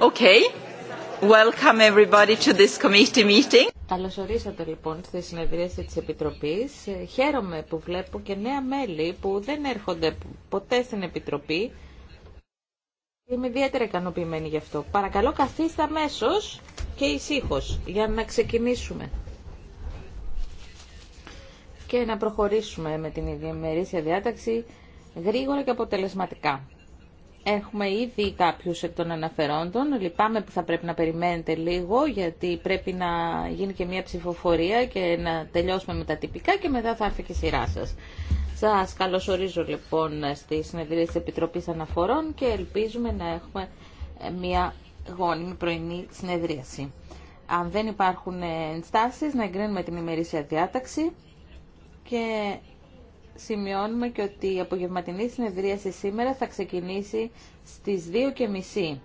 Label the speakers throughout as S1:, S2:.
S1: Okay. λοιπόν στη συνεδρίαση της Επιτροπής. Χαίρομαι που βλέπω και νέα μέλη που δεν έρχονται ποτέ στην Επιτροπή. Είμαι ιδιαίτερα ικανοποιημένη γι' αυτό. Παρακαλώ καθίστε αμέσω και ησύχω για να ξεκινήσουμε. Και να προχωρήσουμε με την ημερήσια διάταξη γρήγορα και αποτελεσματικά. Έχουμε ήδη κάποιους εκ των αναφερόντων. Λυπάμαι που θα πρέπει να περιμένετε λίγο, γιατί πρέπει να γίνει και μια ψηφοφορία και να τελειώσουμε με τα τυπικά και μετά θα έρθει και η σειρά σας. Σας καλωσορίζω λοιπόν στη συνεδρία της Επιτροπής Αναφορών και ελπίζουμε να έχουμε ε, μια γόνιμη πρωινή συνεδρίαση. Αν δεν υπάρχουν ε, ενστάσεις, να εγκρίνουμε την ημερήσια διάταξη και σημειώνουμε και ότι η απογευματινή συνεδρίαση σήμερα θα ξεκινήσει στις 2.30.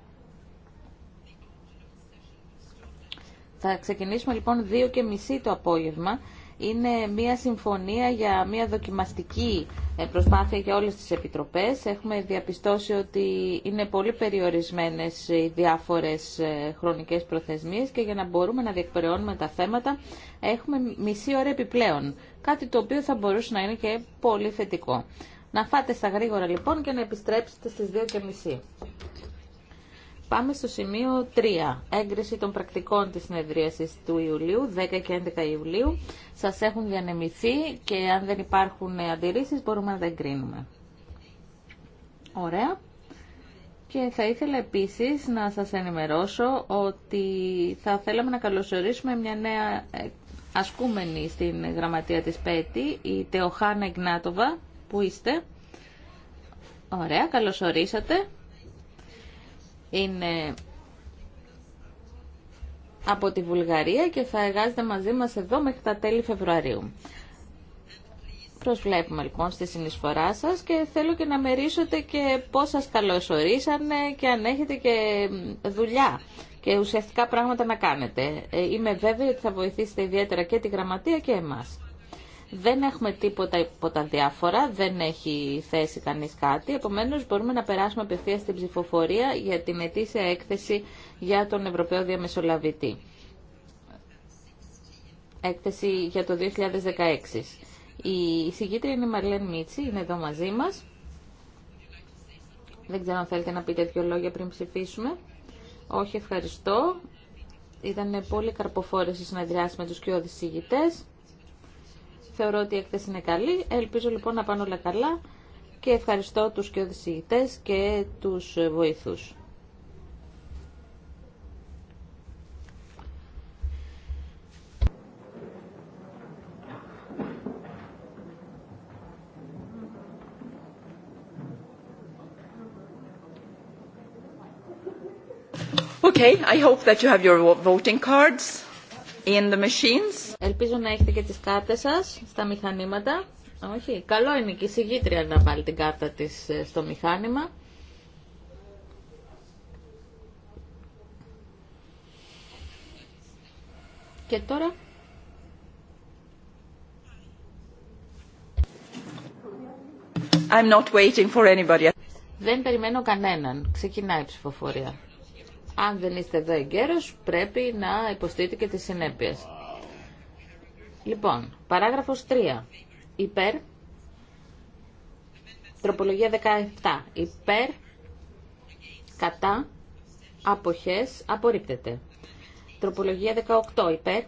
S1: Θα ξεκινήσουμε λοιπόν 2.30 το απόγευμα. Είναι μια συμφωνία για μια δοκιμαστική ε, προσπάθεια για όλες τις επιτροπές. Έχουμε διαπιστώσει ότι είναι πολύ περιορισμένες οι διάφορες ε, χρονικές προθεσμίες και για να μπορούμε να διεκπαιρεώνουμε τα θέματα έχουμε μισή ώρα επιπλέον. Κάτι το οποίο θα μπορούσε να είναι και πολύ θετικό. Να φάτε στα γρήγορα λοιπόν και να επιστρέψετε στις 2.30. Πάμε στο σημείο 3. Έγκριση των πρακτικών της συνεδρίασης του Ιουλίου, 10 και 11 Ιουλίου. Σας έχουν διανεμηθεί και αν δεν υπάρχουν αντιρρήσεις μπορούμε να τα εγκρίνουμε. Ωραία. Και θα ήθελα επίσης να σας ενημερώσω ότι θα θέλαμε να καλωσορίσουμε μια νέα ε, ασκούμενη στην γραμματεία της ΠΕΤΗ, η Τεοχάνα Εγνάτοβα. Πού είστε? Ωραία, καλωσορίσατε είναι από τη Βουλγαρία και θα εργάζεται μαζί μας εδώ μέχρι τα τέλη Φεβρουαρίου. Προσβλέπουμε λοιπόν στη συνεισφορά σας και θέλω και να μερίσετε και πώς σας καλωσορίσανε και αν έχετε και δουλειά και ουσιαστικά πράγματα να κάνετε. Ε, είμαι βέβαιη ότι θα βοηθήσετε ιδιαίτερα και τη γραμματεία και εμάς. Δεν έχουμε τίποτα υπό τα διάφορα, δεν έχει θέσει κανείς κάτι, επομένως μπορούμε να περάσουμε απευθείας στην ψηφοφορία για την ετήσια έκθεση για τον Ευρωπαίο Διαμεσολαβητή. Έκθεση για το 2016. Η συγκήτρια είναι η Μαρλέν Μίτσι, είναι εδώ μαζί μας. Δεν ξέρω αν θέλετε να πείτε δύο λόγια πριν ψηφίσουμε. Όχι, ευχαριστώ. Ήταν πολύ καρποφόρες οι συνεδριάσεις με τους κοιόδης Θεωρώ ότι η έκθεση είναι καλή. Ελπίζω λοιπόν να πάνε όλα καλά και ευχαριστώ τους και οδησιητές και τους βοηθούς.
S2: Okay, I hope that you have your voting cards.
S1: Ελπίζω να έχετε και τις κάρτες σας στα μηχανήματα. Όχι, καλό είναι και η συγγήτρια να βάλει την κάρτα της ε, στο μηχάνημα. Και τώρα... I'm not waiting for anybody. Δεν περιμένω κανέναν. Ξεκινάει η ψηφοφορία αν δεν είστε εδώ εγκαίρως, πρέπει να υποστείτε και τις συνέπειες. Λοιπόν, παράγραφος 3. Υπέρ. Τροπολογία 17. Υπέρ. Κατά. Αποχές. Απορρίπτεται. Τροπολογία 18. Υπέρ.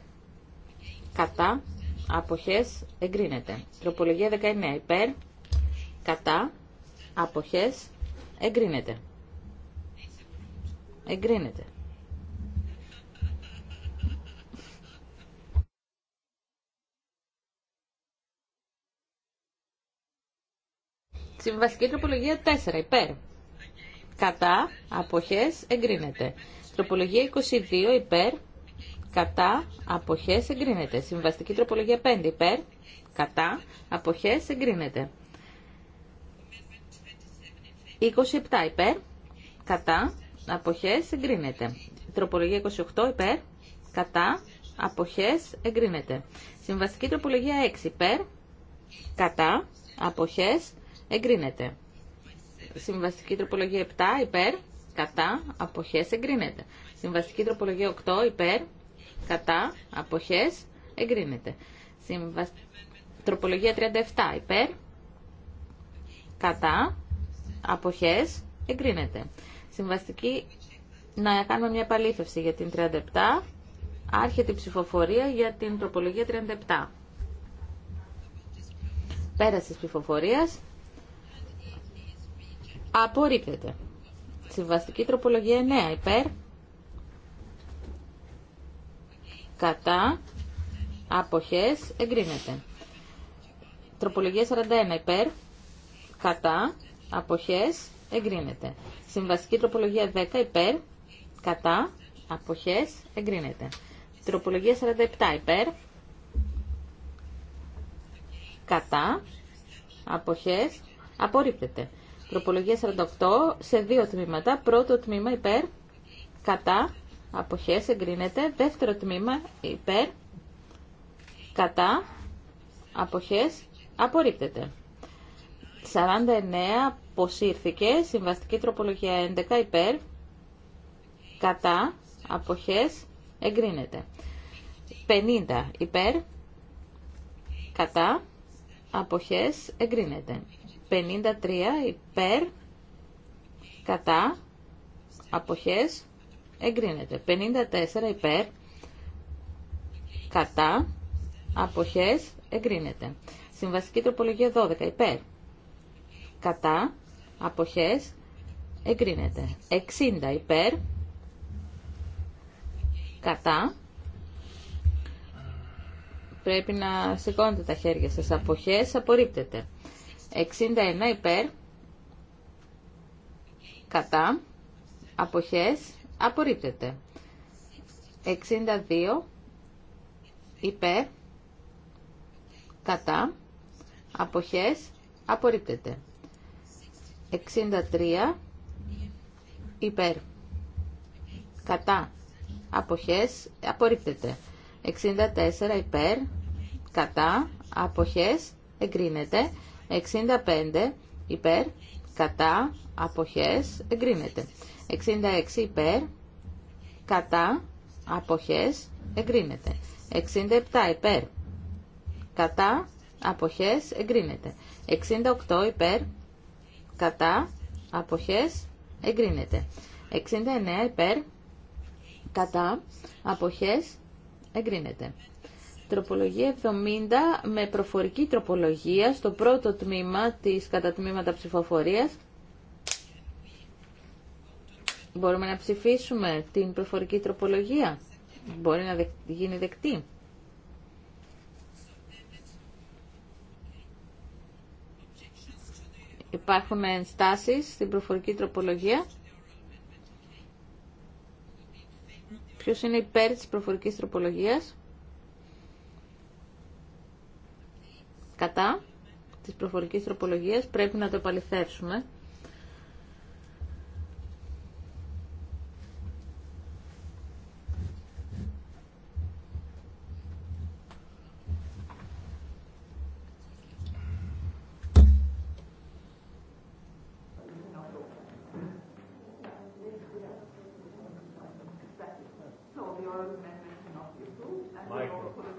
S1: Κατά. Αποχές. Εγκρίνεται. Τροπολογία 19. Υπέρ. Κατά. Αποχές. Εγκρίνεται. Εγκρίνεται. Συμβαστική τροπολογία 4. Υπέρ. Κατά. Αποχές. Εγκρίνεται. Τροπολογία 22. Υπέρ. Κατά. Αποχές. Εγκρίνεται. Συμβαστική τροπολογία 5. Υπέρ. Κατά. Αποχές. Εγκρίνεται. 27. Υπέρ. Κατά αποχές εγκρίνεται. Τροπολογία 28 υπέρ, κατά, αποχές εγκρίνεται. Συμβαστική τροπολογία 6 υπέρ, κατά, αποχές εγκρίνεται. Συμβαστική τροπολογία 7 υπέρ, κατά, αποχές εγκρίνεται. Συμβαστική τροπολογία 8 υπέρ, κατά, αποχές εγκρίνεται. Συμβασ... Τροπολογία 37 υπέρ, κατά, αποχές εγκρίνεται. Συμβαστική να κάνουμε μια επαλήθευση για την 37. Άρχεται η ψηφοφορία για την τροπολογία 37. Πέραση της ψηφοφορίας. Απορρίπτεται. Συμβαστική τροπολογία 9. Υπέρ. Κατά. Αποχές. Εγκρίνεται. Τροπολογία 41. Υπέρ. Κατά. Αποχές. Εγκρίνεται συμβασική τροπολογία 10 υπέρ, κατά, αποχές, εγκρίνεται. Τροπολογία 47 υπέρ, κατά, αποχές, απορρίπτεται. Τροπολογία 48 σε δύο τμήματα. Πρώτο τμήμα υπέρ, κατά, αποχές, εγκρίνεται. Δεύτερο τμήμα υπέρ, κατά, αποχές, απορρίπτεται. 49 αποσύρθηκε. Συμβαστική τροπολογία 11 υπέρ. Κατά. Αποχές. Εγκρίνεται. 50 υπέρ. Κατά. Αποχές. Εγκρίνεται. 53 υπέρ. Κατά. Αποχές. Εγκρίνεται. 54 υπέρ. Κατά. Αποχές. Εγκρίνεται. Συμβαστική τροπολογία 12 υπέρ. Κατά αποχές εγκρίνεται 60 υπέρ κατά πρέπει να σηκώνετε τα χέρια σας αποχές απορρίπτεται 61 υπέρ κατά αποχές απορρίπτεται 62 υπέρ κατά αποχές απορρίπτεται 63 υπέρ κατά αποχές απορρίπτεται 64 υπέρ κατά αποχές εγκρίνεται 65 υπέρ κατά αποχές εγκρίνεται 66 υπέρ κατά αποχές εγκρίνεται 67 υπέρ κατά αποχές εγκρίνεται 68 υπέρ κατά, αποχές, εγκρίνεται. 69 υπέρ, κατά, αποχές, εγκρίνεται. Τροπολογία 70 με προφορική τροπολογία στο πρώτο τμήμα της κατατμήματα ψηφοφορίας. Μπορούμε να ψηφίσουμε την προφορική τροπολογία. Μπορεί να γίνει δεκτή. Υπάρχουν ενστάσεις στην προφορική τροπολογία. Ποιος είναι υπέρ της προφορικής τροπολογίας. Κατά της προφορικής τροπολογίας πρέπει να το επαληθεύσουμε.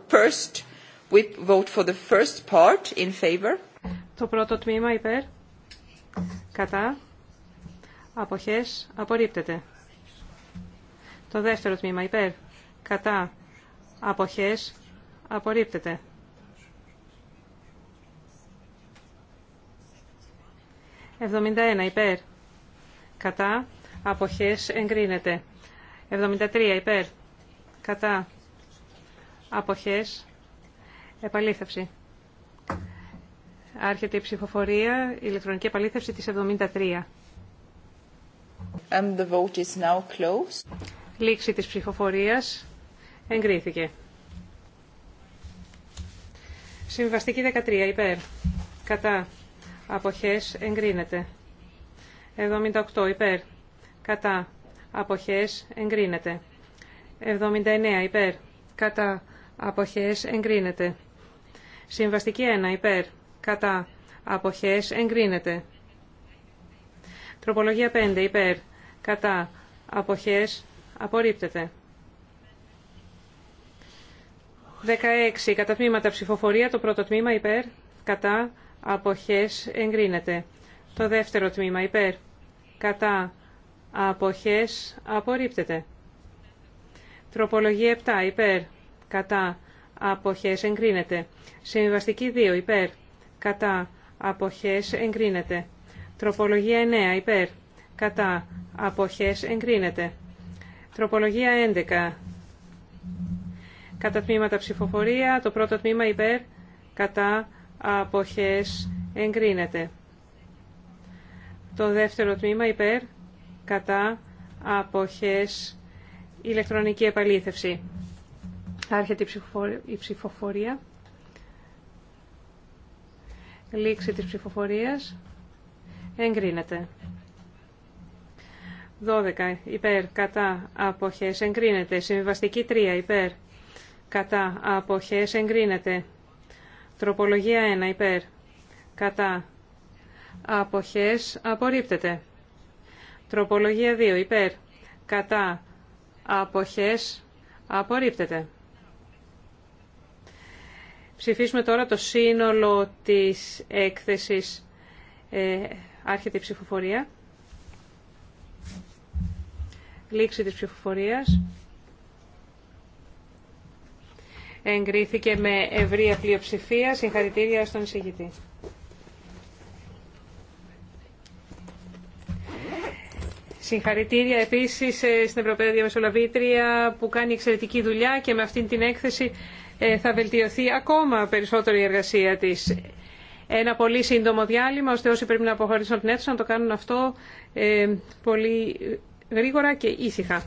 S3: First, vote for the first part in favor. Το πρώτο τμήμα υπέρ. Κατά. Αποχές. Απορρίπτεται. Το δεύτερο τμήμα υπέρ. Κατά. Αποχές. Απορρίπτεται. 71 υπέρ. Κατά. Αποχές εγκρίνεται. 73 υπέρ. Κατά αποχές, επαλήθευση. Άρχεται η ψηφοφορία, η ηλεκτρονική επαλήθευση της 73. And the vote is now closed. Λήξη της ψηφοφορίας εγκρίθηκε. Συμβαστική 13 υπέρ. Κατά. Αποχές εγκρίνεται. 78 υπέρ. Κατά. Αποχές εγκρίνεται. 79 υπέρ. Κατά αποχές εγκρίνεται. Συμβαστική 1 υπέρ κατά αποχές εγκρίνεται. Τροπολογία 5 υπέρ κατά αποχές απορρίπτεται. 16 κατά τμήματα ψηφοφορία το πρώτο τμήμα υπέρ κατά αποχές εγκρίνεται. Το δεύτερο τμήμα υπέρ κατά αποχές απορρίπτεται. Τροπολογία 7 υπέρ κατά αποχές εγκρίνεται. Συμβιβαστική 2 υπέρ κατά αποχές εγκρίνεται. Τροπολογία 9 υπέρ κατά αποχές εγκρίνεται. Τροπολογία 11 κατά τμήματα ψηφοφορία. Το πρώτο τμήμα υπέρ κατά αποχές εγκρίνεται. Το δεύτερο τμήμα υπέρ κατά αποχές ηλεκτρονική επαλήθευση. Άρχεται η ψηφοφορία. Λήξη της ψηφοφορίας. Εγκρίνεται. 12. Υπέρ. Κατά. Αποχές. Εγκρίνεται. Συμβιβαστική 3. Υπέρ. Κατά. Αποχές. Εγκρίνεται. Τροπολογία 1. Υπέρ. Κατά. Αποχές. Απορρίπτεται. Τροπολογία 2. Υπέρ. Κατά. Αποχές. Απορρίπτεται. Ψηφίσουμε τώρα το σύνολο της έκθεσης. Ε, άρχεται η ψηφοφορία. Λήξη της ψηφοφορίας. Εγκρίθηκε με ευρία πλειοψηφία. Συγχαρητήρια στον εισηγητή. Συγχαρητήρια επίσης ε, στην Ευρωπαϊκή Διαμεσολαβήτρια που κάνει εξαιρετική δουλειά και με αυτήν την έκθεση ε, θα βελτιωθεί ακόμα περισσότερο η εργασία της. Ένα πολύ σύντομο διάλειμμα, ώστε όσοι πρέπει να αποχωρήσουν την αίθουσα να το κάνουν αυτό ε, πολύ γρήγορα και ήσυχα.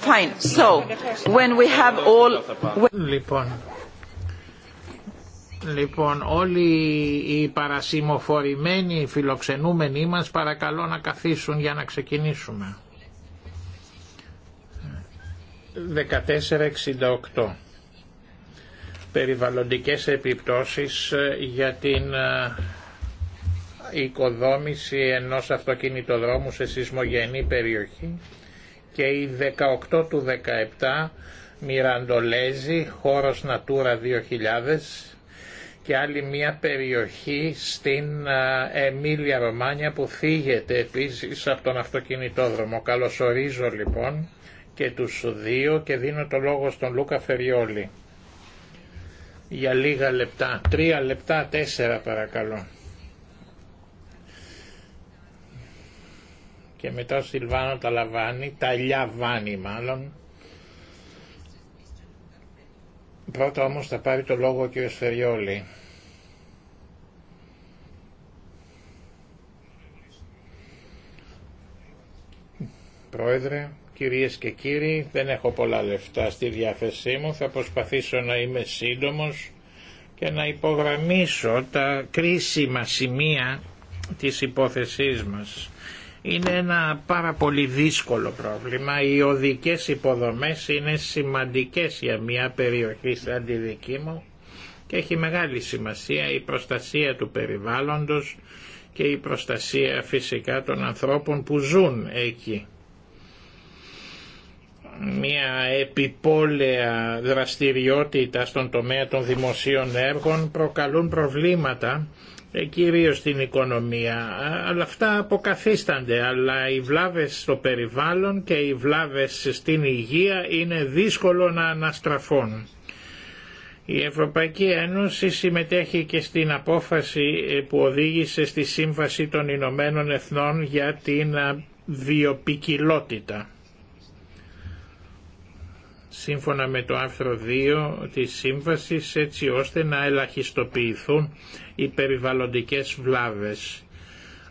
S2: Fine. So,
S4: λοιπόν, λοιπόν, όλοι οι παρασημοφορημένοι φιλοξενούμενοι μας παρακαλώ να καθίσουν για να ξεκινήσουμε. 1468 περιβαλλοντικές επιπτώσεις ε, για την ε, οικοδόμηση ενός αυτοκινητοδρόμου σε σεισμογενή περιοχή και η 18 του 17 Μιραντολέζη, χώρος Natura 2000 και άλλη μια περιοχή στην Εμίλια Ρωμάνια που φύγεται επίσης από τον αυτοκινητόδρομο. Καλωσορίζω λοιπόν και τους δύο και δίνω το λόγο στον Λούκα Φεριόλη. Για λίγα λεπτά, τρία λεπτά, τέσσερα παρακαλώ. και μετά ο Σιλβάνο τα λιαβάνει μάλλον. Πρώτα όμως θα πάρει το λόγο ο κ. Σφαιριόλη. Πρόεδρε, κυρίες και κύριοι, δεν έχω πολλά λεφτά στη διάθεσή μου, θα προσπαθήσω να είμαι σύντομος και να υπογραμμίσω τα κρίσιμα σημεία της υπόθεσής μας. Είναι ένα πάρα πολύ δύσκολο πρόβλημα. Οι οδικές υποδομές είναι σημαντικές για μια περιοχή σαν τη δική μου και έχει μεγάλη σημασία η προστασία του περιβάλλοντος και η προστασία φυσικά των ανθρώπων που ζουν εκεί. Μια επιπόλαια δραστηριότητα στον τομέα των δημοσίων έργων προκαλούν προβλήματα ε, κυρίως στην οικονομία. Αλλά αυτά αποκαθίστανται, αλλά οι βλάβες στο περιβάλλον και οι βλάβες στην υγεία είναι δύσκολο να αναστραφούν. Η Ευρωπαϊκή Ένωση συμμετέχει και στην απόφαση ε, που οδήγησε στη Σύμβαση των Ηνωμένων Εθνών για την ε, βιοπικιλότητα σύμφωνα με το άρθρο 2 της Σύμβασης έτσι ώστε να ελαχιστοποιηθούν οι περιβαλλοντικές βλάβες.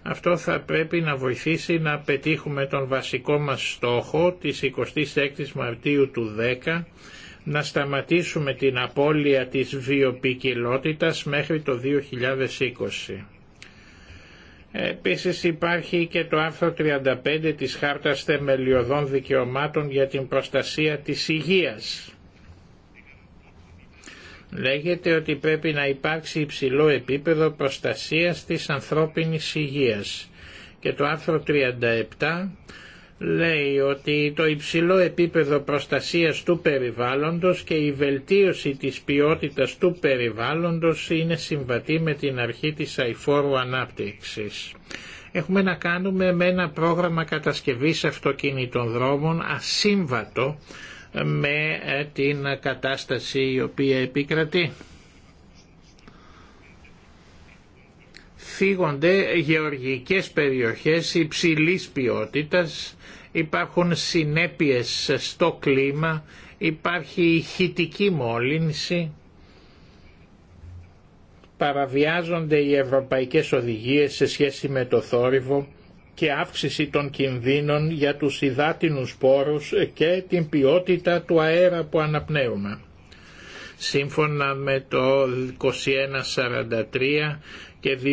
S4: Αυτό θα πρέπει να βοηθήσει να πετύχουμε τον βασικό μας στόχο της 26ης Μαρτίου του 10 να σταματήσουμε την απώλεια της βιοπικιλότητας μέχρι το 2020. Επίσης υπάρχει και το άρθρο 35 της Χάρτας Θεμελιωδών Δικαιωμάτων για την Προστασία της Υγείας. Λέγεται ότι πρέπει να υπάρξει υψηλό επίπεδο προστασίας της ανθρώπινης υγείας και το άρθρο 37 λέει ότι το υψηλό επίπεδο προστασίας του περιβάλλοντος και η βελτίωση της ποιότητας του περιβάλλοντος είναι συμβατή με την αρχή της αηφόρου ανάπτυξης. Έχουμε να κάνουμε με ένα πρόγραμμα κατασκευής αυτοκινήτων δρόμων ασύμβατο με την κατάσταση η οποία επικρατεί. Φύγονται γεωργικές περιοχές υψηλής ποιότητας, υπάρχουν συνέπειες στο κλίμα, υπάρχει ηχητική μόλυνση, παραβιάζονται οι ευρωπαϊκές οδηγίες σε σχέση με το θόρυβο και αύξηση των κινδύνων για τους υδάτινους πόρους και την ποιότητα του αέρα που αναπνέουμε σύμφωνα με το 2143 και 2017-030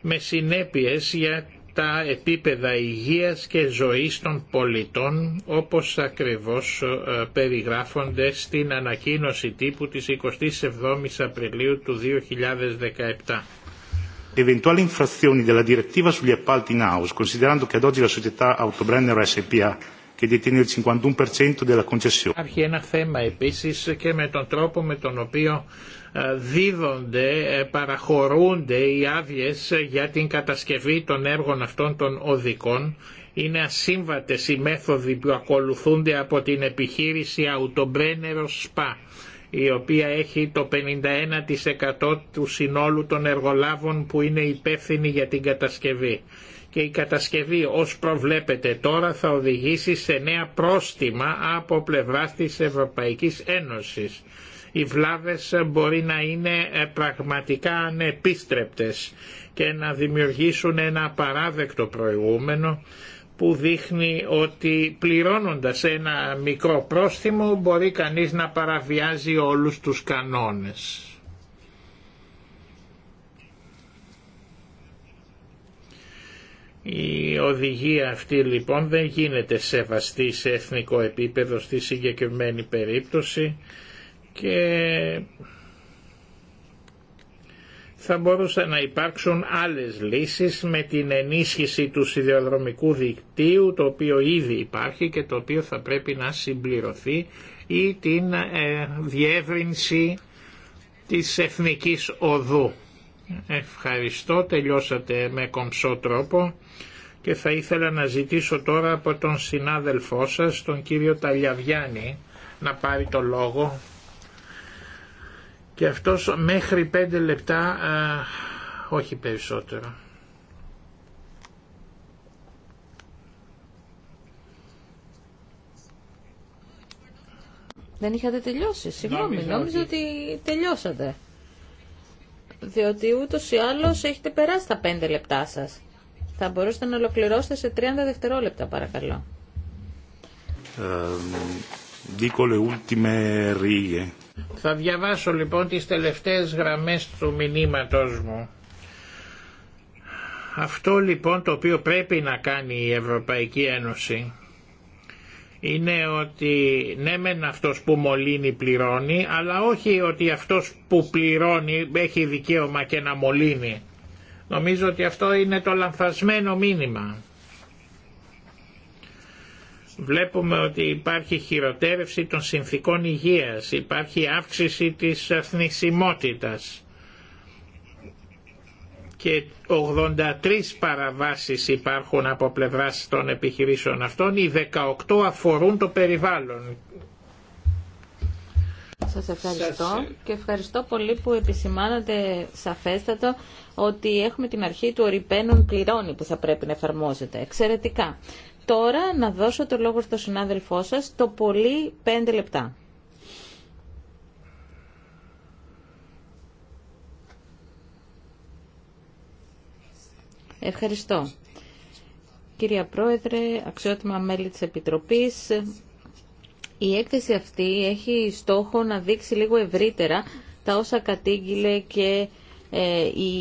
S4: με συνέπειες για τα επίπεδα υγείας και ζωής των πολιτών όπως ακριβώς ε, περιγράφονται στην ανακοίνωση τύπου της 27ης Απριλίου του 2017.
S5: della direttiva sugli appalti in house, considerando che ad oggi la società Autobrenner SPA και
S4: Υπάρχει ένα θέμα επίση και με τον τρόπο με τον οποίο ε, δίδονται, ε, παραχωρούνται οι άδειε για την κατασκευή των έργων αυτών των οδικών. Είναι ασύμβατε οι μέθοδοι που ακολουθούνται από την επιχείρηση Autobrenner Spa η οποία έχει το 51% του συνόλου των εργολάβων που είναι υπεύθυνοι για την κατασκευή και η κατασκευή ως προβλέπεται τώρα θα οδηγήσει σε νέα πρόστιμα από πλευράς της Ευρωπαϊκής Ένωσης. Οι βλάβες μπορεί να είναι ε, πραγματικά ανεπίστρεπτες και να δημιουργήσουν ένα παράδεκτο προηγούμενο που δείχνει ότι πληρώνοντας ένα μικρό πρόστιμο μπορεί κανείς να παραβιάζει όλους τους κανόνες. Η οδηγία αυτή λοιπόν δεν γίνεται σεβαστή σε εθνικό επίπεδο στη συγκεκριμένη περίπτωση και θα μπορούσαν να υπάρξουν άλλες λύσεις με την ενίσχυση του σιδεοδρομικού δικτύου το οποίο ήδη υπάρχει και το οποίο θα πρέπει να συμπληρωθεί ή την ε, διεύρυνση της εθνικής οδού. Ευχαριστώ, τελειώσατε με κομψό τρόπο και θα ήθελα να ζητήσω τώρα από τον συνάδελφό σας, τον κύριο Ταλιαβιάννη, να πάρει το λόγο και αυτός μέχρι πέντε λεπτά, όχι περισσότερο.
S1: Δεν είχατε τελειώσει, συγγνώμη, νόμιζα ότι τελειώσατε διότι ούτως ή άλλως έχετε περάσει τα 5 λεπτά σα. Θα μπορούσατε να ολοκληρώσετε σε 30 δευτερόλεπτα, παρακαλώ.
S4: Θα διαβάσω λοιπόν τις τελευταίες γραμμές του μηνύματος μου. Αυτό λοιπόν το οποίο πρέπει να κάνει η Ευρωπαϊκή Ένωση είναι ότι ναι μεν αυτός που μολύνει πληρώνει αλλά όχι ότι αυτός που πληρώνει έχει δικαίωμα και να μολύνει. Νομίζω ότι αυτό είναι το λανθασμένο μήνυμα. Βλέπουμε ότι υπάρχει χειροτέρευση των συνθήκων υγείας, υπάρχει αύξηση της θνησιμότητας και 83 παραβάσεις υπάρχουν από πλευράς των επιχειρήσεων αυτών, οι 18 αφορούν το περιβάλλον.
S1: Σας ευχαριστώ και ευχαριστώ πολύ που επισημάνατε σαφέστατο ότι έχουμε την αρχή του ορυπαίνων πληρώνει που θα πρέπει να εφαρμόζεται. Εξαιρετικά. Τώρα να δώσω το λόγο στο συνάδελφό σας το πολύ 5 λεπτά. Ευχαριστώ. Κυρία Πρόεδρε, αξιότιμα μέλη της Επιτροπής, η έκθεση αυτή έχει στόχο να δείξει λίγο ευρύτερα τα όσα κατήγγειλε και ε, η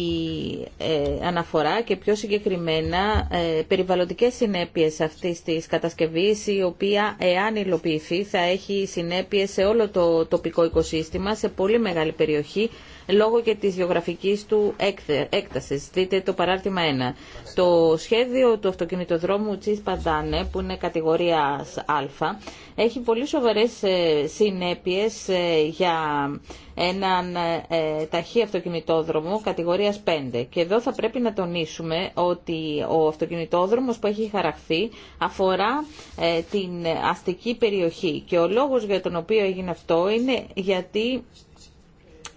S1: ε, αναφορά και πιο συγκεκριμένα ε, περιβαλλοντικές συνέπειες αυτής της κατασκευής η οποία εάν υλοποιηθεί θα έχει συνέπειες σε όλο το τοπικό οικοσύστημα σε πολύ μεγάλη περιοχή λόγω και της γεωγραφικής του έκτασης. Δείτε το παράρτημα 1. Το σχέδιο του αυτοκινητοδρόμου Τσις Παντάνε, που είναι κατηγορία Α, έχει πολύ σοβαρές ε, συνέπειες ε, για έναν ε, ταχύ αυτοκινητόδρομο κατηγορίας 5. Και εδώ θα πρέπει να τονίσουμε ότι ο αυτοκινητόδρομος που έχει χαραχθεί αφορά την αστική περιοχή. Και ο λόγος για τον οποίο έγινε αυτό είναι γιατί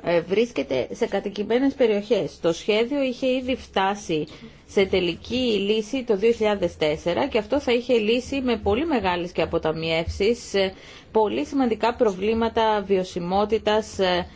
S1: ε, βρίσκεται σε κατοικημένες περιοχές. Το σχέδιο είχε ήδη φτάσει σε τελική λύση το 2004 και αυτό θα είχε λύσει με πολύ μεγάλες και αποταμιεύσεις ε, πολύ σημαντικά προβλήματα βιωσιμότητας ε,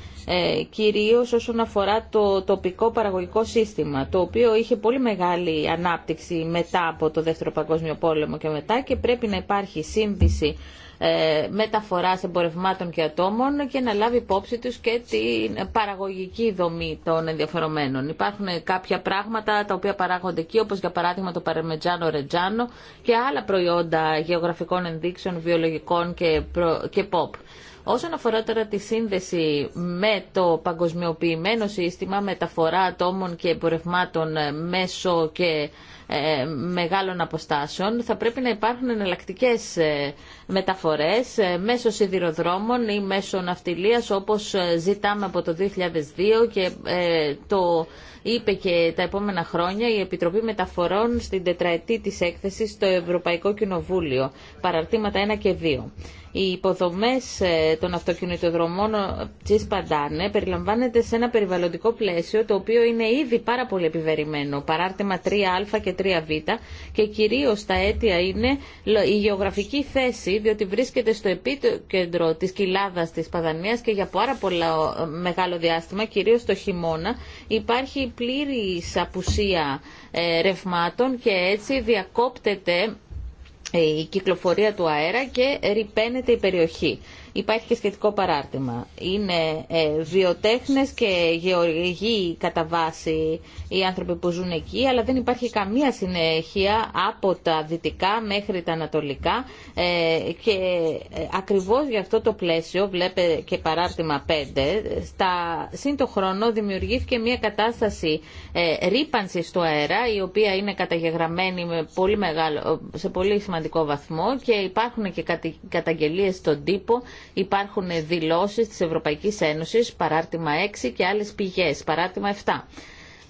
S1: κυρίως όσον αφορά το τοπικό παραγωγικό σύστημα, το οποίο είχε πολύ μεγάλη ανάπτυξη μετά από το Δεύτερο Παγκόσμιο Πόλεμο και μετά και πρέπει να υπάρχει σύνδεση ε, μεταφοράς εμπορευμάτων και ατόμων και να λάβει υπόψη τους και την παραγωγική δομή των ενδιαφερομένων. Υπάρχουν κάποια πράγματα τα οποία παράγονται εκεί, όπως για παράδειγμα το παρεμετζάνο-ρετζάνο και άλλα προϊόντα γεωγραφικών ενδείξεων, βιολογικών και, προ... και pop. Όσον αφορά τώρα τη σύνδεση με το παγκοσμιοποιημένο σύστημα μεταφορά ατόμων και εμπορευμάτων ε, μέσω και ε, μεγάλων αποστάσεων, θα πρέπει να υπάρχουν εναλλακτικέ ε, μεταφορές ε, μέσω σιδηροδρόμων ή μέσω ναυτιλίας όπως ζητάμε από το 2002 και το είπε και τα επόμενα χρόνια η Επιτροπή Μεταφορών στην τετραετή της έκθεσης στο Ευρωπαϊκό Κοινοβούλιο, παραρτήματα 1 και 2 οι υποδομές ε, των αυτοκινητοδρομών ε, της Παντάνε περιλαμβάνεται σε ένα περιβαλλοντικό πλαίσιο το οποίο είναι ήδη πάρα πολύ επιβερημένο, παράρτημα 3α και 3β και κυρίως τα αίτια είναι η γεωγραφική θέση διότι βρίσκεται στο επίκεντρο της κοιλάδας της Παδανίας και για πάρα πολύ μεγάλο διάστημα, κυρίως το χειμώνα, υπάρχει πλήρης απουσία ε, ρευμάτων και έτσι διακόπτεται η κυκλοφορία του αέρα και ρηπαίνεται η περιοχή υπάρχει και σχετικό παράρτημα. Είναι ε, βιοτέχνες και γεωργοί κατά βάση οι άνθρωποι που ζουν εκεί, αλλά δεν υπάρχει καμία συνέχεια από τα δυτικά μέχρι τα ανατολικά ε, και ε, ακριβώς για αυτό το πλαίσιο, βλέπετε και παράρτημα 5, στα σύντο χρόνο δημιουργήθηκε μια κατάσταση ε, στο αέρα, η οποία είναι καταγεγραμμένη με σε πολύ σημαντικό βαθμό και υπάρχουν και καταγγελίες στον τύπο υπάρχουν δηλώσεις της Ευρωπαϊκής Ένωσης, παράρτημα 6 και άλλες πηγές, παράρτημα 7.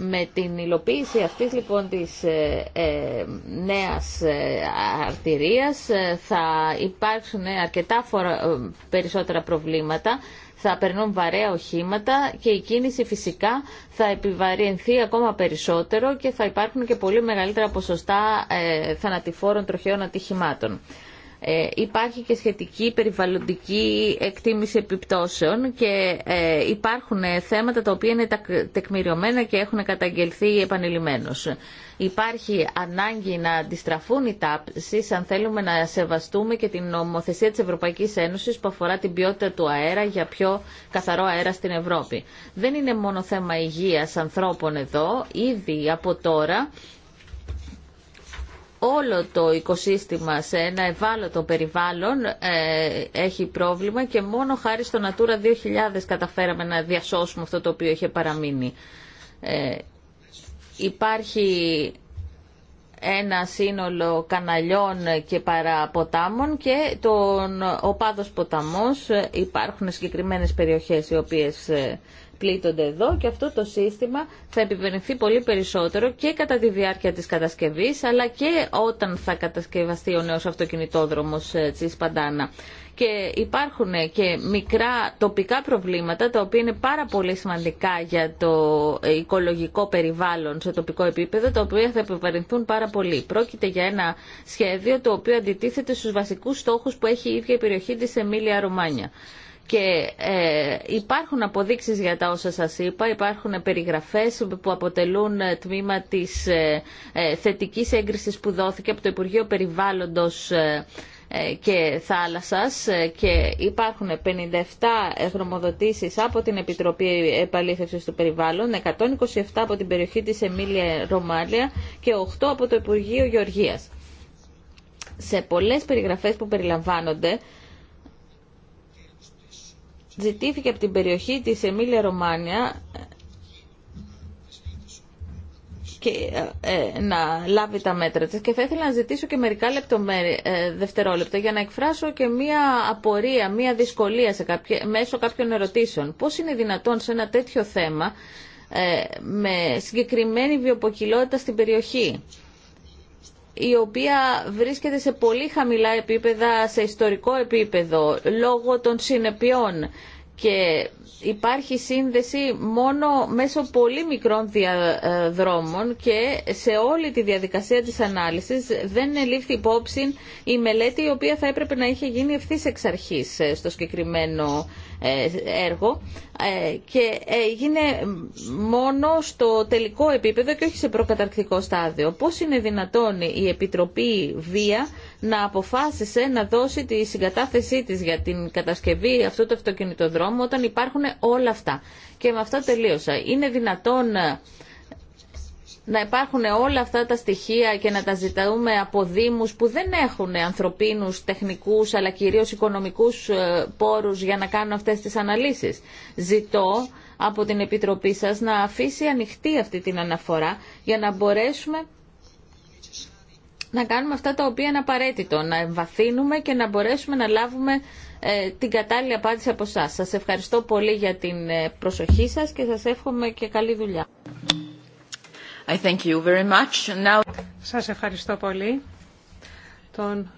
S1: Με την υλοποίηση αυτής λοιπόν της ε, ε, νέας ε, αρτηρίας θα υπάρξουν αρκετά φορα... περισσότερα προβλήματα, θα περνούν βαρέα οχήματα και η κίνηση φυσικά θα επιβαρυνθεί ακόμα περισσότερο και θα υπάρχουν και πολύ μεγαλύτερα ποσοστά θανατηφόρων τροχαίων ατυχημάτων. Ε, υπάρχει και σχετική περιβαλλοντική εκτίμηση επιπτώσεων και ε, υπάρχουν θέματα τα οποία είναι τεκμηριωμένα και έχουν καταγγελθεί επανειλημμένως. Υπάρχει ανάγκη να αντιστραφούν οι τάψεις αν θέλουμε να σεβαστούμε και την νομοθεσία της Ευρωπαϊκής Ένωσης που αφορά την ποιότητα του αέρα για πιο καθαρό αέρα στην Ευρώπη. Δεν είναι μόνο θέμα υγείας ανθρώπων εδώ. Ήδη από τώρα όλο το οικοσύστημα σε ένα ευάλωτο περιβάλλον ε, έχει πρόβλημα και μόνο χάρη στο Natura 2000 καταφέραμε να διασώσουμε αυτό το οποίο είχε παραμείνει. Ε, υπάρχει ένα σύνολο καναλιών και παραποτάμων και τον οπάδος ποταμός ε, υπάρχουν συγκεκριμένες περιοχές οι οποίες ε, πλήττονται εδώ και αυτό το σύστημα θα επιβενεθεί πολύ περισσότερο και κατά τη διάρκεια της κατασκευής αλλά και όταν θα κατασκευαστεί ο νέος αυτοκινητόδρομος ε, της Παντάνα. Και υπάρχουν ε, και μικρά τοπικά προβλήματα τα οποία είναι πάρα πολύ σημαντικά για το ε, οικολογικό περιβάλλον σε τοπικό επίπεδο τα οποία θα επιβαρυνθούν πάρα πολύ. Πρόκειται για ένα σχέδιο το οποίο αντιτίθεται στους βασικούς στόχους που έχει η ίδια η περιοχή της Εμίλια Ρουμάνια. Και ε, υπάρχουν αποδείξεις για τα όσα σας είπα, υπάρχουν περιγραφές που αποτελούν ε, τμήμα της ε, ε, θετικής έγκρισης που δόθηκε από το Υπουργείο Περιβάλλοντος και θάλασσας και υπάρχουν 57 γνωμοδοτήσεις από την Επιτροπή Επαλήθευσης του Περιβάλλον, 127 από την περιοχή της Εμίλια Ρωμάλια και 8 από το Υπουργείο Γεωργίας. Σε πολλές περιγραφές που περιλαμβάνονται ζητήθηκε από την περιοχή της Εμίλια Ρωμάνια και ε, να λάβει τα μέτρα της και θα ήθελα να ζητήσω και μερικά ε, δευτερόλεπτα για να εκφράσω και μία απορία, μία δυσκολία σε μέσω κάποιων ερωτήσεων. Πώς είναι δυνατόν σε ένα τέτοιο θέμα ε, με συγκεκριμένη βιοποκυλότητα στην περιοχή η οποία βρίσκεται σε πολύ χαμηλά επίπεδα, σε ιστορικό επίπεδο, λόγω των συνεπειών και υπάρχει σύνδεση μόνο μέσω πολύ μικρών διαδρόμων και σε όλη τη διαδικασία της ανάλυσης δεν ελήφθη υπόψη η μελέτη η οποία θα έπρεπε να είχε γίνει ευθύ εξ αρχής ε, στο συγκεκριμένο ε, έργο ε, και έγινε μόνο στο τελικό επίπεδο και όχι σε προκαταρκτικό στάδιο. Πώς είναι δυνατόν η Επιτροπή Βία να αποφάσισε να δώσει τη συγκατάθεσή της για την κατασκευή αυτού του αυτοκινητοδρόμου όταν υπάρχουν όλα αυτά. Και με αυτά τελείωσα. Είναι δυνατόν να υπάρχουν όλα αυτά τα στοιχεία και να τα ζητάμε από δήμους που δεν έχουν ανθρωπίνους, τεχνικούς αλλά κυρίως οικονομικούς ε, πόρους για να κάνουν αυτές τις αναλύσεις. Ζητώ από την Επιτροπή σας να αφήσει ανοιχτή αυτή την αναφορά για να μπορέσουμε να κάνουμε αυτά τα οποία είναι απαραίτητο, να εμβαθύνουμε και να μπορέσουμε να λάβουμε ε, την κατάλληλη απάντηση από εσά. Σας ευχαριστώ πολύ για την ε, προσοχή σας και σας εύχομαι και καλή δουλειά.
S3: I Σας ευχαριστώ πολύ. Τον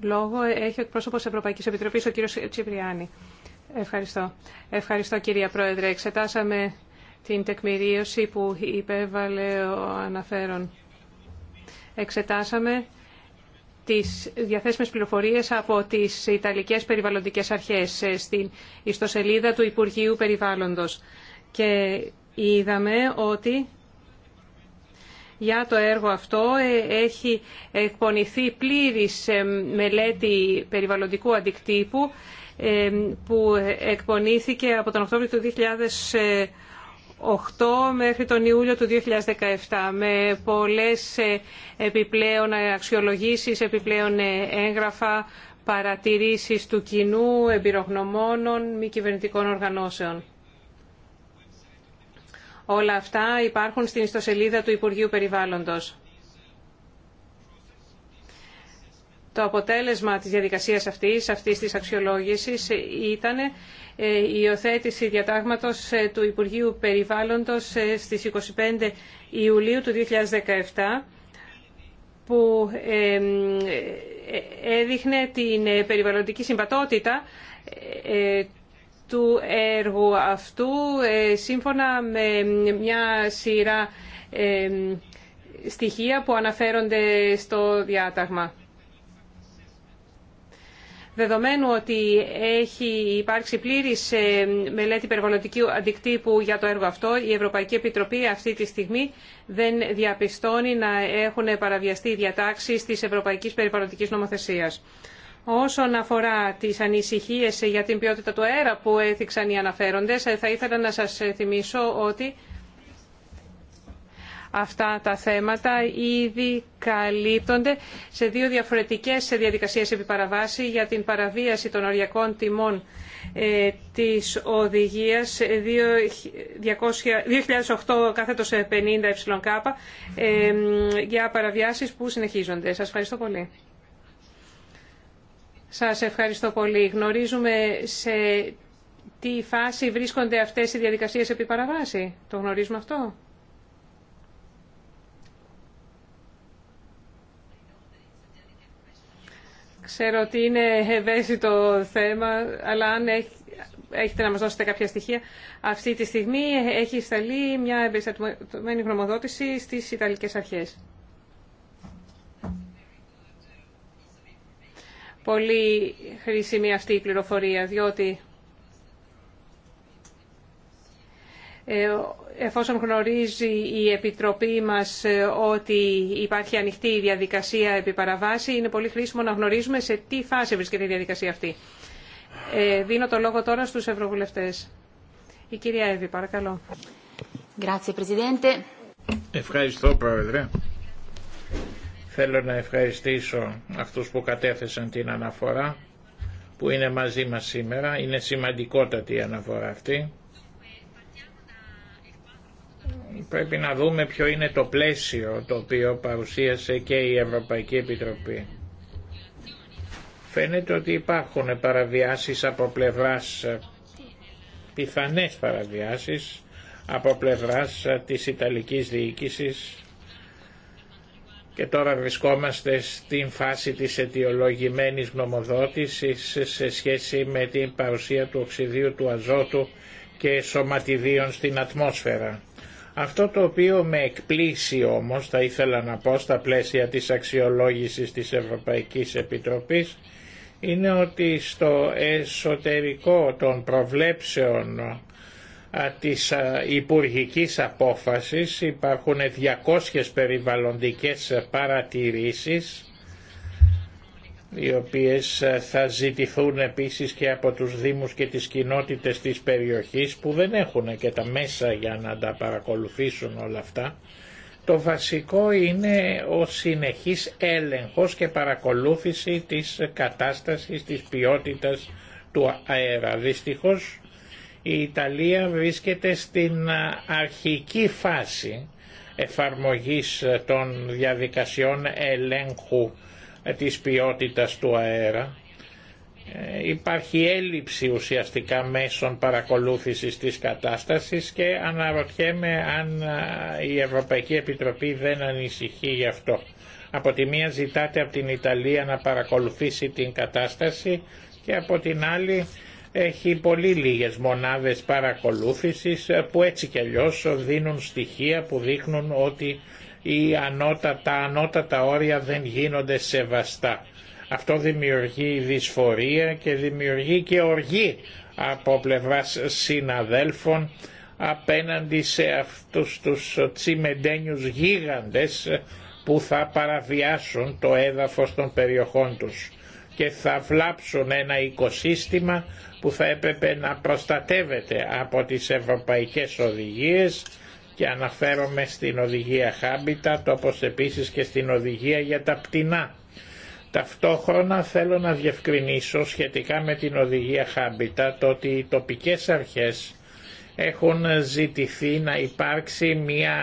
S3: λόγο έχει ο εκπρόσωπο Ευρωπαϊκή Επιτροπή, ο κύριο Τσιπριάνη. Ευχαριστώ. Ευχαριστώ κυρία Πρόεδρε. Εξετάσαμε την τεκμηρίωση που υπέβαλε ο αναφέρον. Εξετάσαμε τις διαθέσιμες πληροφορίες από τις Ιταλικές Περιβαλλοντικές Αρχές ε, στην ιστοσελίδα του Υπουργείου περιβάλλοντο Και είδαμε ότι για το έργο αυτό. Ε, έχει εκπονηθεί πλήρης ε, μελέτη περιβαλλοντικού αντικτύπου ε, που εκπονήθηκε από τον Οκτώβριο του 2008 μέχρι τον Ιούλιο του 2017 με πολλές επιπλέον αξιολογήσεις, επιπλέον έγγραφα, παρατηρήσεις του κοινού, εμπειρογνωμόνων, μη κυβερνητικών οργανώσεων. Όλα αυτά υπάρχουν στην ιστοσελίδα του Υπουργείου Περιβάλλοντος. Το αποτέλεσμα της διαδικασίας αυτής, αυτής της αξιολόγησης, ήταν ε, η υιοθέτηση διατάγματος ε, του Υπουργείου Περιβάλλοντος ε, στις 25 Ιουλίου του 2017, που έδειχνε την περιβαλλοντική συμβατότητα του έργου αυτού ε, σύμφωνα με μια σειρά ε, στοιχεία που αναφέρονται στο διάταγμα. Δεδομένου ότι έχει υπάρξει πλήρης ε, μελέτη περιβαλλοντικού αντικτύπου για το έργο αυτό, η Ευρωπαϊκή Επιτροπή αυτή τη στιγμή δεν διαπιστώνει να έχουν παραβιαστεί οι διατάξεις της Ευρωπαϊκής Περιβαλλοντικής Νομοθεσίας. Όσον αφορά τις ανησυχίες για την ποιότητα του αέρα που έθιξαν οι αναφέροντες, θα ήθελα να σας θυμίσω ότι αυτά τα θέματα ήδη καλύπτονται σε δύο διαφορετικές διαδικασίες επιπαραβάση για την παραβίαση των οριακών τιμών ε, της οδηγίας 2008 κάθετο 50 ΕΚ για παραβιάσεις που συνεχίζονται. Σα ευχαριστώ πολύ. Σας ευχαριστώ πολύ. Γνωρίζουμε σε τι φάση βρίσκονται αυτές οι διαδικασίες επί παραβάση. Το γνωρίζουμε αυτό. Ξέρω ότι είναι ευαίσθητο θέμα, αλλά αν έχετε να μας δώσετε κάποια στοιχεία, αυτή τη στιγμή έχει σταλεί μια εμπεριστατωμένη γνωμοδότηση στις Ιταλικές Αρχές. πολύ χρήσιμη αυτή η πληροφορία, διότι ε, εφόσον γνωρίζει η Επιτροπή μας ε, ότι υπάρχει ανοιχτή διαδικασία επί παραβάση, είναι πολύ χρήσιμο να γνωρίζουμε σε τι φάση βρίσκεται η διαδικασία αυτή. Ε, δίνω το λόγο τώρα στους Ευρωβουλευτές. Η κυρία Εύη, παρακαλώ.
S4: Ευχαριστώ, Πρόεδρε. Θέλω να ευχαριστήσω αυτούς που κατέθεσαν την αναφορά που είναι μαζί μας σήμερα. Είναι σημαντικότατη η αναφορά αυτή. Πρέπει να δούμε ποιο είναι το πλαίσιο το οποίο παρουσίασε και η Ευρωπαϊκή Επιτροπή. Φαίνεται ότι υπάρχουν παραβιάσεις από πλευράς, πιθανές παραβιάσεις από πλευράς της Ιταλικής Διοίκησης και τώρα βρισκόμαστε στην φάση της αιτιολογημένης γνωμοδότησης σε σχέση με την παρουσία του οξυδίου του αζότου και σωματιδίων στην ατμόσφαιρα. Αυτό το οποίο με εκπλήσει όμως, θα ήθελα να πω στα πλαίσια της αξιολόγησης της Ευρωπαϊκής Επιτροπής, είναι ότι στο εσωτερικό των προβλέψεων της υπουργικής απόφασης υπάρχουν 200 περιβαλλοντικές παρατηρήσεις οι οποίες θα ζητηθούν επίσης και από τους Δήμους και τις κοινότητες της περιοχής που δεν έχουν και τα μέσα για να τα παρακολουθήσουν όλα αυτά. Το βασικό είναι ο συνεχής έλεγχος και παρακολούθηση της κατάστασης, της ποιότητας του αέρα. Η Ιταλία βρίσκεται στην αρχική φάση εφαρμογής ε, των διαδικασιών ελέγχου ε, της ποιότητας του αέρα. Ε, υπάρχει έλλειψη ουσιαστικά μέσων παρακολούθησης της κατάστασης και αναρωτιέμαι αν η Ευρωπαϊκή Επιτροπή δεν ανησυχεί γι' αυτό. Από τη μία ζητάτε από την Ιταλία να παρακολουθήσει την κατάσταση και από την άλλη έχει πολύ λίγες μονάδες παρακολούθησης που έτσι κι αλλιώς δίνουν στοιχεία που δείχνουν ότι οι ανώτατα, τα ανώτατα όρια δεν γίνονται σεβαστά. Αυτό δημιουργεί δυσφορία και δημιουργεί και οργή από πλευράς συναδέλφων απέναντι σε αυτούς τους τσιμεντένιους γίγαντες που θα παραβιάσουν το έδαφος των περιοχών τους και θα βλάψουν ένα οικοσύστημα που θα έπρεπε να προστατεύεται από τις ευρωπαϊκές οδηγίες και αναφέρομαι στην οδηγία Χάμπιτα, όπως επίσης και στην οδηγία για τα πτηνά. Ταυτόχρονα θέλω να διευκρινίσω σχετικά με την οδηγία το ότι οι τοπικές αρχές έχουν ζητηθεί να υπάρξει μια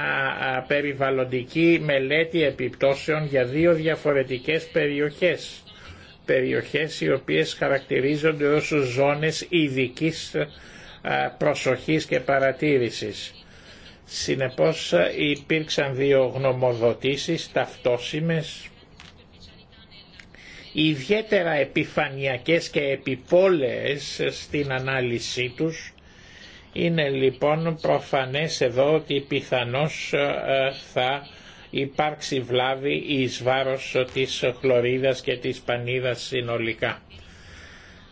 S4: περιβαλλοντική μελέτη επιπτώσεων για δύο διαφορετικές περιοχές περιοχές οι οποίες χαρακτηρίζονται ως ζώνες ειδική ε, προσοχής και παρατήρησης. Συνεπώς ε, υπήρξαν δύο γνωμοδοτήσεις ταυτόσιμες, ιδιαίτερα επιφανειακές και επιπόλαιες στην ανάλυση τους. Είναι λοιπόν προφανές εδώ ότι πιθανώς ε, θα υπάρξει βλάβη εις βάρος της χλωρίδας και της πανίδας συνολικά.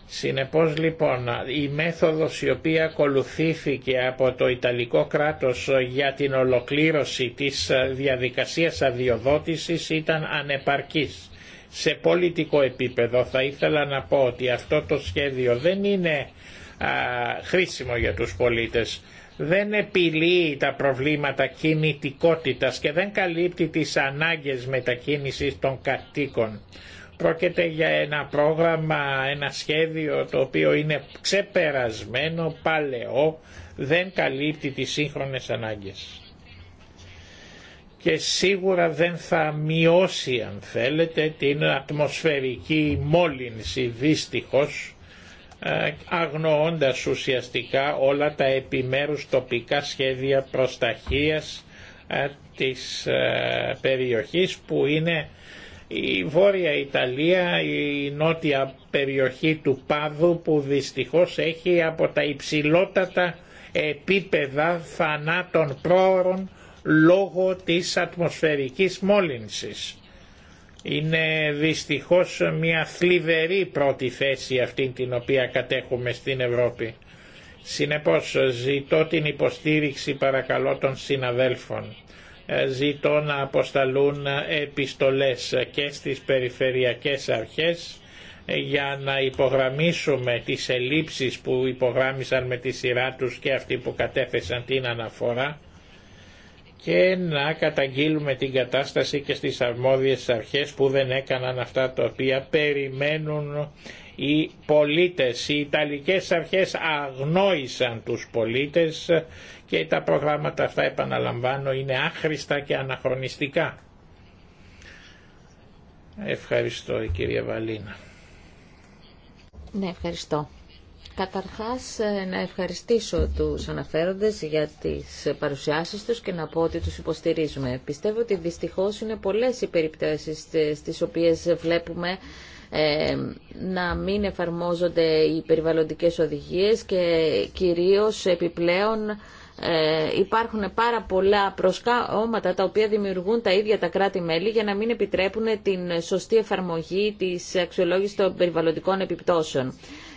S4: Συνεπώς λοιπόν η μέθοδος η οποία ακολουθήθηκε από το Ιταλικό κράτος για την ολοκλήρωση της διαδικασίας αδειοδότησης ήταν ανεπαρκής. Σε πολιτικό επίπεδο θα ήθελα να πω ότι αυτό το σχέδιο δεν είναι α, χρήσιμο για τους πολίτες δεν επιλύει τα προβλήματα κινητικότητας και δεν καλύπτει τις ανάγκες μετακίνησης των κατοίκων. Πρόκειται για ένα πρόγραμμα, ένα σχέδιο το οποίο είναι ξεπερασμένο, παλαιό, δεν καλύπτει τις σύγχρονες ανάγκες. Και σίγουρα δεν θα μειώσει αν θέλετε την ατμοσφαιρική μόλυνση δυστυχώς ε, αγνοώντας ουσιαστικά όλα τα επιμέρους τοπικά σχέδια προσταχίας ε, της ε, περιοχής που είναι η Βόρεια Ιταλία, η νότια περιοχή του Πάδου που δυστυχώς έχει από τα υψηλότατα επίπεδα θανάτων πρόωρων λόγω της ατμοσφαιρικής μόλυνσης. Είναι δυστυχώς μια θλιβερή πρώτη θέση αυτή την οποία κατέχουμε στην Ευρώπη. Συνεπώς ζητώ την υποστήριξη παρακαλώ των συναδέλφων. Ε, ζητώ να αποσταλούν επιστολές και στις περιφερειακές αρχές ε, για να υπογραμμίσουμε τις ελλείψεις που υπογράμμισαν με τη σειρά τους και αυτοί που κατέθεσαν την αναφορά και να καταγγείλουμε την κατάσταση και στις αρμόδιες αρχές που δεν έκαναν αυτά τα οποία περιμένουν οι πολίτες. Οι Ιταλικές αρχές αγνόησαν τους πολίτες και τα προγράμματα αυτά επαναλαμβάνω είναι άχρηστα και αναχρονιστικά. Ευχαριστώ η κυρία Βαλίνα.
S1: Ναι, ευχαριστώ. Καταρχάς ε, να ευχαριστήσω τους αναφέροντες για τις παρουσιάσεις τους και να πω ότι τους υποστηρίζουμε. Πιστεύω ότι δυστυχώς είναι πολλές οι περιπτώσεις στις οποίες βλέπουμε ε, να μην εφαρμόζονται οι περιβαλλοντικές οδηγίες και κυρίως επιπλέον ε, υπάρχουν πάρα πολλά προσκάωματα τα οποία δημιουργούν τα ίδια τα κράτη-μέλη για να μην επιτρέπουν την σωστή εφαρμογή της αξιολόγησης των περιβαλλοντικών επιπτώσεων.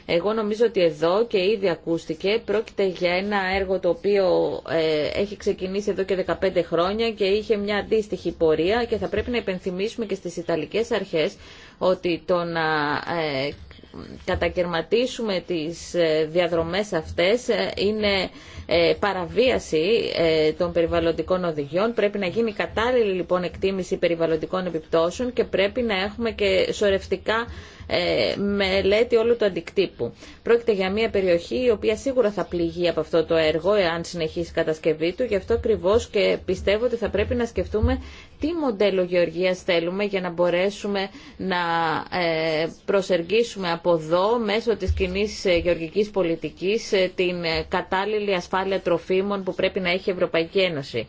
S1: Εγώ νομίζω ότι εδώ και ήδη ακούστηκε πρόκειται για ένα έργο το οποίο ε, έχει ξεκινήσει εδώ και 15 χρόνια και είχε μια αντίστοιχη πορεία και θα πρέπει να υπενθυμίσουμε και στις Ιταλικές αρχές ότι το να ε, κατακαιρματίσουμε τις ε, διαδρομές αυτές ε, είναι ε, παραβίαση των περιβαλλοντικών οδηγιών. Πρέπει να γίνει κατάλληλη λοιπόν εκτίμηση περιβαλλοντικών επιπτώσεων και πρέπει να έχουμε και σωρευτικά μελέτη όλου του αντικτύπου. Πρόκειται για μια περιοχή η οποία σίγουρα θα πληγεί από αυτό το έργο εάν συνεχίσει η κατασκευή του. Γι' αυτό ακριβώ και πιστεύω ότι θα πρέπει να σκεφτούμε τι μοντέλο γεωργίας θέλουμε για να μπορέσουμε να ε, προσεργήσουμε από εδώ μέσω της κοινή ε, γεωργικής πολιτικής ε, την κατάλληλη ασφάλεια τροφίμων που πρέπει να έχει η Ευρωπαϊκή Ένωση.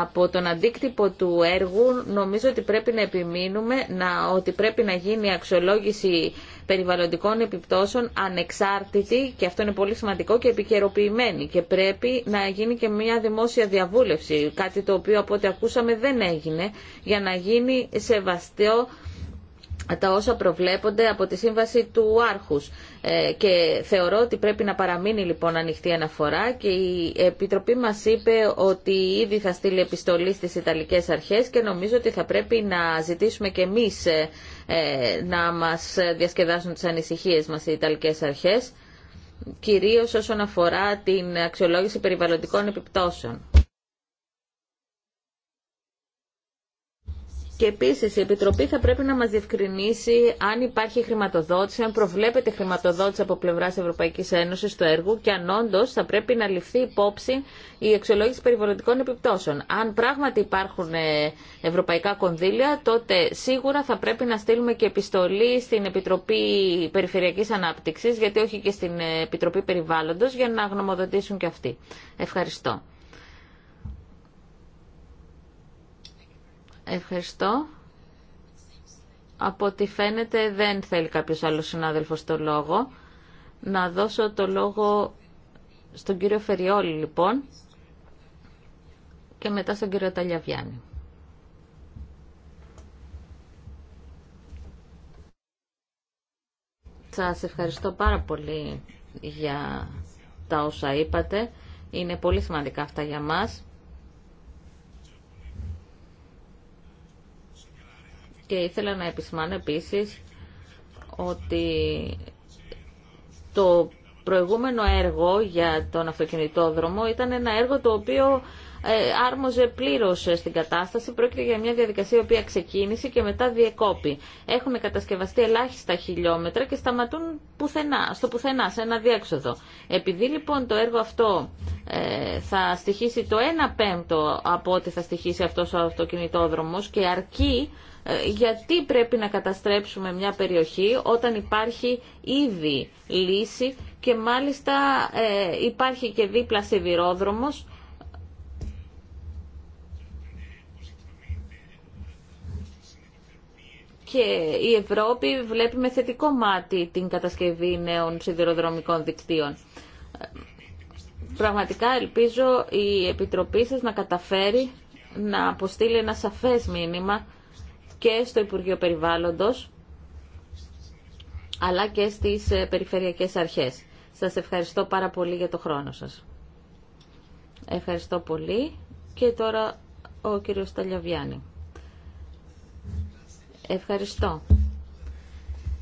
S1: Από τον αντίκτυπο του έργου νομίζω ότι πρέπει να επιμείνουμε να, ότι πρέπει να γίνει αξιολόγηση περιβαλλοντικών επιπτώσεων ανεξάρτητη και αυτό είναι πολύ σημαντικό και επικαιροποιημένη και πρέπει να γίνει και μια δημόσια διαβούλευση, κάτι το οποίο από ό,τι ακούσαμε δεν έγινε, για να γίνει σεβαστό τα όσα προβλέπονται από τη σύμβαση του Άρχους. Ε, και θεωρώ ότι πρέπει να παραμείνει λοιπόν ανοιχτή αναφορά και η Επιτροπή μας είπε ότι ήδη θα στείλει επιστολή στις Ιταλικές Αρχές και νομίζω ότι θα πρέπει να ζητήσουμε και εμείς ε, ε, να μας διασκεδάσουν τις ανησυχίες μας οι Ιταλικές Αρχές κυρίως όσον αφορά την αξιολόγηση περιβαλλοντικών επιπτώσεων. Και επίση, η Επιτροπή θα πρέπει να μα διευκρινίσει αν υπάρχει χρηματοδότηση, αν προβλέπεται χρηματοδότηση από πλευράς Ευρωπαϊκή Ένωση στο έργο και αν όντω θα πρέπει να ληφθεί υπόψη η εξολόγηση περιβαλλοντικών επιπτώσεων. Αν πράγματι υπάρχουν ε, ευρωπαϊκά κονδύλια, τότε σίγουρα θα πρέπει να στείλουμε και επιστολή στην Επιτροπή περιφερειακή ανάπτυξη, γιατί όχι και στην ε, Επιτροπή περιβάλλοντο για να γνωμοδοτήσουν και αυτοί. Ευχαριστώ. Ευχαριστώ. Από ό,τι φαίνεται δεν θέλει κάποιος άλλος συνάδελφος το λόγο. Να δώσω το λόγο στον κύριο Φεριόλη λοιπόν και μετά στον κύριο Ταλιαβιάννη. Σας ευχαριστώ πάρα πολύ για τα όσα είπατε. Είναι πολύ σημαντικά αυτά για μας. και ήθελα να επισημάνω επίσης ότι το προηγούμενο έργο για τον αυτοκινητόδρομο ήταν ένα έργο το οποίο ε, άρμοζε πλήρως στην κατάσταση. Πρόκειται για μια διαδικασία η οποία ξεκίνησε και μετά διεκόπη. Έχουν κατασκευαστεί ελάχιστα χιλιόμετρα και σταματούν πουθενά, στο πουθενά, σε ένα διέξοδο. Επειδή λοιπόν το έργο αυτό ε, θα στοιχήσει το 1 πέμπτο από ό,τι θα στοιχήσει αυτός ο αυτοκινητόδρομος και αρκεί ε, γιατί πρέπει να καταστρέψουμε μια περιοχή όταν υπάρχει ήδη λύση και μάλιστα ε, υπάρχει και δίπλα σιδηρόδρομος και η Ευρώπη βλέπει με θετικό μάτι την κατασκευή νέων σιδηροδρομικών δικτύων. Πραγματικά ελπίζω η Επιτροπή σας να καταφέρει να αποστείλει ένα σαφές μήνυμα και στο Υπουργείο Περιβάλλοντος αλλά και στις ε, περιφερειακές αρχές. Σας ευχαριστώ πάρα πολύ για το χρόνο σας. Ευχαριστώ πολύ. Και τώρα ο κύριος Σταλιαβιάννη. Ευχαριστώ.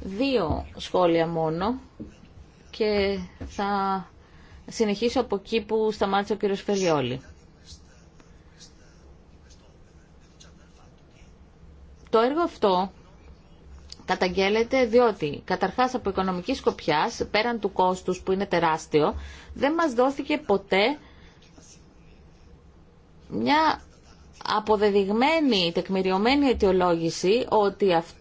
S1: Δύο σχόλια μόνο και θα συνεχίσω από εκεί που σταμάτησε ο κύριος Φεριόλη. Το έργο αυτό καταγγέλλεται διότι καταρχάς από οικονομική σκοπιά, πέραν του κόστους που είναι τεράστιο, δεν μας δόθηκε ποτέ μια αποδεδειγμένη, τεκμηριωμένη αιτιολόγηση ότι αυτό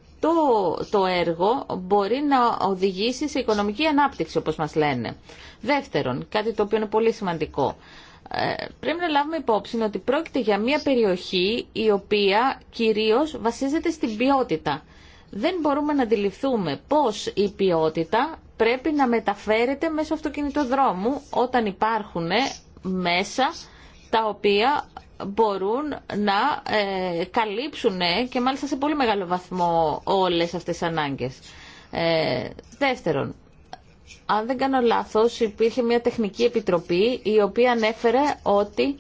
S1: το έργο μπορεί να οδηγήσει σε οικονομική ανάπτυξη, όπως μας λένε. Δεύτερον, κάτι το οποίο είναι πολύ σημαντικό, ε, πρέπει να λάβουμε υπόψη ότι πρόκειται για μια περιοχή η οποία κυρίως βασίζεται στην ποιότητα. Δεν μπορούμε να αντιληφθούμε πώς η ποιότητα πρέπει να μεταφέρεται μέσω αυτοκινητοδρόμου όταν υπάρχουν μέσα τα οποία μπορούν να ε, καλύψουν και μάλιστα σε πολύ μεγάλο βαθμό όλες αυτές τις ανάγκες. Ε, δεύτερον, αν δεν κάνω λάθος, υπήρχε μια τεχνική επιτροπή η οποία ανέφερε ότι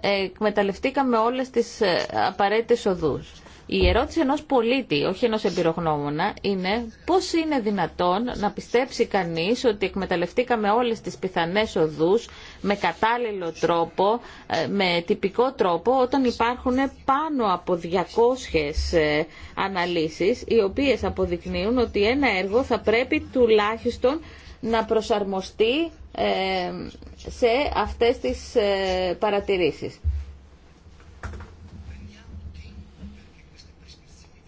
S1: ε, εκμεταλλευτήκαμε όλες τις ε, απαραίτητες οδούς. Η ερώτηση ενός πολίτη, όχι ενός εμπειρογνώμονα, είναι πώς είναι δυνατόν να πιστέψει κανείς ότι εκμεταλλευτήκαμε όλες τις πιθανές οδούς με κατάλληλο τρόπο, ε, με τυπικό τρόπο, όταν υπάρχουν πάνω από 200 αναλύσεις, οι οποίες αποδεικνύουν ότι ένα έργο θα πρέπει τουλάχιστον να προσαρμοστεί ε, σε αυτές τις ε, παρατηρήσεις.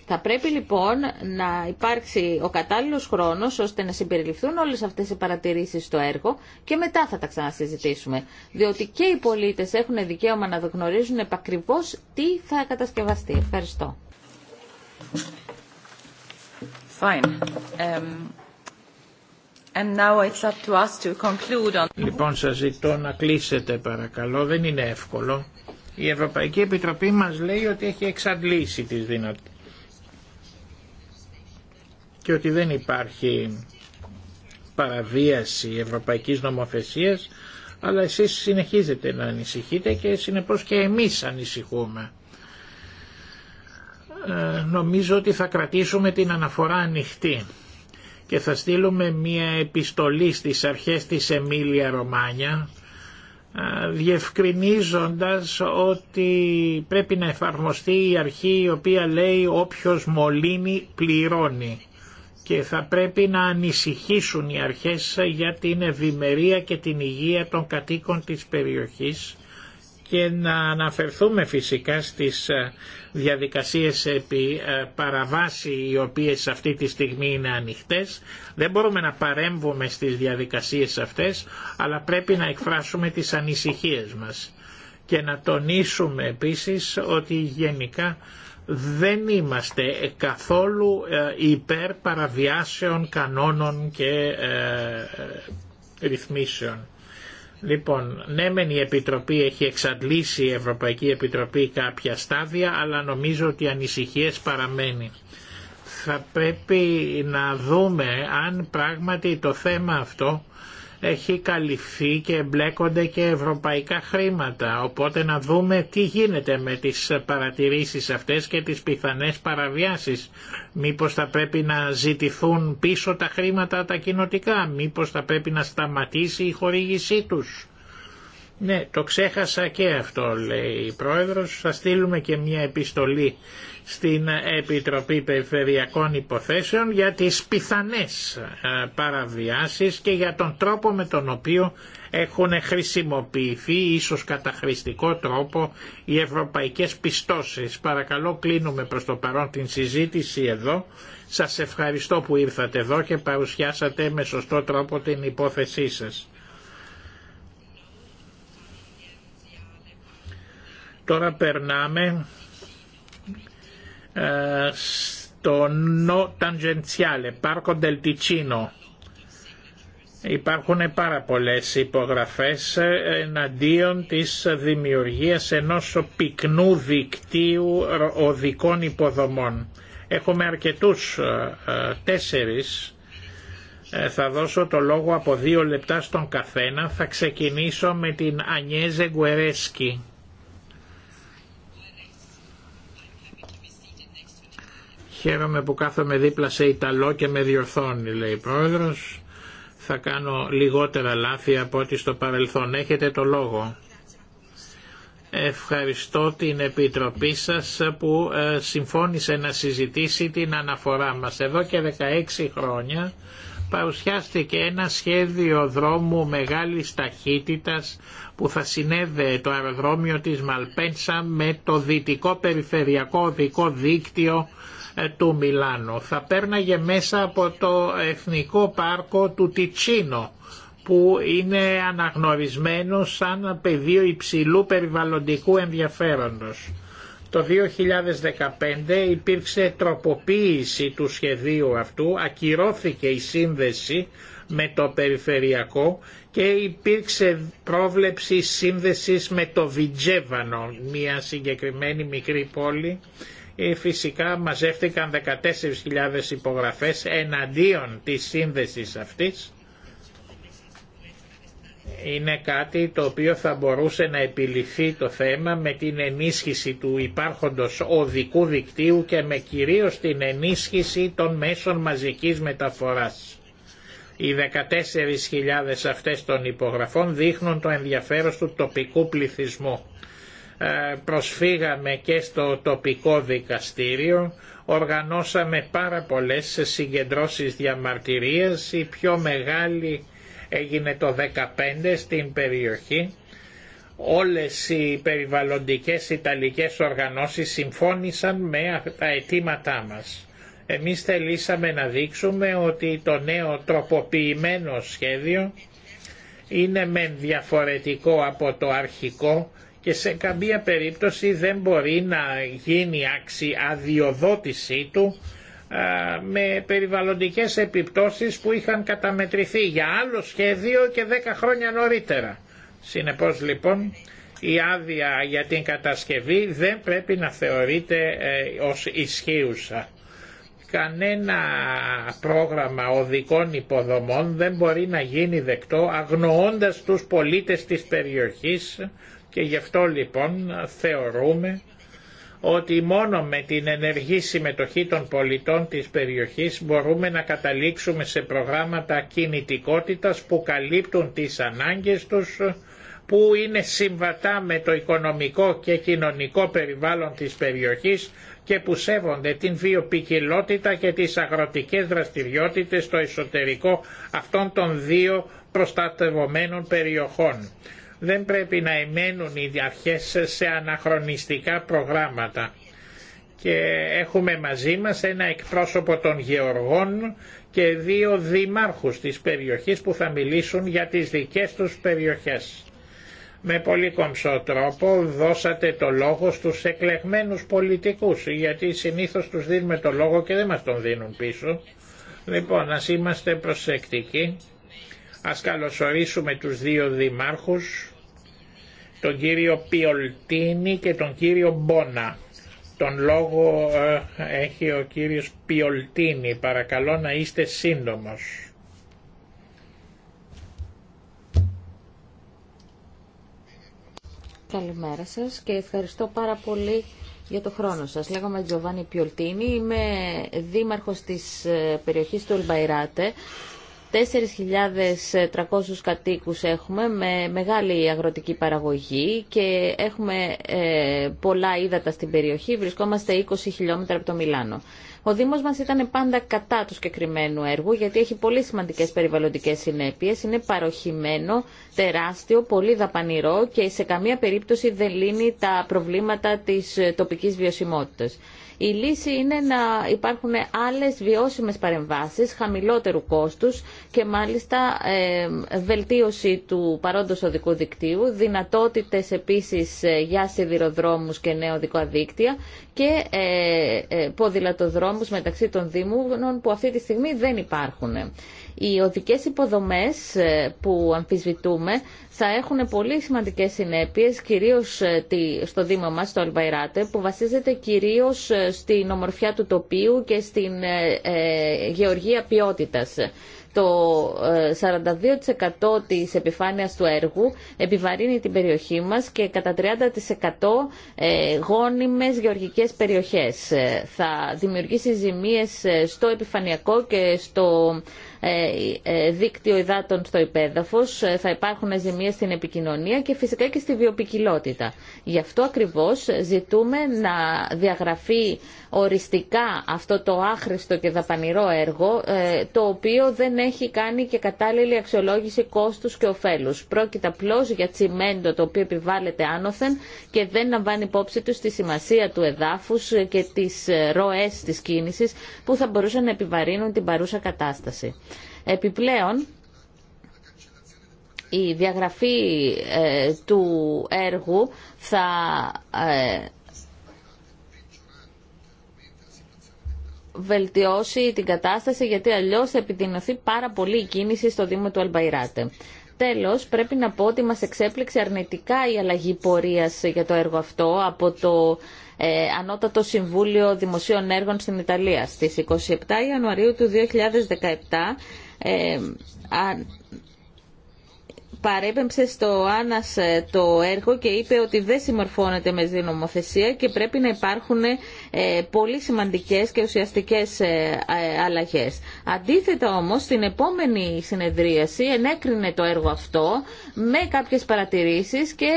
S1: Θα πρέπει λοιπόν να υπάρξει ο κατάλληλος χρόνος ώστε να συμπεριληφθούν όλες αυτές οι παρατηρήσεις στο έργο και μετά θα τα ξανασυζητήσουμε. Διότι και οι πολίτες έχουν δικαίωμα να γνωρίζουν επακριβώς τι θα κατασκευαστεί. Ευχαριστώ. Fine. Um, Λοιπόν
S4: σα ζητώ να κλείσετε παρακαλώ, δεν είναι εύκολο. Η Ευρωπαϊκή Επιτροπή μας λέει ότι έχει εξαντλήσει τις δυνατότητε. και ότι δεν υπάρχει παραβίαση ευρωπαϊκής νομοθεσίας αλλά εσείς συνεχίζετε να ανησυχείτε και συνεπώς και εμείς ανησυχούμε. Ε, νομίζω ότι θα κρατήσουμε την αναφορά ανοιχτή και θα στείλουμε μία επιστολή στις αρχές της Εμίλια Ρωμάνια διευκρινίζοντας ότι πρέπει να εφαρμοστεί η αρχή η οποία λέει όποιος μολύνει πληρώνει και θα πρέπει να ανησυχήσουν οι αρχές για την ευημερία και την υγεία των κατοίκων της περιοχής και να αναφερθούμε φυσικά στις ε, διαδικασίες επί ε, παραβάση οι οποίες αυτή τη στιγμή είναι ανοιχτές. Δεν μπορούμε να παρέμβουμε στις διαδικασίες αυτές, αλλά πρέπει να εκφράσουμε τις ανησυχίες μας και να τονίσουμε επίσης ότι γενικά δεν είμαστε καθόλου ε, υπέρ παραβιάσεων κανόνων και ρυθμίσεων. Λοιπόν, ναι μεν η Επιτροπή έχει εξαντλήσει η Ευρωπαϊκή Επιτροπή κάποια στάδια, αλλά νομίζω ότι οι ανησυχίες παραμένει. Θα πρέπει να δούμε αν πράγματι το θέμα αυτό έχει καλυφθεί και εμπλέκονται και ευρωπαϊκά χρήματα. Οπότε να δούμε τι γίνεται με τις παρατηρήσεις αυτές και τις πιθανές παραβιάσεις. Μήπως θα πρέπει να ζητηθούν πίσω τα χρήματα τα κοινοτικά, μήπως θα πρέπει να σταματήσει η χορήγησή τους. Ναι, το ξέχασα και αυτό λέει η Πρόεδρος. Θα στείλουμε και μια επιστολή στην Επιτροπή Περιφερειακών Υποθέσεων για τις πιθανές ε, παραβιάσεις και για τον τρόπο με τον οποίο έχουν χρησιμοποιηθεί ίσως καταχρηστικό τρόπο οι ευρωπαϊκές πιστώσεις. Παρακαλώ κλείνουμε προς το παρόν την συζήτηση εδώ. Σας ευχαριστώ που ήρθατε εδώ και παρουσιάσατε με σωστό τρόπο την υπόθεσή σας. Τώρα περνάμε ε, στο Νο Ταντζεντσιάλε, Πάρκο Ντελτιτσίνο. Υπάρχουν πάρα πολλές υπογραφές ε, εναντίον της δημιουργίας ενός πυκνού δικτύου οδικών υποδομών. Έχουμε αρκετούς, ε, τέσσερις. Θα δώσω το λόγο από δύο λεπτά στον καθένα. Θα ξεκινήσω με την Ανιέζε Γκουερέσκη. Χαίρομαι που κάθομαι δίπλα σε Ιταλό και με διορθώνει, λέει η Θα κάνω λιγότερα λάθη από ό,τι στο παρελθόν. Έχετε το λόγο. Ευχαριστώ την Επιτροπή σας που ε, συμφώνησε να συζητήσει την αναφορά μας. Εδώ και 16 χρόνια παρουσιάστηκε ένα σχέδιο δρόμου μεγάλης ταχύτητας που θα συνέδεε το αεροδρόμιο της Μαλπένσα με το δυτικό περιφερειακό οδικό δίκτυο ε, του Μιλάνου. Θα πέρναγε μέσα από το Εθνικό Πάρκο του Τιτσίνο που είναι αναγνωρισμένο σαν πεδίο υψηλού περιβαλλοντικού ενδιαφέροντος. Το 2015 υπήρξε τροποποίηση του σχεδίου αυτού, ακυρώθηκε η σύνδεση με το περιφερειακό και υπήρξε πρόβλεψη σύνδεσης με το Βιτζέβανο, μια συγκεκριμένη μικρή πόλη ε, φυσικά μαζεύτηκαν 14.000 υπογραφές εναντίον της σύνδεσης αυτής. Είναι κάτι το οποίο θα μπορούσε να επιληθεί το θέμα με την ενίσχυση του υπάρχοντος οδικού δικτύου και με κυρίως την ενίσχυση των μέσων μαζικής μεταφοράς. Οι 14.000 αυτές των υπογραφών δείχνουν το ενδιαφέρον του τοπικού πληθυσμού ε, προσφύγαμε και στο τοπικό δικαστήριο, οργανώσαμε πάρα πολλές συγκεντρώσεις διαμαρτυρίας, η πιο μεγάλη έγινε το 15 στην περιοχή. Όλες οι περιβαλλοντικές Ιταλικές οργανώσεις συμφώνησαν με τα αιτήματά μας. Εμείς θελήσαμε να δείξουμε ότι το νέο τροποποιημένο σχέδιο είναι μεν διαφορετικό από το αρχικό και σε καμία περίπτωση δεν μπορεί να γίνει άξι αδειοδότησή του με περιβαλλοντικές επιπτώσεις που είχαν καταμετρηθεί για άλλο σχέδιο και 10 χρόνια νωρίτερα. Συνεπώς λοιπόν η άδεια για την κατασκευή δεν πρέπει να θεωρείται ε, ως ισχύουσα. Κανένα πρόγραμμα οδικών υποδομών δεν μπορεί να γίνει δεκτό αγνοώντας τους πολίτες της περιοχής και γι' αυτό λοιπόν θεωρούμε ότι μόνο με την ενεργή συμμετοχή των πολιτών της περιοχής μπορούμε να καταλήξουμε σε προγράμματα κινητικότητας που καλύπτουν τις ανάγκες τους, που είναι συμβατά με το οικονομικό και κοινωνικό περιβάλλον της περιοχής και που σέβονται την βιοπικιλότητα και τις αγροτικές δραστηριότητες στο εσωτερικό αυτών των δύο προστατευομένων περιοχών δεν πρέπει να εμένουν οι αρχές σε αναχρονιστικά προγράμματα. Και έχουμε μαζί μας ένα εκπρόσωπο των γεωργών και δύο δήμαρχους της περιοχής που θα μιλήσουν για τις δικές τους περιοχές. Με πολύ κομψό τρόπο δώσατε το λόγο στους εκλεγμένους πολιτικούς, γιατί συνήθως τους δίνουμε το λόγο και δεν μας τον δίνουν πίσω. Λοιπόν, ας είμαστε προσεκτικοί, ας καλωσορίσουμε τους δύο δημάρχους τον κύριο Πιολτίνη και τον κύριο Μπόνα. Τον λόγο ε, έχει ο κύριος Πιολτίνη. Παρακαλώ να είστε σύντομος.
S1: Καλημέρα σας και ευχαριστώ πάρα πολύ για το χρόνο σας. Λέγομαι Τζοβάνι Πιολτίνη, είμαι δήμαρχος της ε, περιοχής του Ολμπαϊράτε 4.300 κατοίκους έχουμε με μεγάλη αγροτική παραγωγή και έχουμε ε, πολλά ύδατα στην περιοχή. Βρισκόμαστε 20 χιλιόμετρα από το Μιλάνο. Ο Δήμος μας ήταν πάντα κατά του συγκεκριμένου έργου γιατί έχει πολύ σημαντικές περιβαλλοντικές συνέπειες. Είναι παροχημένο, τεράστιο, πολύ δαπανηρό και σε καμία περίπτωση δεν λύνει τα προβλήματα της τοπικής βιωσιμότητας. Η λύση είναι να υπάρχουν άλλες βιώσιμες παρεμβάσεις χαμηλότερου κόστους και μάλιστα ε, βελτίωση του παρόντος οδικού δικτύου, δυνατότητες επίσης ε, για σιδηροδρόμους και νέο οδικό δίκτυα και ε, ε, ποδηλατοδρόμους μεταξύ των δήμων που αυτή τη στιγμή δεν υπάρχουν. Οι οδικές υποδομές ε, που αμφισβητούμε θα έχουν πολύ σημαντικές συνέπειες, κυρίως ε, στο Δήμο μας, στο Αλβαϊράτε, που βασίζεται κυρίως ε, στην ομορφιά του τοπίου και στην γεωργία ποιότητας το 42% της επιφάνειας του έργου επιβαρύνει την περιοχή μας και κατά 30% γόνιμες γεωργικές περιοχές. Θα δημιουργήσει ζημίες στο επιφανειακό και στο ε, ε, δίκτυο υδάτων στο υπέδαφο, ε, θα υπάρχουν ζημίε στην επικοινωνία και φυσικά και στη βιοπικιλότητα. Γι' αυτό ακριβώ ζητούμε να διαγραφεί οριστικά αυτό το άχρηστο και δαπανηρό έργο, το οποίο δεν έχει κάνει και κατάλληλη αξιολόγηση κόστου και ωφέλου. Πρόκειται απλώ για τσιμέντο το οποίο επιβάλλεται άνωθεν και δεν λαμβάνει υπόψη του στη σημασία του εδάφους και τι ροέ της κίνησης που θα μπορούσαν να επιβαρύνουν την παρούσα κατάσταση. Επιπλέον, η διαγραφή ε, του έργου θα ε, βελτιώσει την κατάσταση γιατί αλλιώς θα επιδεινωθεί πάρα πολύ η κίνηση στο Δήμο του Αλμπαϊράτε. Τέλος, πρέπει να πω ότι μας εξέπληξε αρνητικά η αλλαγή πορείας για το έργο αυτό από το ε, Ανώτατο Συμβούλιο Δημοσίων Έργων στην Ιταλία στις 27 Ιανουαρίου του 2017 ε, παρέπεμψε στο Άνας ε, το έργο και είπε ότι δεν συμμορφώνεται με την νομοθεσία και πρέπει να υπάρχουν ε, ε, πολύ σημαντικές και ουσιαστικές ε, ε, αλλαγές. Αντίθετα όμως, στην επόμενη συνεδρίαση ενέκρινε το έργο αυτό με κάποιες παρατηρήσεις και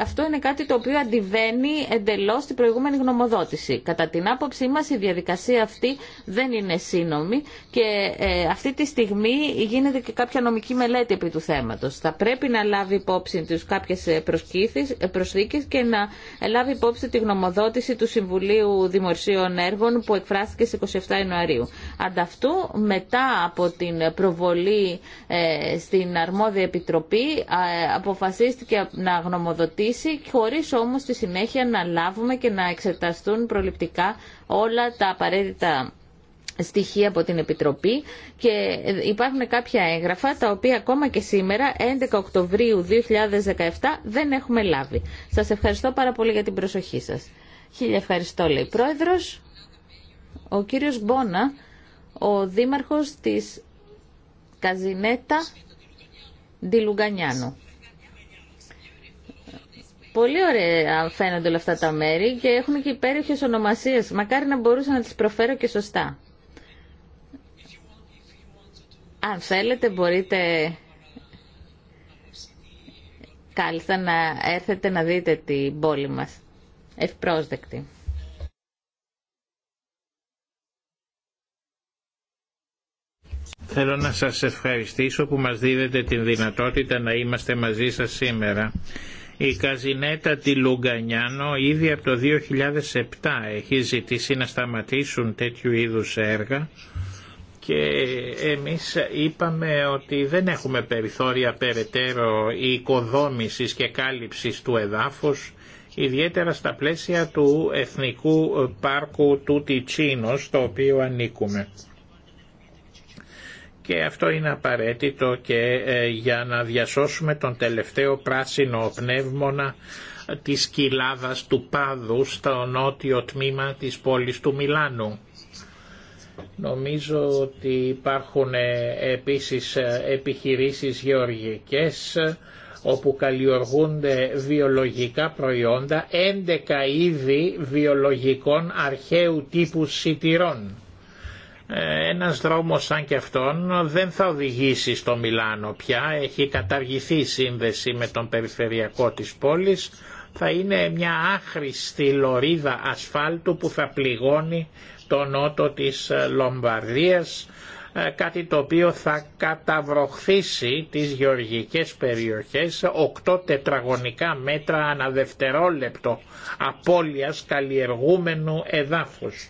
S1: αυτό είναι κάτι το οποίο αντιβαίνει εντελώς την προηγούμενη γνωμοδότηση. Κατά την άποψή μας η διαδικασία αυτή δεν είναι σύνομη και αυτή τη στιγμή γίνεται και κάποια νομική μελέτη επί του θέματος. Θα πρέπει να λάβει υπόψη τους κάποιες προσθήκες και να λάβει υπόψη τη γνωμοδότηση του Συμβουλίου Δημοκρατίας δημοσίων έργων που εκφράστηκε στις 27 Ιανουαρίου. Ανταυτού, μετά από την προβολή ε, στην αρμόδια επιτροπή, ε, αποφασίστηκε να γνωμοδοτήσει, χωρίς όμως στη συνέχεια να λάβουμε και να εξεταστούν προληπτικά όλα τα απαραίτητα στοιχεία από την Επιτροπή και ε, υπάρχουν κάποια έγγραφα τα οποία ακόμα και σήμερα 11 Οκτωβρίου 2017 δεν έχουμε λάβει. Σας ευχαριστώ πάρα πολύ για την προσοχή σας. Χίλια ευχαριστώ, λέει πρόεδρος. Ο κύριος Μπόνα, ο δήμαρχος της Καζινέτα Ντιλουγκανιάνου. Πολύ ωραία φαίνονται όλα αυτά τα μέρη και έχουν και υπέροχες ονομασίες. Μακάρι να μπορούσα να τις προφέρω και σωστά. Αν θέλετε μπορείτε κάλλιστα να έρθετε να δείτε την πόλη μας ευπρόσδεκτη.
S4: Θέλω να σας ευχαριστήσω που μας δίδετε την δυνατότητα να είμαστε μαζί σας σήμερα. Η καζινέτα τη Λουγκανιάνο ήδη από το 2007 έχει ζητήσει να σταματήσουν τέτοιου είδους έργα και εμείς είπαμε ότι δεν έχουμε περιθώρια περαιτέρω οικοδόμησης και κάλυψης του εδάφους ιδιαίτερα στα πλαίσια του Εθνικού Πάρκου του Τιτσίνο, στο οποίο ανήκουμε. Και αυτό είναι απαραίτητο και ε, για να διασώσουμε τον τελευταίο πράσινο πνεύμονα της κοιλάδας του Πάδου στο νότιο τμήμα της πόλης του Μιλάνου. Νομίζω ότι υπάρχουν ε, επίσης ε, επιχειρήσεις γεωργικές όπου καλλιεργούνται βιολογικά προϊόντα, 11 είδη βιολογικών αρχαίου τύπου σιτηρών. Ε, ένας δρόμος σαν και αυτόν δεν θα οδηγήσει στο Μιλάνο πια, έχει καταργηθεί η σύνδεση με τον περιφερειακό της πόλης, θα είναι μια άχρηστη λωρίδα ασφάλτου που θα πληγώνει το νότο της Λομβαρδίας, ε, κάτι το οποίο θα καταβροχθήσει τις γεωργικές περιοχές 8 τετραγωνικά μέτρα αναδευτερόλεπτο απώλειας καλλιεργούμενου εδάφους.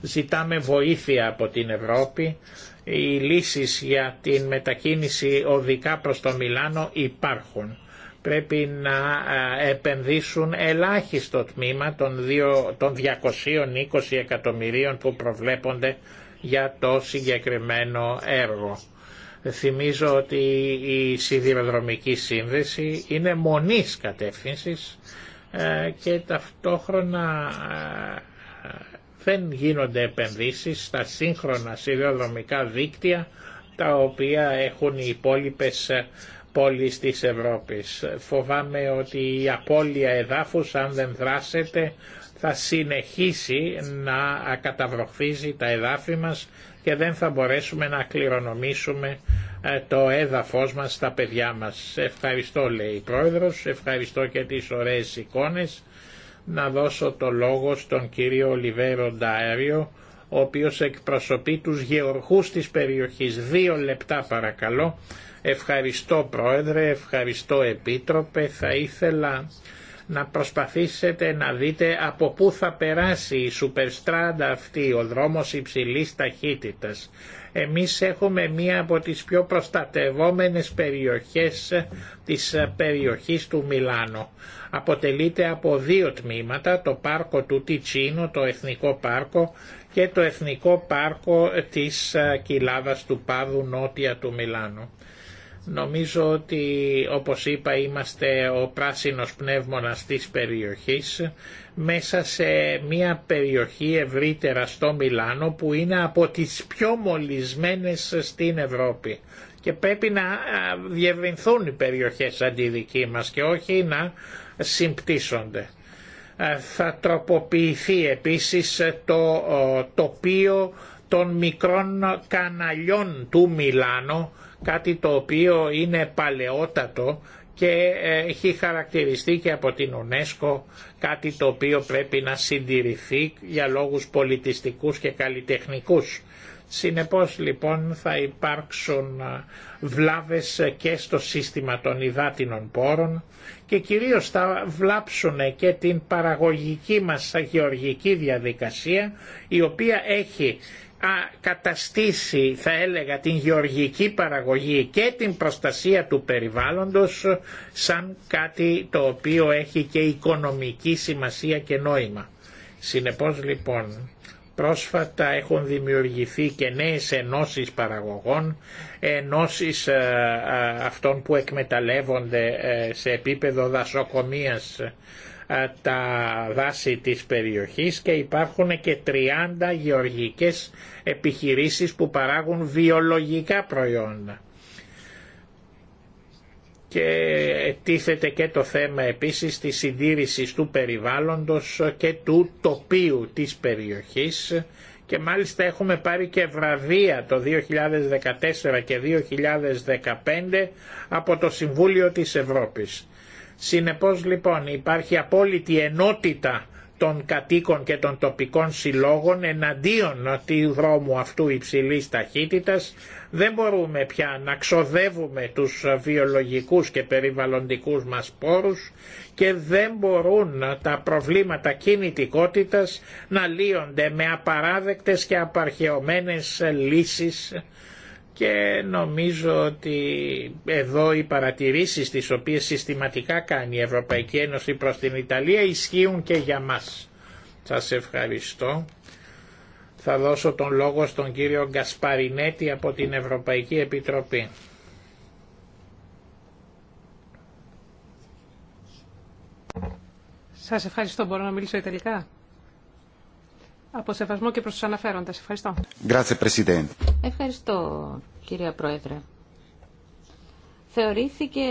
S4: Ζητάμε βοήθεια από την Ευρώπη. Οι λύσεις για την μετακίνηση οδικά προς το Μιλάνο υπάρχουν. Πρέπει να ε, επενδύσουν ελάχιστο τμήμα των 220 εκατομμυρίων που προβλέπονται για το συγκεκριμένο έργο. Θυμίζω ότι η σιδηροδρομική σύνδεση είναι μονής κατεύθυνσης ε, και ταυτόχρονα ε, δεν γίνονται επενδύσεις στα σύγχρονα σιδηροδρομικά δίκτυα τα οποία έχουν οι υπόλοιπες ε, πόλεις της Ευρώπης. Φοβάμαι ότι η απώλεια εδάφους αν δεν δράσετε θα συνεχίσει να καταβροχθίζει τα εδάφη μας και δεν θα μπορέσουμε να κληρονομήσουμε ε, το έδαφος μας στα παιδιά μας. Ευχαριστώ λέει η Πρόεδρος, ευχαριστώ και τις ωραίες εικόνες. Να δώσω το λόγο στον κύριο Ολιβέρο Ντάριο, ο οποίος εκπροσωπεί τους γεωργούς της περιοχής. Δύο λεπτά παρακαλώ. Ευχαριστώ Πρόεδρε, ευχαριστώ Επίτροπε. Θα ήθελα να προσπαθήσετε να δείτε από πού θα περάσει η σουπερστράντα αυτή, ο δρόμος υψηλής ταχύτητας. Εμείς έχουμε μία από τις πιο προστατευόμενες περιοχές της περιοχής του Μιλάνο. Αποτελείται από δύο τμήματα, το πάρκο του Τιτσίνο, το Εθνικό Πάρκο και το Εθνικό Πάρκο της Κοιλάδας του Πάδου νότια του Μιλάνου. Νομίζω ότι όπως είπα είμαστε ο πράσινος πνεύμονας της περιοχής μέσα σε μια περιοχή ευρύτερα στο Μιλάνο που είναι από τις πιο μολυσμένες στην Ευρώπη και πρέπει να διευρυνθούν οι περιοχές αντιδικοί μας και όχι να συμπτύσσονται. Θα τροποποιηθεί επίσης το τοπίο των μικρών καναλιών του Μιλάνο κάτι το οποίο είναι παλαιότατο και ε, έχει χαρακτηριστεί και από την UNESCO κάτι το οποίο πρέπει να συντηρηθεί για λόγους πολιτιστικούς και καλλιτεχνικούς. Συνεπώς λοιπόν θα υπάρξουν ε, βλάβες και στο σύστημα των υδάτινων πόρων και κυρίως θα βλάψουν και την παραγωγική μας γεωργική διαδικασία η οποία έχει καταστήσει θα έλεγα την γεωργική παραγωγή και την προστασία του περιβάλλοντος σαν κάτι το οποίο έχει και οικονομική σημασία και νόημα. Συνεπώς λοιπόν πρόσφατα έχουν δημιουργηθεί και νέες ενώσεις παραγωγών, ενώσεις ε, ε, αυτών που εκμεταλλεύονται ε, σε επίπεδο δασοκομείας τα δάση της περιοχής και υπάρχουν και 30 γεωργικές επιχειρήσεις που παράγουν βιολογικά προϊόντα. Και τίθεται και το θέμα επίσης της συντήρησης του περιβάλλοντος και του τοπίου της περιοχής και μάλιστα έχουμε πάρει και βραβεία το 2014 και 2015 από το Συμβούλιο της Ευρώπης. Συνεπώς λοιπόν υπάρχει απόλυτη ενότητα των κατοίκων και των τοπικών συλλόγων εναντίον του δρόμου αυτού υψηλής ταχύτητας δεν μπορούμε πια να ξοδεύουμε τους βιολογικούς και περιβαλλοντικούς μας πόρους και δεν μπορούν τα προβλήματα κινητικότητας να λύονται με απαράδεκτες και απαρχαιωμένες λύσεις και νομίζω ότι εδώ οι παρατηρήσεις τις οποίες συστηματικά κάνει η Ευρωπαϊκή Ένωση προς την Ιταλία ισχύουν και για μας. Σας ευχαριστώ. Θα δώσω τον λόγο στον κύριο Γκασπαρινέτη από την Ευρωπαϊκή Επιτροπή.
S3: Σας ευχαριστώ. Μπορώ να μιλήσω Ιταλικά από σεβασμό και προς τους αναφέροντες. Ευχαριστώ. Ευχαριστώ,
S1: κυρία Πρόεδρε. Θεωρήθηκε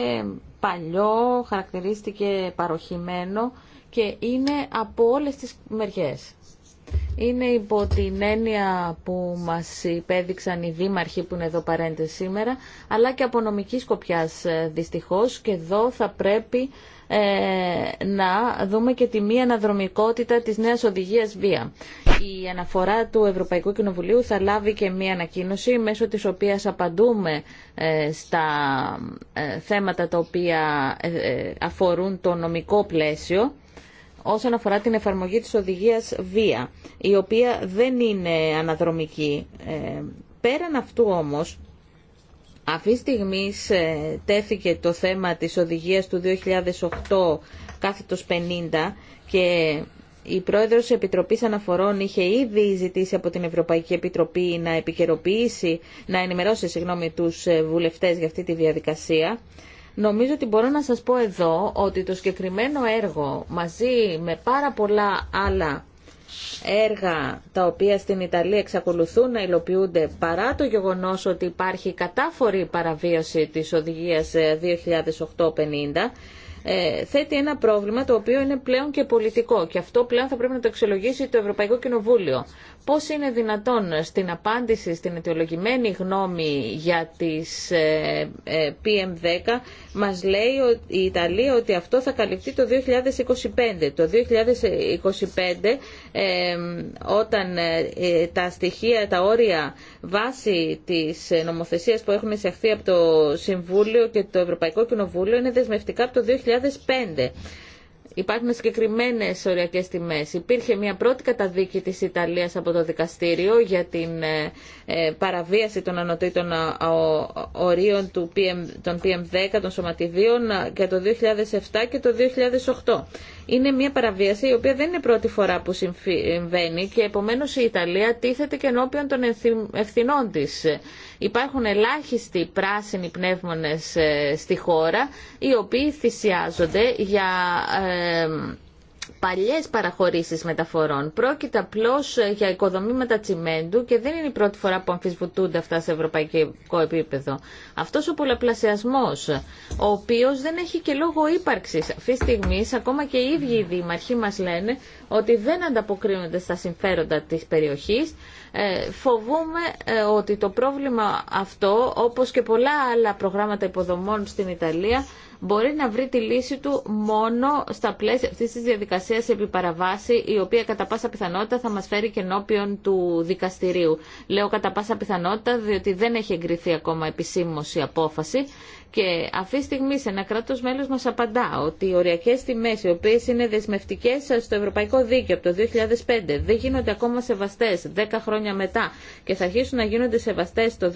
S1: παλιό, χαρακτηρίστηκε παροχημένο και είναι από όλες τις μεριές. Είναι υπό την έννοια που μας υπέδειξαν οι δήμαρχοι που είναι εδώ παρέντες σήμερα, αλλά και από νομική σκοπιάς ε, δυστυχώς και εδώ θα πρέπει ε, να δούμε και τη μη αναδρομικότητα της νέας οδηγίας βία. Η αναφορά του Ευρωπαϊκού Κοινοβουλίου θα λάβει και μία ανακοίνωση μέσω της οποίας απαντούμε ε, στα ε, θέματα τα οποία αφορούν το νομικό πλαίσιο όσον αφορά την εφαρμογή της οδηγίας βία, η οποία δεν είναι αναδρομική. Πέραν αυτού όμως, αυτή τη στιγμή ε, τέθηκε το θέμα της οδηγίας του 2008 κάθετος 50 και η πρόεδρος της Επιτροπής Αναφορών είχε ήδη ζητήσει από την Ευρωπαϊκή Επιτροπή να επικαιροποιήσει, να ενημερώσει συγγνώμη, τους ε, βουλευτές για αυτή τη διαδικασία. Νομίζω ότι μπορώ να σας πω εδώ ότι το συγκεκριμένο έργο μαζί με πάρα πολλά άλλα έργα τα οποία στην Ιταλία εξακολουθούν να υλοποιούνται παρά το γεγονός ότι υπάρχει κατάφορη παραβίαση της οδηγίας 2008-50 ε, ε, θέτει ένα πρόβλημα το οποίο είναι πλέον και πολιτικό και αυτό πλέον θα πρέπει να το εξελογήσει το Ευρωπαϊκό Κοινοβούλιο πώς είναι δυνατόν στην απάντηση στην αιτιολογημένη γνώμη για τις ε, ε, PM10 μας λέει η Ιταλία ότι αυτό θα καλυφθεί το 2025. Το 2025 όταν ε, τα στοιχεία, τα όρια βάση της νομοθεσίας που έχουν εισαχθεί από το Συμβούλιο και το Ευρωπαϊκό Κοινοβούλιο είναι δεσμευτικά από το 2005. Υπάρχουν συγκεκριμένε οριακέ τιμέ. Υπήρχε μια πρώτη καταδίκη τη Ιταλία από το δικαστήριο για την ε, ε, παραβίαση των ανωτήτων ε, ορίων του PM, των PM10, των σωματιδίων για το 2007 και το 2008 είναι μια παραβίαση η οποία δεν είναι πρώτη φορά που συμβαίνει και επομένως η Ιταλία τίθεται και ενώπιον των ευθυνών τη. Υπάρχουν ελάχιστοι πράσινοι πνεύμονες ε, στη χώρα οι οποίοι θυσιάζονται για ε, παλιές παραχωρήσεις μεταφορών. Πρόκειται απλώ ε, για οικοδομήματα τσιμέντου και δεν είναι η πρώτη φορά που αμφισβητούνται αυτά σε ευρωπαϊκό επίπεδο. Αυτός ο πολλαπλασιασμός, ο οποίος δεν έχει και λόγο ύπαρξης. Αυτή τη στιγμή, ακόμα και οι ίδιοι οι δήμαρχοι μας λένε ότι δεν ανταποκρίνονται στα συμφέροντα της περιοχής. Ε, φοβούμε ε, ότι το πρόβλημα αυτό, όπως και πολλά άλλα προγράμματα υποδομών στην Ιταλία, μπορεί να βρει τη λύση του μόνο στα πλαίσια αυτής της διαδικασίας επί η οποία κατά πάσα πιθανότητα θα μας φέρει και ενώπιον του δικαστηρίου. Λέω κατά πάσα πιθανότητα, διότι δεν έχει εγκριθεί ακόμα επισήμως απόφαση και αυτή τη στιγμή σε ένα κράτο μέλο μα απαντά ότι οι οριακέ τιμέ, οι οποίε είναι δεσμευτικέ στο Ευρωπαϊκό Δίκαιο από το 2005 δεν γίνονται ακόμα σεβαστέ 10 χρόνια μετά και θα αρχίσουν να γίνονται σεβαστέ το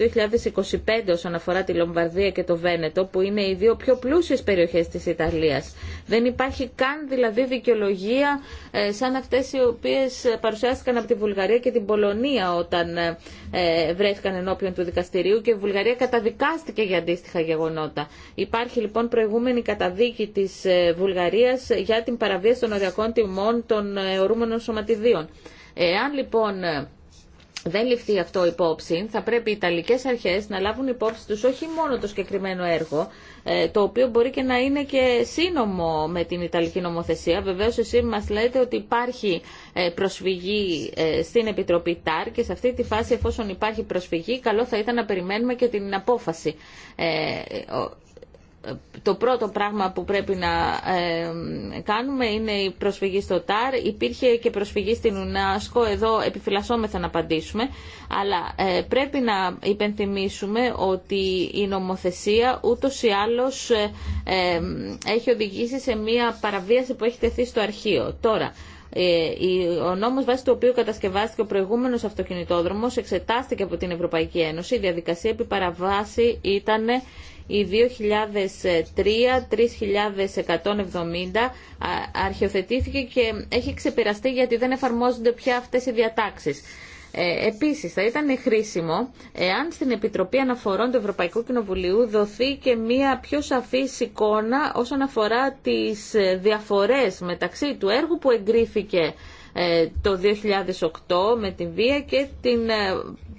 S1: 2025 όσον αφορά τη Λομβαρδία και το Βένετο που είναι οι δύο πιο πλούσιε περιοχέ τη Ιταλία. Δεν υπάρχει καν δηλαδή δικαιολογία ε, σαν αυτέ οι οποίε παρουσιάστηκαν από τη Βουλγαρία και την Πολωνία όταν ε, ε, βρέθηκαν ενώπιον του δικαστηρίου και η Βουλγαρία καταδικάστηκε για αντίστοιχα γεγονότα. Υπάρχει λοιπόν προηγούμενη καταδίκη της ε, Βουλγαρίας για την παραβίαση των οριακών τιμών των ε, ορούμενων σωματιδίων. Εάν λοιπόν δεν ληφθεί αυτό υπόψη, θα πρέπει οι Ιταλικές αρχές να λάβουν υπόψη τους όχι μόνο το συγκεκριμένο έργο, ε, το οποίο μπορεί και να είναι και σύνομο με την Ιταλική νομοθεσία. Βεβαίως εσείς μας λέτε ότι υπάρχει ε, προσφυγή ε, στην Επιτροπή ΤΑΡ και σε αυτή τη φάση εφόσον υπάρχει προσφυγή, καλό θα ήταν να περιμένουμε και την απόφαση το πρώτο πράγμα που πρέπει να κάνουμε είναι η προσφυγή στο ΤΑΡ. Υπήρχε και προσφυγή στην Ουνάσκο. Εδώ επιφυλασσόμεθα να απαντήσουμε. Αλλά ε, πρέπει να υπενθυμίσουμε ότι η νομοθεσία ούτως ή άλλως ε, έχει οδηγήσει σε μία παραβίαση που έχει τεθεί στο αρχείο. Τώρα, ε, ο νόμος βάσει του οποίου κατασκευάστηκε ο προηγούμενος αυτοκινητόδρομος εξετάστηκε από την Ευρωπαϊκή Ένωση. Η διαδικασία επί παραβάση ευρωπαικη ενωση η διαδικασια επι ηταν η 2003-3170 αρχιοθετήθηκε και έχει ξεπεραστεί γιατί δεν εφαρμόζονται πια αυτές οι διατάξεις. Ε, επίσης, θα ήταν χρήσιμο εάν στην Επιτροπή Αναφορών του Ευρωπαϊκού Κοινοβουλίου δοθεί και μία πιο σαφής εικόνα όσον αφορά τις διαφορές μεταξύ του έργου που εγκρίθηκε ε, το 2008 με την βία και την ε,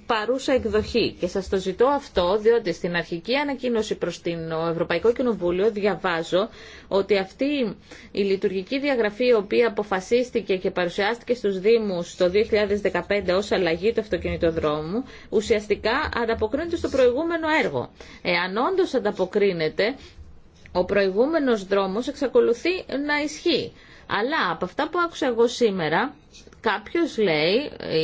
S1: παρούσα εκδοχή. Και σας το ζητώ αυτό, διότι στην αρχική ανακοίνωση προς την Ευρωπαϊκό Κοινοβούλιο διαβάζω ότι αυτή η λειτουργική διαγραφή η οποία αποφασίστηκε και παρουσιάστηκε στους Δήμους το 2015 ως αλλαγή του αυτοκινητοδρόμου, ουσιαστικά ανταποκρίνεται στο προηγούμενο έργο. Εάν όντω ανταποκρίνεται, ο προηγούμενος δρόμος εξακολουθεί να ισχύει. Αλλά από αυτά που άκουσα εγώ σήμερα, κάποιο λέει,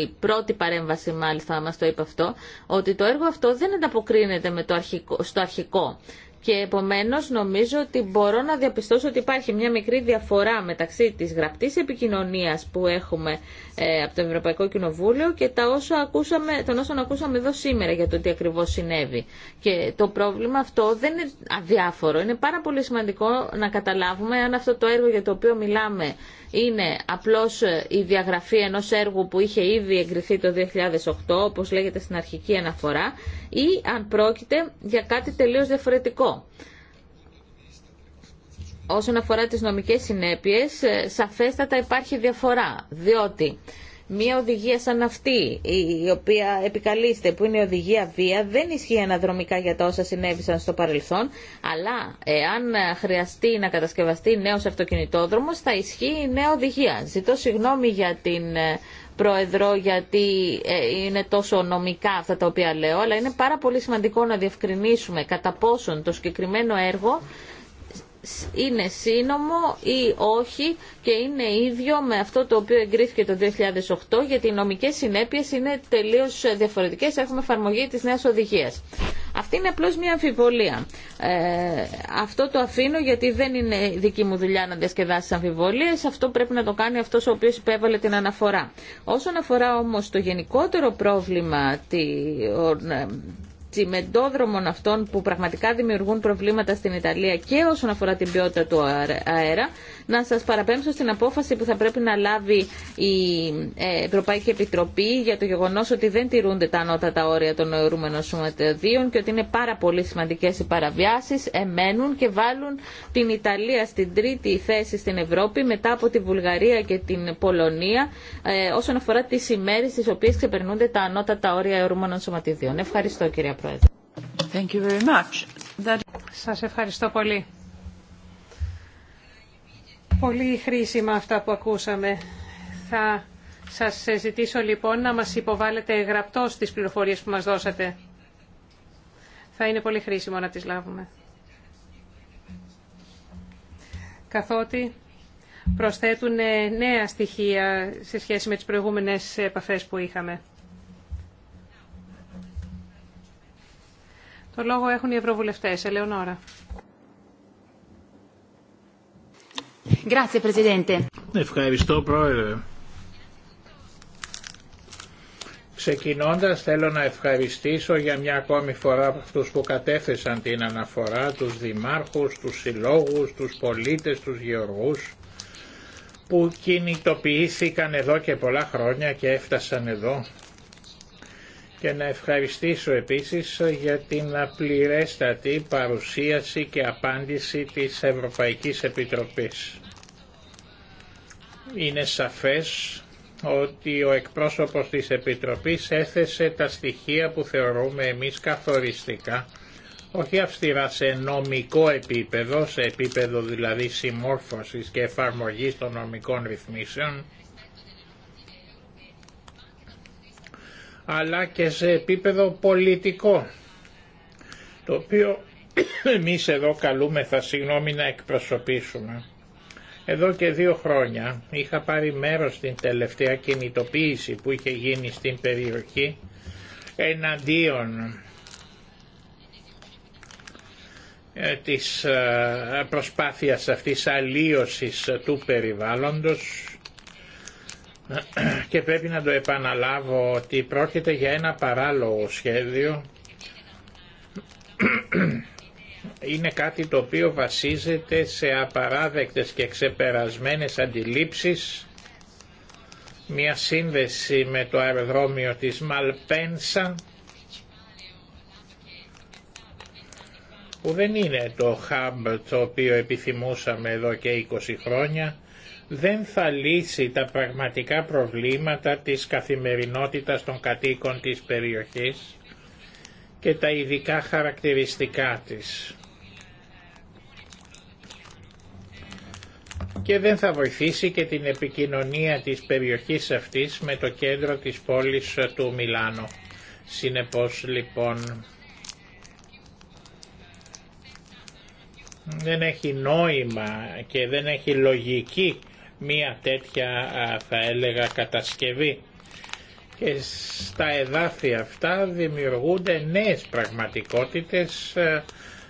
S1: η πρώτη παρέμβαση μάλιστα μα το είπε αυτό, ότι το έργο αυτό δεν ανταποκρίνεται με το αρχικό, στο αρχικό. Και επομένως νομίζω ότι μπορώ να διαπιστώσω ότι υπάρχει μια μικρή διαφορά μεταξύ της γραπτής επικοινωνία που έχουμε ε, από το Ευρωπαϊκό Κοινοβούλιο και τα όσα ακούσαμε, τον όσων ακούσαμε εδώ σήμερα για το τι ακριβώς συνέβη. Και το πρόβλημα αυτό δεν είναι αδιάφορο. Είναι πάρα πολύ σημαντικό να καταλάβουμε αν αυτό το έργο για το οποίο μιλάμε είναι απλώς ε, η διαγραφή ενός έργου που είχε ήδη εγκριθεί το 2008, όπως λέγεται στην αρχική αναφορά, ή αν πρόκειται για κάτι τελείως διαφορετικό όσον αφορά τις νομικές συνέπειες, ε, σαφέστατα υπάρχει διαφορά, διότι μια οδηγία σαν αυτή, η οποία επικαλείστε, που είναι η οδηγία βία, δεν ισχύει αναδρομικά για τα όσα συνέβησαν στο παρελθόν, αλλά εάν χρειαστεί να κατασκευαστεί νέος αυτοκινητόδρομος, θα ισχύει η νέα οδηγία. Ζητώ συγγνώμη για την ε, Πρόεδρο, γιατί ε, είναι τόσο νομικά αυτά τα οποία λέω, αλλά είναι πάρα πολύ σημαντικό να διευκρινίσουμε κατά πόσον το συγκεκριμένο έργο είναι σύνομο ή όχι και είναι ίδιο με αυτό το οποίο εγκρίθηκε το 2008 γιατί οι νομικές συνέπειες είναι τελείως διαφορετικές. Έχουμε εφαρμογή της νέας οδηγίας. Αυτή είναι απλώς μια αμφιβολία. Ε, αυτό το αφήνω γιατί δεν είναι δική μου δουλειά να διασκεδάσει αμφιβολίες. Αυτό πρέπει να το κάνει αυτός ο οποίος υπέβαλε την αναφορά. Όσον αφορά όμως το γενικότερο πρόβλημα ε, τσιμεντόδρομων αυτών που πραγματικά δημιουργούν προβλήματα στην Ιταλία και όσον αφορά την ποιότητα του αέρα να σας παραπέμψω στην απόφαση που θα πρέπει να λάβει η ε, Ευρωπαϊκή Επιτροπή για το γεγονός ότι δεν τηρούνται τα ανώτατα όρια των αιρούμενων σωματιδίων και ότι είναι πάρα πολύ σημαντικές οι παραβιάσεις, εμένουν και βάλουν την Ιταλία στην τρίτη θέση στην Ευρώπη μετά από τη Βουλγαρία και την Πολωνία ε, όσον αφορά τις ημέρες στις οποίες ξεπερνούνται τα ανώτατα όρια αιρούμενων σωματιδίων. Ευχαριστώ κυρία Πρόεδρε.
S3: Thank Σας ευχαριστώ πολύ. Πολύ χρήσιμα αυτά που ακούσαμε. Θα σας ζητήσω λοιπόν να μας υποβάλλετε γραπτός τις πληροφορίες που μας δώσατε. Θα είναι πολύ χρήσιμο να τις λάβουμε. Καθότι προσθέτουν ε, νέα στοιχεία σε σχέση με τις προηγούμενες επαφές που είχαμε. Το λόγο έχουν οι ευρωβουλευτές. Ελεονόρα.
S4: Ευχαριστώ πρόεδρε. Ξεκινώντας θέλω να ευχαριστήσω για μια ακόμη φορά αυτούς που κατέθεσαν την αναφορά, τους δημάρχους, τους συλλόγους, τους πολίτες, τους γεωργούς που κινητοποιήθηκαν εδώ και πολλά χρόνια και έφτασαν εδώ και να ευχαριστήσω επίσης για την πληρέστατη παρουσίαση και απάντηση της Ευρωπαϊκής Επιτροπής. Είναι σαφές ότι ο εκπρόσωπος της Επιτροπής έθεσε τα στοιχεία που θεωρούμε εμείς καθοριστικά, όχι αυστηρά σε νομικό επίπεδο, σε επίπεδο δηλαδή συμμόρφωσης και εφαρμογής των νομικών ρυθμίσεων, αλλά και σε επίπεδο πολιτικό το οποίο εμείς εδώ θα συγγνώμη να εκπροσωπήσουμε. Εδώ και δύο χρόνια είχα πάρει μέρος στην τελευταία κινητοποίηση που είχε γίνει στην περιοχή εναντίον ε, της ε, προσπάθειας αυτής αλλίωσης του περιβάλλοντος και πρέπει να το επαναλάβω ότι πρόκειται για ένα παράλογο σχέδιο είναι κάτι το οποίο βασίζεται σε απαράδεκτες και ξεπερασμένες αντιλήψεις μια σύνδεση με το αεροδρόμιο της Μαλπένσα που δεν είναι το hub το οποίο επιθυμούσαμε εδώ και 20 χρόνια δεν θα λύσει τα πραγματικά προβλήματα της καθημερινότητας των κατοίκων της περιοχής και τα ειδικά χαρακτηριστικά της. Και δεν θα βοηθήσει και την επικοινωνία της περιοχής αυτής με το κέντρο της πόλης του Μιλάνο. Συνεπώς λοιπόν δεν έχει νόημα και δεν έχει λογική μία τέτοια θα έλεγα κατασκευή και στα εδάφη αυτά δημιουργούνται νέες πραγματικότητες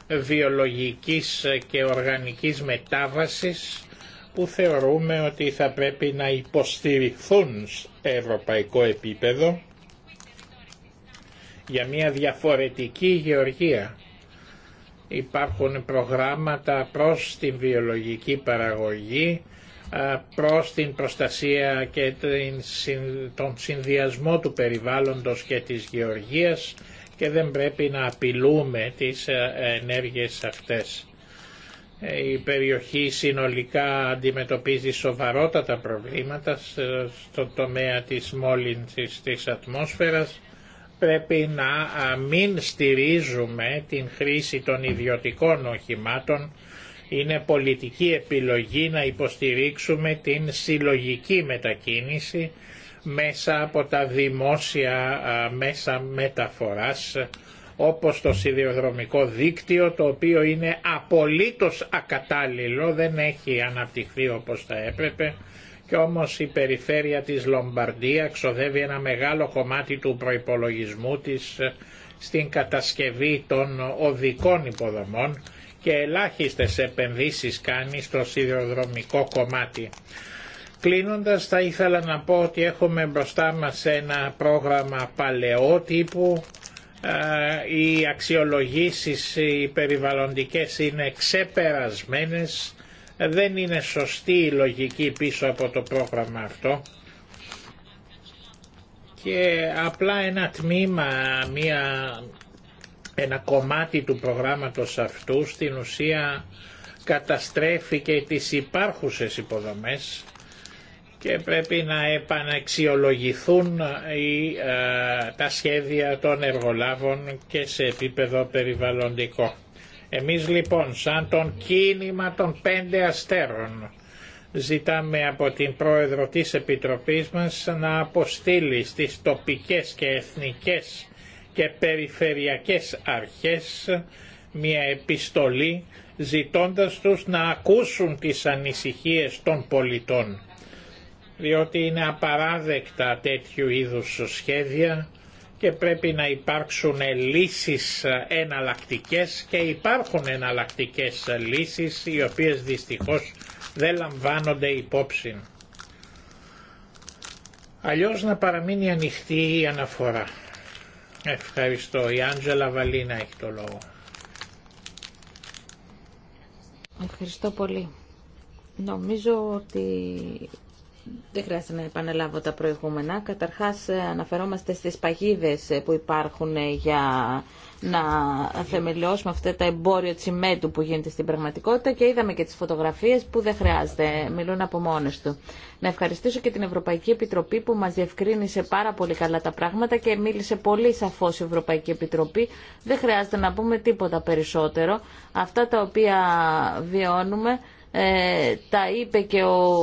S4: βιολογικής και οργανικής μετάβασης που θεωρούμε ότι θα πρέπει να υποστηριχθούν σε ευρωπαϊκό επίπεδο για μια διαφορετική γεωργία. Υπάρχουν προγράμματα προς την βιολογική παραγωγή ε, προς την προστασία και τον συνδυασμό του περιβάλλοντος και της γεωργίας και δεν πρέπει να απειλούμε τις ε, ενέργειες αυτές. Ε, η περιοχή συνολικά αντιμετωπίζει σοβαρότατα προβλήματα στον τομέα της μόλυνσης της ατμόσφαιρας. Πρέπει να μην στηρίζουμε την χρήση των ιδιωτικών οχημάτων είναι πολιτική επιλογή να υποστηρίξουμε την συλλογική μετακίνηση μέσα από τα δημόσια μέσα μεταφοράς όπως το σιδηροδρομικό δίκτυο το οποίο είναι απολύτως ακατάλληλο, δεν έχει αναπτυχθεί όπως θα έπρεπε και όμως η περιφέρεια της Λομπαρδία ξοδεύει ένα μεγάλο κομμάτι του προϋπολογισμού της ε, στην κατασκευή των οδικών υποδομών και ελάχιστες επενδύσεις κάνει στο σιδηροδρομικό κομμάτι. Κλείνοντας θα ήθελα να πω ότι έχουμε μπροστά μας ένα πρόγραμμα παλαιότυπου. τύπου, οι αξιολογήσεις οι περιβαλλοντικές είναι ξεπερασμένες, δεν είναι σωστή η λογική πίσω από το πρόγραμμα αυτό και απλά ένα τμήμα, μια ένα κομμάτι του προγράμματος αυτού στην ουσία καταστρέφει και τις υπάρχουσες υποδομές και πρέπει να επαναξιολογηθούν οι, ε, τα σχέδια των εργολάβων και σε επίπεδο περιβαλλοντικό. Εμείς λοιπόν σαν τον κίνημα των πέντε αστέρων ζητάμε από την πρόεδρο της Επιτροπής μας να αποστείλει στις τοπικές και εθνικές και περιφερειακές αρχές μια επιστολή ζητώντας τους να ακούσουν τις ανησυχίες των πολιτών διότι είναι απαράδεκτα τέτοιου είδους σχέδια και πρέπει να υπάρξουν λύσεις εναλλακτικές και υπάρχουν εναλλακτικές λύσεις οι οποίες δυστυχώς δεν λαμβάνονται υπόψη. Αλλιώς να παραμείνει ανοιχτή η αναφορά. Ευχαριστώ. Η Άντζελα Βαλίνα έχει το λόγο.
S1: Ευχαριστώ πολύ. Νομίζω ότι δεν χρειάζεται να επαναλάβω τα προηγούμενα. Καταρχάς αναφερόμαστε στις παγίδες που υπάρχουν για να θεμελιώσουμε αυτά τα εμπόρια τσιμέντου που γίνεται στην πραγματικότητα και είδαμε και τις φωτογραφίες που δεν χρειάζεται, μιλούν από μόνες του. Να ευχαριστήσω και την Ευρωπαϊκή Επιτροπή που μας διευκρίνησε πάρα πολύ καλά τα πράγματα και μίλησε πολύ σαφώς η Ευρωπαϊκή Επιτροπή. Δεν χρειάζεται να πούμε τίποτα περισσότερο. Αυτά τα οποία βιώνουμε ε, τα είπε και ο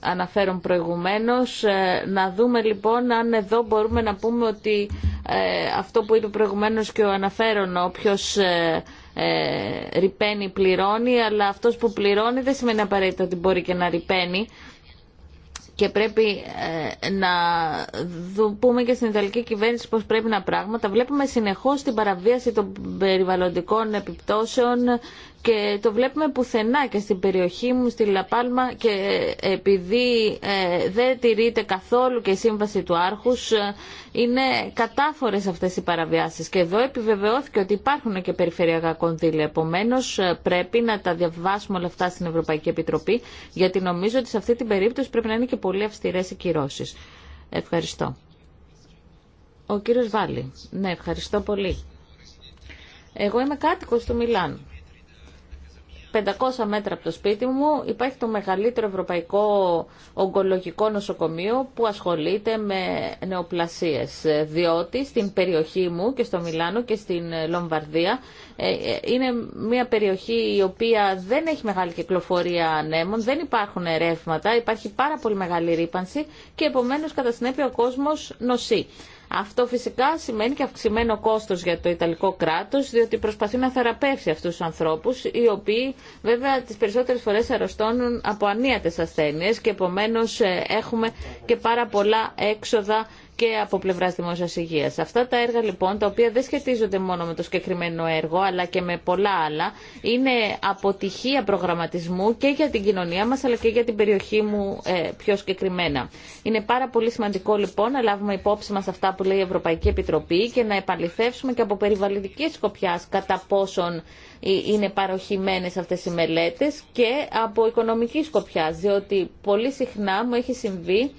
S1: αναφέρον προηγουμένως. Ε, να δούμε λοιπόν αν εδώ μπορούμε να πούμε ότι ε, αυτό που είπε προηγουμένως και ο αναφέρον, όποιος ρηπαίνει πληρώνει, αλλά αυτός που πληρώνει δεν σημαίνει απαραίτητα ότι μπορεί και να ρηπαίνει. Και πρέπει να δου, πούμε και στην Ιταλική κυβέρνηση πώς πρέπει να πράγματα. Βλέπουμε συνεχώς την παραβίαση των περιβαλλοντικών επιπτώσεων και το βλέπουμε πουθενά και στην περιοχή μου, στη Λαπάλμα και επειδή ε, δεν τηρείται καθόλου και η σύμβαση του Άρχους ε, είναι κατάφορες αυτές οι παραβιάσεις και εδώ επιβεβαιώθηκε ότι υπάρχουν και περιφερειακά κονδύλια επομένως ε, πρέπει να τα διαβάσουμε όλα αυτά στην Ευρωπαϊκή Επιτροπή γιατί νομίζω ότι σε αυτή την περίπτωση πρέπει να είναι και πολύ αυστηρές οι κυρώσεις. Ευχαριστώ. Ο κύριος Βάλλη. Ναι, ευχαριστώ πολύ. Εγώ είμαι κάτοικος του Μιλάνου 500 μέτρα από το σπίτι μου υπάρχει το μεγαλύτερο ευρωπαϊκό ογκολογικό νοσοκομείο που ασχολείται με νεοπλασίες ε, διότι στην περιοχή μου και στο Μιλάνο και στην ε, Λομβαρδία ε, είναι μια περιοχή η οποία δεν έχει μεγάλη κυκλοφορία ανέμων, δεν υπάρχουν ρεύματα, υπάρχει πάρα πολύ μεγάλη ρήπανση και επομένως κατά συνέπεια ο κόσμος νοσεί. Αυτό φυσικά σημαίνει και αυξημένο κόστος για το Ιταλικό κράτος, διότι προσπαθεί να θεραπεύσει αυτούς τους ανθρώπους, οι οποίοι βέβαια τις περισσότερες φορές αρρωστώνουν από ανίατες ασθένειες και επομένως ε, έχουμε και πάρα πολλά έξοδα και από πλευρά δημόσια υγεία. Αυτά τα έργα λοιπόν, τα οποία δεν σχετίζονται μόνο με το συγκεκριμένο έργο, αλλά και με πολλά άλλα, είναι αποτυχία προγραμματισμού και για την κοινωνία μα, αλλά και για την περιοχή μου ε, πιο συγκεκριμένα. Είναι πάρα πολύ σημαντικό λοιπόν να λάβουμε υπόψη μα αυτά που λέει η Ευρωπαϊκή Επιτροπή και να επαληθεύσουμε και από περιβαλλοντική σκοπιά κατά πόσον ε, είναι παροχήμένε αυτέ οι μελέτε και από οικονομική σκοπιά, διότι πολύ συχνά μου έχει συμβεί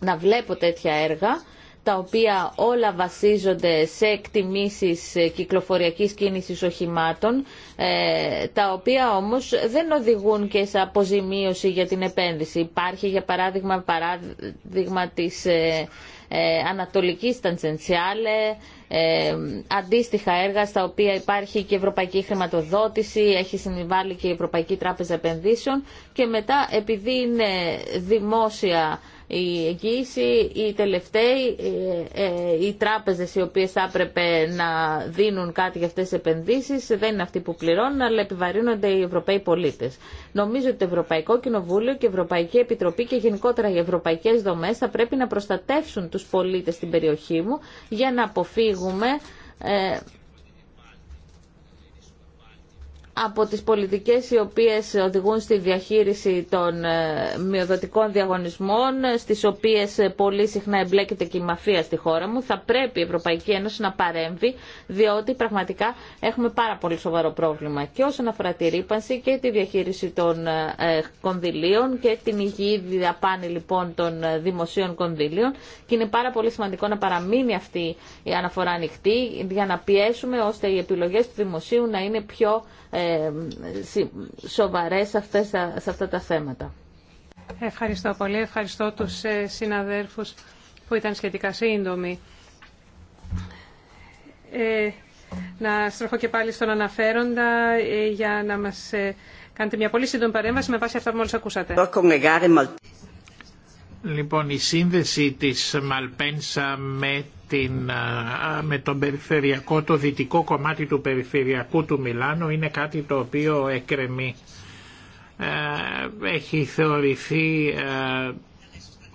S1: να βλέπω τέτοια έργα τα οποία όλα βασίζονται σε εκτιμήσεις κυκλοφοριακής κίνησης οχημάτων, ε, τα οποία όμως δεν οδηγούν και σε αποζημίωση για την επένδυση. Υπάρχει, για παράδειγμα, παράδειγμα της ε, ε, Ανατολικής Τανσενσιάλε αντίστοιχα έργα στα οποία υπάρχει και ευρωπαϊκή χρηματοδότηση, έχει συμβάλει και η Ευρωπαϊκή Τράπεζα Επενδύσεων και μετά επειδή είναι δημόσια η εγγύηση, οι τελευταίοι, ε, ε, οι τράπεζες οι οποίες θα έπρεπε να δίνουν κάτι για αυτές τις επενδύσεις δεν είναι αυτοί που πληρώνουν αλλά επιβαρύνονται οι Ευρωπαίοι πολίτες. Νομίζω ότι το Ευρωπαϊκό Κοινοβούλιο και η Ευρωπαϊκή Επιτροπή και γενικότερα οι ευρωπαϊκές δομές θα πρέπει να προστατεύσουν τους πολίτες στην περιοχή μου για να αποφύγουμε ε, από τις πολιτικές οι οποίες οδηγούν στη διαχείριση των ε, μειοδοτικών διαγωνισμών, στις οποίες ε, πολύ συχνά εμπλέκεται και η μαφία στη χώρα μου, θα πρέπει η Ευρωπαϊκή Ένωση να παρέμβει, διότι πραγματικά έχουμε πάρα πολύ σοβαρό πρόβλημα και όσον αφορά τη ρήπανση και τη διαχείριση των ε, κονδυλίων και την υγιή διαπάνη λοιπόν των δημοσίων κονδυλίων και είναι πάρα πολύ σημαντικό να παραμείνει αυτή η αναφορά ανοιχτή για να πιέσουμε ώστε οι επιλογές του δημοσίου να είναι πιο ε, σοβαρές σε αυτά τα
S3: θέματα. Ευχαριστώ πολύ. Ευχαριστώ τους ε, συναδέρφους που ήταν σχετικά σύντομοι. Ε, να στροφώ και πάλι στον αναφέροντα ε, για να μας ε, κάνετε μια πολύ σύντομη παρέμβαση με βάση αυτά που μόλις ακούσατε.
S4: Λοιπόν, η σύνδεση της Μαλπένσα με την, με τον περιφερειακό, το δυτικό κομμάτι του περιφερειακού του Μιλάνου είναι κάτι το οποίο εκρεμεί. Ε, έχει θεωρηθεί ε,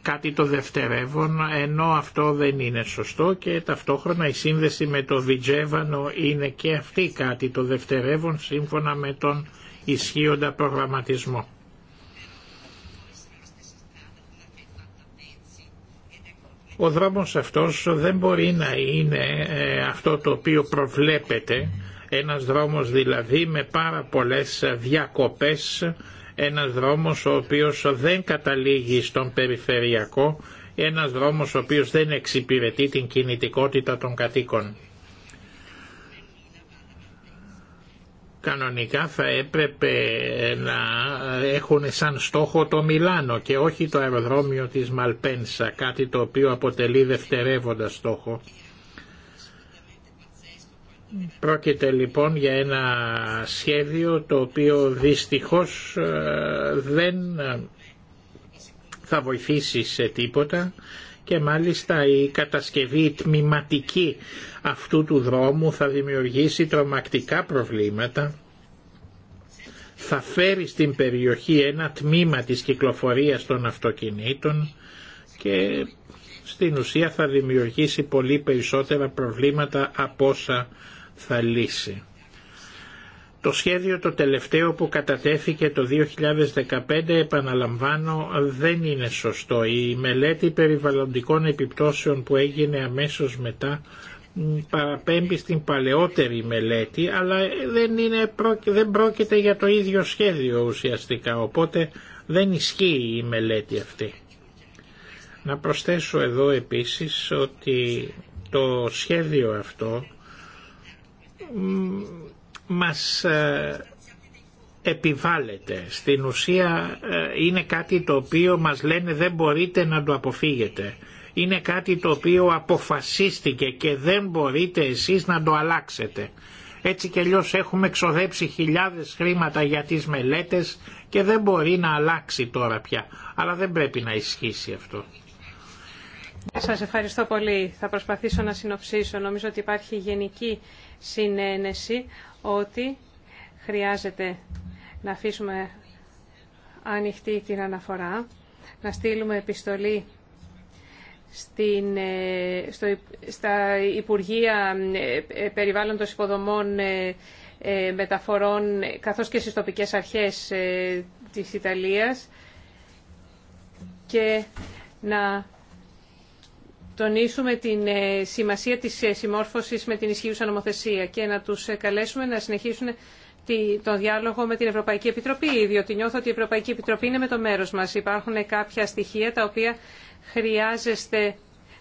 S4: κάτι το δευτερεύον ενώ αυτό δεν είναι σωστό και ταυτόχρονα η σύνδεση με το Βιτζέβανο είναι και αυτή κάτι το δευτερεύον σύμφωνα με τον ισχύοντα προγραμματισμό. Ο δρόμος αυτός δεν μπορεί να είναι ε, αυτό το οποίο προβλέπεται, ένας δρόμος δηλαδή με πάρα πολλές διακοπές, ένας δρόμος ο οποίος δεν καταλήγει στον περιφερειακό, ένας δρόμος ο οποίος δεν εξυπηρετεί την κινητικότητα των κατοίκων. κανονικά θα έπρεπε να έχουν σαν στόχο το Μιλάνο και όχι το αεροδρόμιο της Μαλπένσα, κάτι το οποίο αποτελεί δευτερεύοντα στόχο. Πρόκειται λοιπόν για ένα σχέδιο το οποίο δυστυχώς ε, δεν θα βοηθήσει σε τίποτα και μάλιστα η κατασκευή τμηματική αυτού του δρόμου θα δημιουργήσει τρομακτικά προβλήματα, θα φέρει στην περιοχή ένα τμήμα της κυκλοφορίας των αυτοκινήτων και στην ουσία θα δημιουργήσει πολύ περισσότερα προβλήματα από όσα θα λύσει. Το σχέδιο το τελευταίο που κατατέθηκε το 2015 επαναλαμβάνω δεν είναι σωστό. Η μελέτη περιβαλλοντικών επιπτώσεων που έγινε αμέσως μετά παραπέμπει στην παλαιότερη μελέτη αλλά δεν, είναι, δεν πρόκειται για το ίδιο σχέδιο ουσιαστικά οπότε δεν ισχύει η μελέτη αυτή. Να προσθέσω εδώ επίσης ότι το σχέδιο αυτό μας ε, επιβάλλεται. Στην ουσία ε, είναι κάτι το οποίο μας λένε δεν μπορείτε να το αποφύγετε είναι κάτι το οποίο αποφασίστηκε και δεν μπορείτε εσείς να το αλλάξετε. Έτσι κι αλλιώς έχουμε ξοδέψει χιλιάδες χρήματα για τις μελέτες και δεν μπορεί να αλλάξει τώρα πια. Αλλά δεν πρέπει να ισχύσει αυτό.
S3: Σας ευχαριστώ πολύ. Θα προσπαθήσω να συνοψίσω. Νομίζω ότι υπάρχει γενική συνένεση ότι χρειάζεται να αφήσουμε ανοιχτή την αναφορά, να στείλουμε επιστολή στην, ε, στο, στα Υπουργεία ε, Περιβάλλοντος Υποδομών ε, Μεταφορών καθώς και στις τοπικές αρχές της Ιταλίας και να τονίσουμε την σημασία της συμμόρφωσης με την ισχύουσα νομοθεσία και να τους καλέσουμε να συνεχίσουν τον διάλογο με την Ευρωπαϊκή Επιτροπή, διότι νιώθω ότι η Ευρωπαϊκή Επιτροπή είναι με το μέρος μας. Υπάρχουν κάποια στοιχεία τα οποία χρειάζεστε,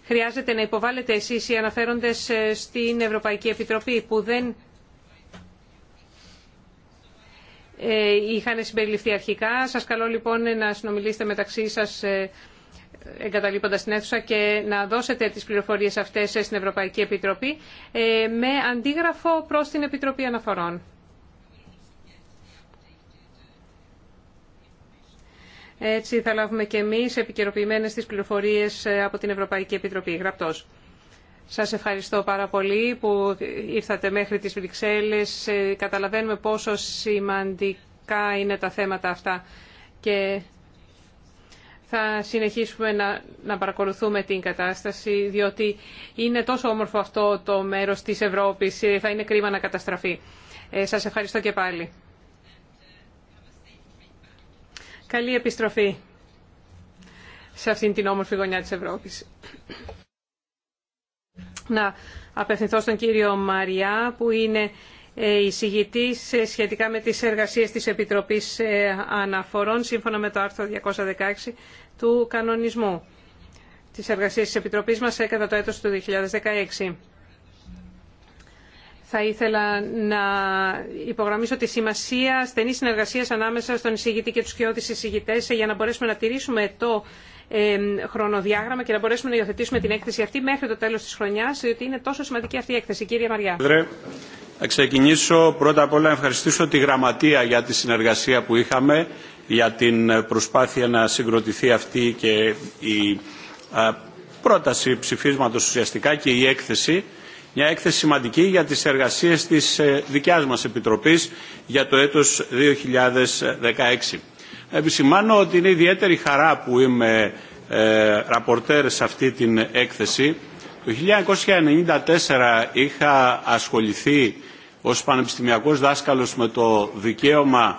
S3: χρειάζεται να υποβάλλετε εσείς οι αναφέροντες ε, στην Ευρωπαϊκή Επιτροπή που δεν ε, είχαν συμπεριληφθεί αρχικά. Σας καλώ λοιπόν να συνομιλήσετε μεταξύ σας ε, εγκαταλείποντας την αίθουσα και να δώσετε τις πληροφορίες αυτές στην Ευρωπαϊκή Επιτροπή με αντίγραφο προς την Επιτροπή Αναφορών. Έτσι θα λάβουμε και εμείς επικαιροποιημένες τις πληροφορίες ε, από την Ευρωπαϊκή Επιτροπή. Γραπτός. Σας ευχαριστώ πάρα πολύ που ήρθατε μέχρι τις Βρυξέλλες. Ε, καταλαβαίνουμε πόσο σημαντικά είναι τα θέματα αυτά και θα συνεχίσουμε να, να παρακολουθούμε την κατάσταση διότι είναι τόσο όμορφο αυτό το μέρος της Ευρώπης. Ε, θα είναι κρίμα να καταστραφεί. Ε, σας ευχαριστώ και πάλι. Καλή επιστροφή σε αυτήν την όμορφη γωνιά της Ευρώπης. Να απευθυνθώ στον κύριο Μαριά που είναι ε, εισηγητής ε, σχετικά με τις εργασίες της Επιτροπής ε, Αναφορών σύμφωνα με το άρθρο 216 του κανονισμού της εργασίας της Επιτροπής μας κατά το έτος του 2016. Θα ήθελα να υπογραμμίσω τη σημασία στενής συνεργασίας ανάμεσα στον εισηγητή και τους κοιόδης εισηγητές ε, για να μπορέσουμε να τηρήσουμε το χρονοδιάγραμμα και να μπορέσουμε να υιοθετήσουμε την έκθεση αυτή μέχρι το τέλος της χρονιάς, διότι είναι τόσο σημαντική αυτή η έκθεση. Κύριε Μαριά.
S5: Θα ξεκινήσω πρώτα απ' όλα να ευχαριστήσω τη Γραμματεία για τη συνεργασία που είχαμε, για την προσπάθεια να συγκροτηθεί αυτή και η πρόταση ψηφίσματος ουσιαστικά και η έκθεση μια έκθεση σημαντική για τις εργασίες της ε, δικιάς μας Επιτροπής για το έτος 2016. Επισημάνω ότι είναι ιδιαίτερη χαρά που είμαι ε, ραπορτέρ σε αυτή την έκθεση. Το 1994 είχα ασχοληθεί ως πανεπιστημιακός δάσκαλος με το δικαίωμα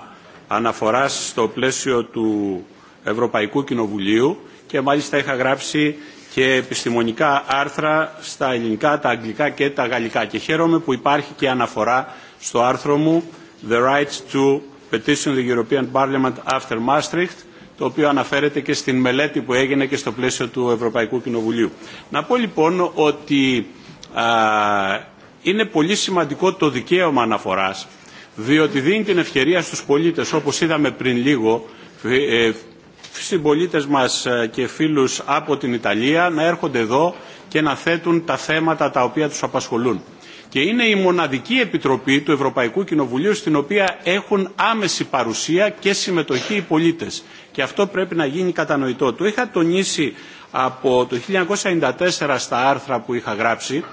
S5: αναφοράς στο πλαίσιο του Ευρωπαϊκού Κοινοβουλίου και μάλιστα είχα γράψει και επιστημονικά άρθρα στα ελληνικά, τα αγγλικά και τα γαλλικά. Και χαίρομαι που υπάρχει και αναφορά στο άρθρο μου «The right to petition the European Parliament after Maastricht» το οποίο αναφέρεται και στην μελέτη που έγινε και στο πλαίσιο του Ευρωπαϊκού Κοινοβουλίου. Να πω λοιπόν ότι α, είναι πολύ σημαντικό το δικαίωμα αναφοράς διότι δίνει την ευκαιρία στους πολίτες όπως είδαμε πριν λίγο ε, συμπολίτε μας ε, και φίλους από την Ιταλία να έρχονται εδώ και να θέτουν τα θέματα τα οποία τους απασχολούν. Και είναι η μοναδική επιτροπή του Ευρωπαϊκού Κοινοβουλίου στην οποία έχουν άμεση παρουσία και συμμετοχή οι πολίτες. Και αυτό πρέπει να γίνει κατανοητό. Το είχα τονίσει από το 1994 στα άρθρα που είχα γράψει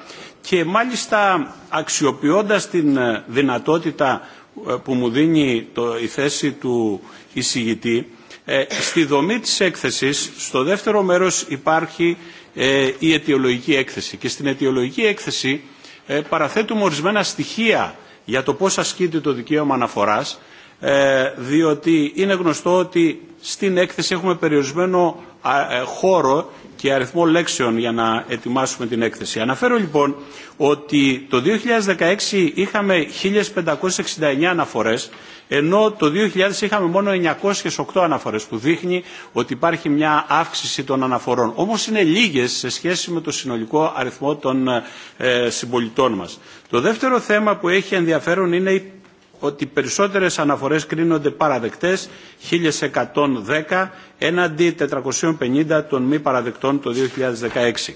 S5: και μάλιστα αξιοποιώντας την ε, δυνατότητα ε, που μου δίνει η θέση του εισηγητή ε, στη δομή της έκθεσης, στο δεύτερο μέρος υπάρχει ε, η αιτιολογική έκθεση. Και στην αιτιολογική έκθεση ε, παραθέτουμε ορισμένα στοιχεία για το πώς ασκείται το δικαίωμα αναφοράς, διότι είναι γνωστό ότι στην έκθεση έχουμε περιορισμένο ε, χώρο και αριθμό λέξεων για να ετοιμάσουμε την έκθεση. Αναφέρω λοιπόν ότι το 2016 είχαμε 1569 αναφορές ενώ το 2000 είχαμε μόνο 908 αναφορές που δείχνει ότι υπάρχει μια αύξηση των αναφορών. Όμως είναι λίγες σε σχέση με το συνολικό αριθμό των ε, συμπολιτών μας. Το δεύτερο θέμα που έχει ενδιαφέρον είναι η ότι περισσότερες αναφορές κρίνονται παραδεκτές 1110 έναντι 450 των μη παραδεκτών το 2016.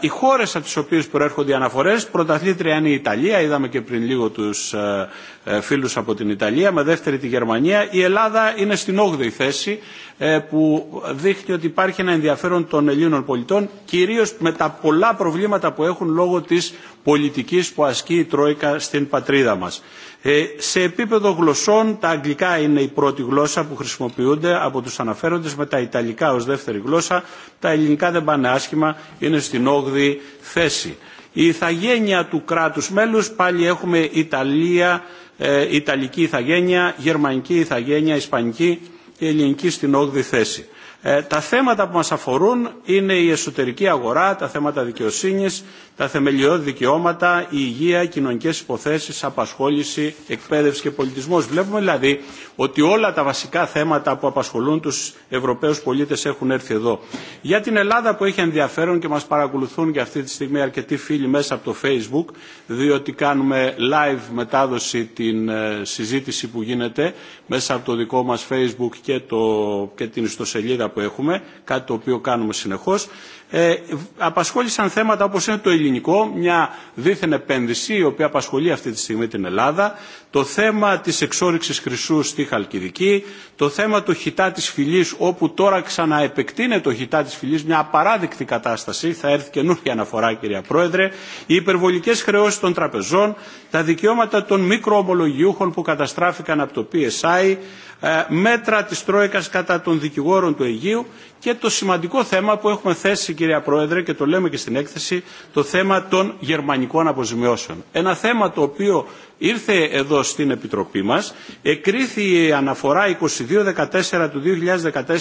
S5: Οι χώρες από τις οποίες προέρχονται οι αναφορές, πρωταθλήτρια είναι η Ιταλία, είδαμε και πριν λίγο τους ε, ε, φίλους από την Ιταλία, με δεύτερη τη Γερμανία. Η Ελλάδα είναι στην 8η θέση ε, που δείχνει ότι υπάρχει ένα ενδιαφέρον των Ελλήνων πολιτών, κυρίως με τα πολλά προβλήματα που έχουν λόγω της πολιτικής που ασκεί η Τρόικα στην πατρίδα μας. Ε, σε επίπεδο γλωσσών, τα αγγλικά είναι η πρώτη γλώσσα που χρησιμοποιούνται από τους αναφέροντες, με τα ιταλικά ως δεύτερη γλώσσα. Τα ελληνικά δεν πάνε άσχημα, είναι στην 8η θέση. Η ηθαγένεια του κράτους μέλους, πάλι έχουμε Ιταλία, ε, Ιταλική ηθαγένεια, Γερμανική ηθαγένεια, Ισπανική και Ελληνική στην 8η θέση. Ε, τα θέματα που μας αφορούν είναι η εσωτερική αγορά, τα θέματα δικαιοσύνης, τα θεμελιώδη δικαιώματα, η υγεία, κοινωνικές υποθέσεις, απασχόληση, εκπαίδευση και πολιτισμός. Βλέπουμε δηλαδή ότι όλα τα βασικά θέματα που απασχολούν τους Ευρωπαίους πολίτες έχουν έρθει εδώ. Για την Ελλάδα που έχει ενδιαφέρον και μας παρακολουθούν και αυτή τη στιγμή αρκετοί φίλοι μέσα από το Facebook, διότι κάνουμε live μετάδοση την ε, συζήτηση που γίνεται μέσα από το δικό μας Facebook και, το, και την ιστοσελίδα που έχουμε, κάτι το οποίο κάνουμε συνεχώς ε, απασχόλησαν θέματα όπως είναι το ελληνικό, μια δίθεν επένδυση η οποία απασχολεί αυτή τη στιγμή την Ελλάδα, το θέμα της εξόριξης χρυσού στη Χαλκιδική, το θέμα του χιτά της φυλής όπου τώρα ξαναεπεκτείνεται το χιτά της φυλής, μια απαράδεικτη κατάσταση, θα έρθει καινούργια αναφορά κυρία Πρόεδρε, οι υπερβολικές χρεώσεις των τραπεζών, τα δικαιώματα των μικροομολογιούχων που καταστράφηκαν από το PSI, ε, μέτρα της Τρόικας κατά των δικηγόρων του Αιγείου και το σημαντικό θέμα που έχουμε θέσει κυρία Πρόεδρε και το λέμε και στην έκθεση το θέμα των γερμανικών αποζημιώσεων. Ένα θέμα το οποίο ήρθε εδώ στην Επιτροπή μας εκρίθη η αναφορά 22-14 του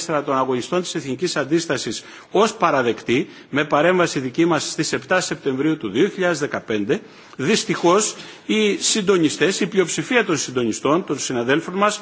S5: 2014 των αγωνιστών της Εθνικής Αντίστασης ως παραδεκτή με παρέμβαση δική μας στις 7 Σεπτεμβρίου του 2015 δυστυχώς οι συντονιστές, η πλειοψηφία των συντονιστών, των συναδέλφων μας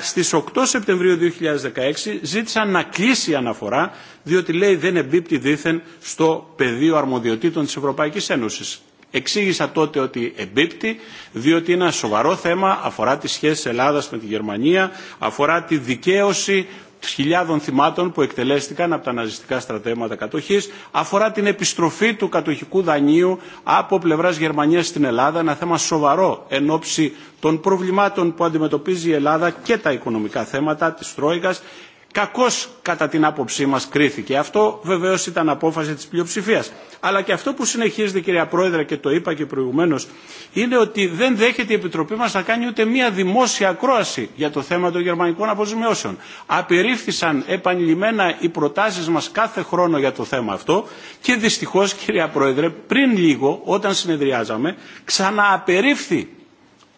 S5: στις 8 Σεπτεμβρίου 2016 ζήτησαν να κλείσει η αναφορά διότι λέει δεν εμπίπτει δήθεν στο πεδίο αρμοδιοτήτων της Ευρωπαϊκής Ένωσης. Εξήγησα τότε ότι εμπίπτει, διότι είναι ένα σοβαρό θέμα, αφορά τις σχέσεις Ελλάδας με τη Γερμανία, αφορά τη δικαίωση χιλιάδων θυμάτων που εκτελέστηκαν από τα ναζιστικά στρατεύματα κατοχή αφορά την επιστροφή του κατοχικού δανείου από πλευράς Γερμανίας στην Ελλάδα, ένα θέμα σοβαρό εν ώψη των προβλημάτων που αντιμετωπίζει η Ελλάδα και τα οικονομικά θέματα της Τρόικας Κακώς κατά την άποψή μας κρίθηκε. Αυτό βεβαίως ήταν απόφαση της πλειοψηφίας. Αλλά και αυτό που συνεχίζεται κυρία Πρόεδρε και το είπα και προηγουμένως είναι ότι δεν δέχεται η Επιτροπή μας να κάνει ούτε μία δημόσια ακρόαση για το θέμα των γερμανικών αποζημιώσεων. Απερίφθησαν επανειλημμένα οι προτάσεις μας κάθε χρόνο για το θέμα αυτό και δυστυχώς κυρία Πρόεδρε πριν λίγο όταν συνεδριάζαμε ξανααπερίφθη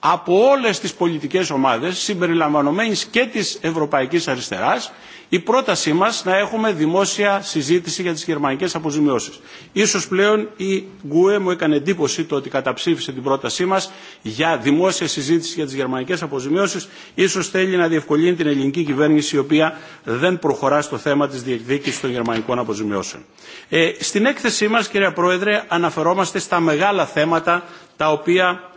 S5: από όλες τις πολιτικές ομάδες συμπεριλαμβανομένης και της Ευρωπαϊκής Αριστεράς η πρότασή μας να έχουμε δημόσια συζήτηση για τις γερμανικές αποζημιώσεις. Ίσως πλέον η ΓΚΟΕ μου έκανε εντύπωση το ότι καταψήφισε την πρότασή μας για δημόσια συζήτηση για τις γερμανικές αποζημιώσεις. Ίσως θέλει να διευκολύνει την ελληνική κυβέρνηση η οποία δεν προχωρά στο θέμα της διεκδίκησης των γερμανικών αποζημιώσεων. Ε, στην έκθεσή μας, κυρία Πρόεδρε, αναφερόμαστε στα μεγάλα θέματα τα οποία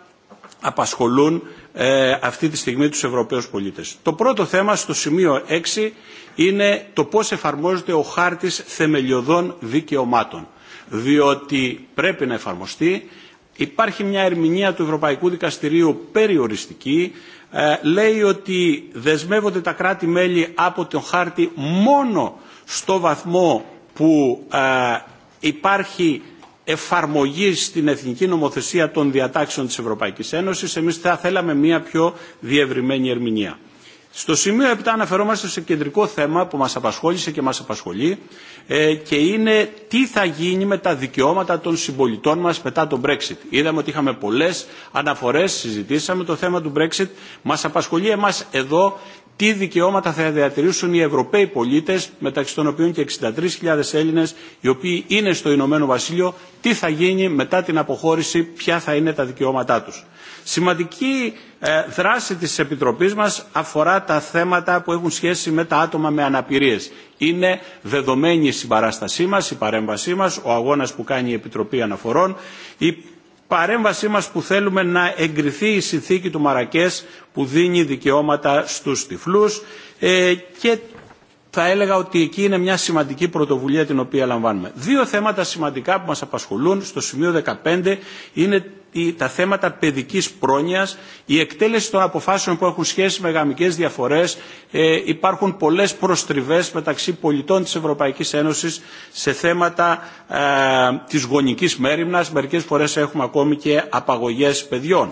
S5: απασχολούν ε, αυτή τη στιγμή τους Ευρωπαίους πολίτες. Το πρώτο θέμα στο σημείο 6 είναι το πώς εφαρμόζεται ο χάρτης θεμελιωδών δικαιωμάτων. Διότι πρέπει να εφαρμοστεί. Υπάρχει μια ερμηνεία του Ευρωπαϊκού Δικαστηρίου περιοριστική. Ε, λέει ότι δεσμεύονται τα κράτη-μέλη από τον χάρτη μόνο στο βαθμό που ε, υπάρχει εφαρμογής στην εθνική νομοθεσία των διατάξεων της Ευρωπαϊκής Ένωσης, εμείς θα θέλαμε μια πιο διευρυμένη ερμηνεία. Στο σημείο 7 αναφερόμαστε σε κεντρικό θέμα που μας απασχόλησε και μας απασχολεί ε, και είναι τι θα γίνει με τα δικαιώματα των συμπολιτών μας μετά τον Brexit. Είδαμε ότι είχαμε πολλές αναφορές, συζητήσαμε το θέμα του Brexit. Μας απασχολεί εμάς εδώ τι δικαιώματα θα διατηρήσουν οι Ευρωπαίοι πολίτες, μεταξύ των οποίων και 63.000 Έλληνες, οι οποίοι είναι στο Ηνωμένο Βασίλειο, τι θα γίνει μετά την αποχώρηση, ποια θα είναι τα δικαιώματά τους. Σημαντική ε, δράση της Επιτροπής μας αφορά τα θέματα που έχουν σχέση με τα άτομα με αναπηρίες. Είναι δεδομένη η συμπαράστασή μα, η παρέμβασή μα, ο αγώνα που κάνει η Επιτροπή Αναφορών, παρέμβασή μας που θέλουμε να εγκριθεί η συνθήκη του Μαρακές που δίνει δικαιώματα στους τυφλούς ε, και θα έλεγα ότι εκεί είναι μια σημαντική πρωτοβουλία την οποία λαμβάνουμε. Δύο θέματα σημαντικά που μας απασχολούν στο σημείο 15 είναι τα θέματα παιδικής πρόνοιας, η εκτέλεση των αποφάσεων που έχουν σχέση με γαμικές διαφορές, ε, υπάρχουν πολλές προστριβές μεταξύ πολιτών της Ευρωπαϊκής Ένωσης σε θέματα ε, της γονικής μέρημνας, μερικές φορές έχουμε ακόμη και απαγωγές παιδιών.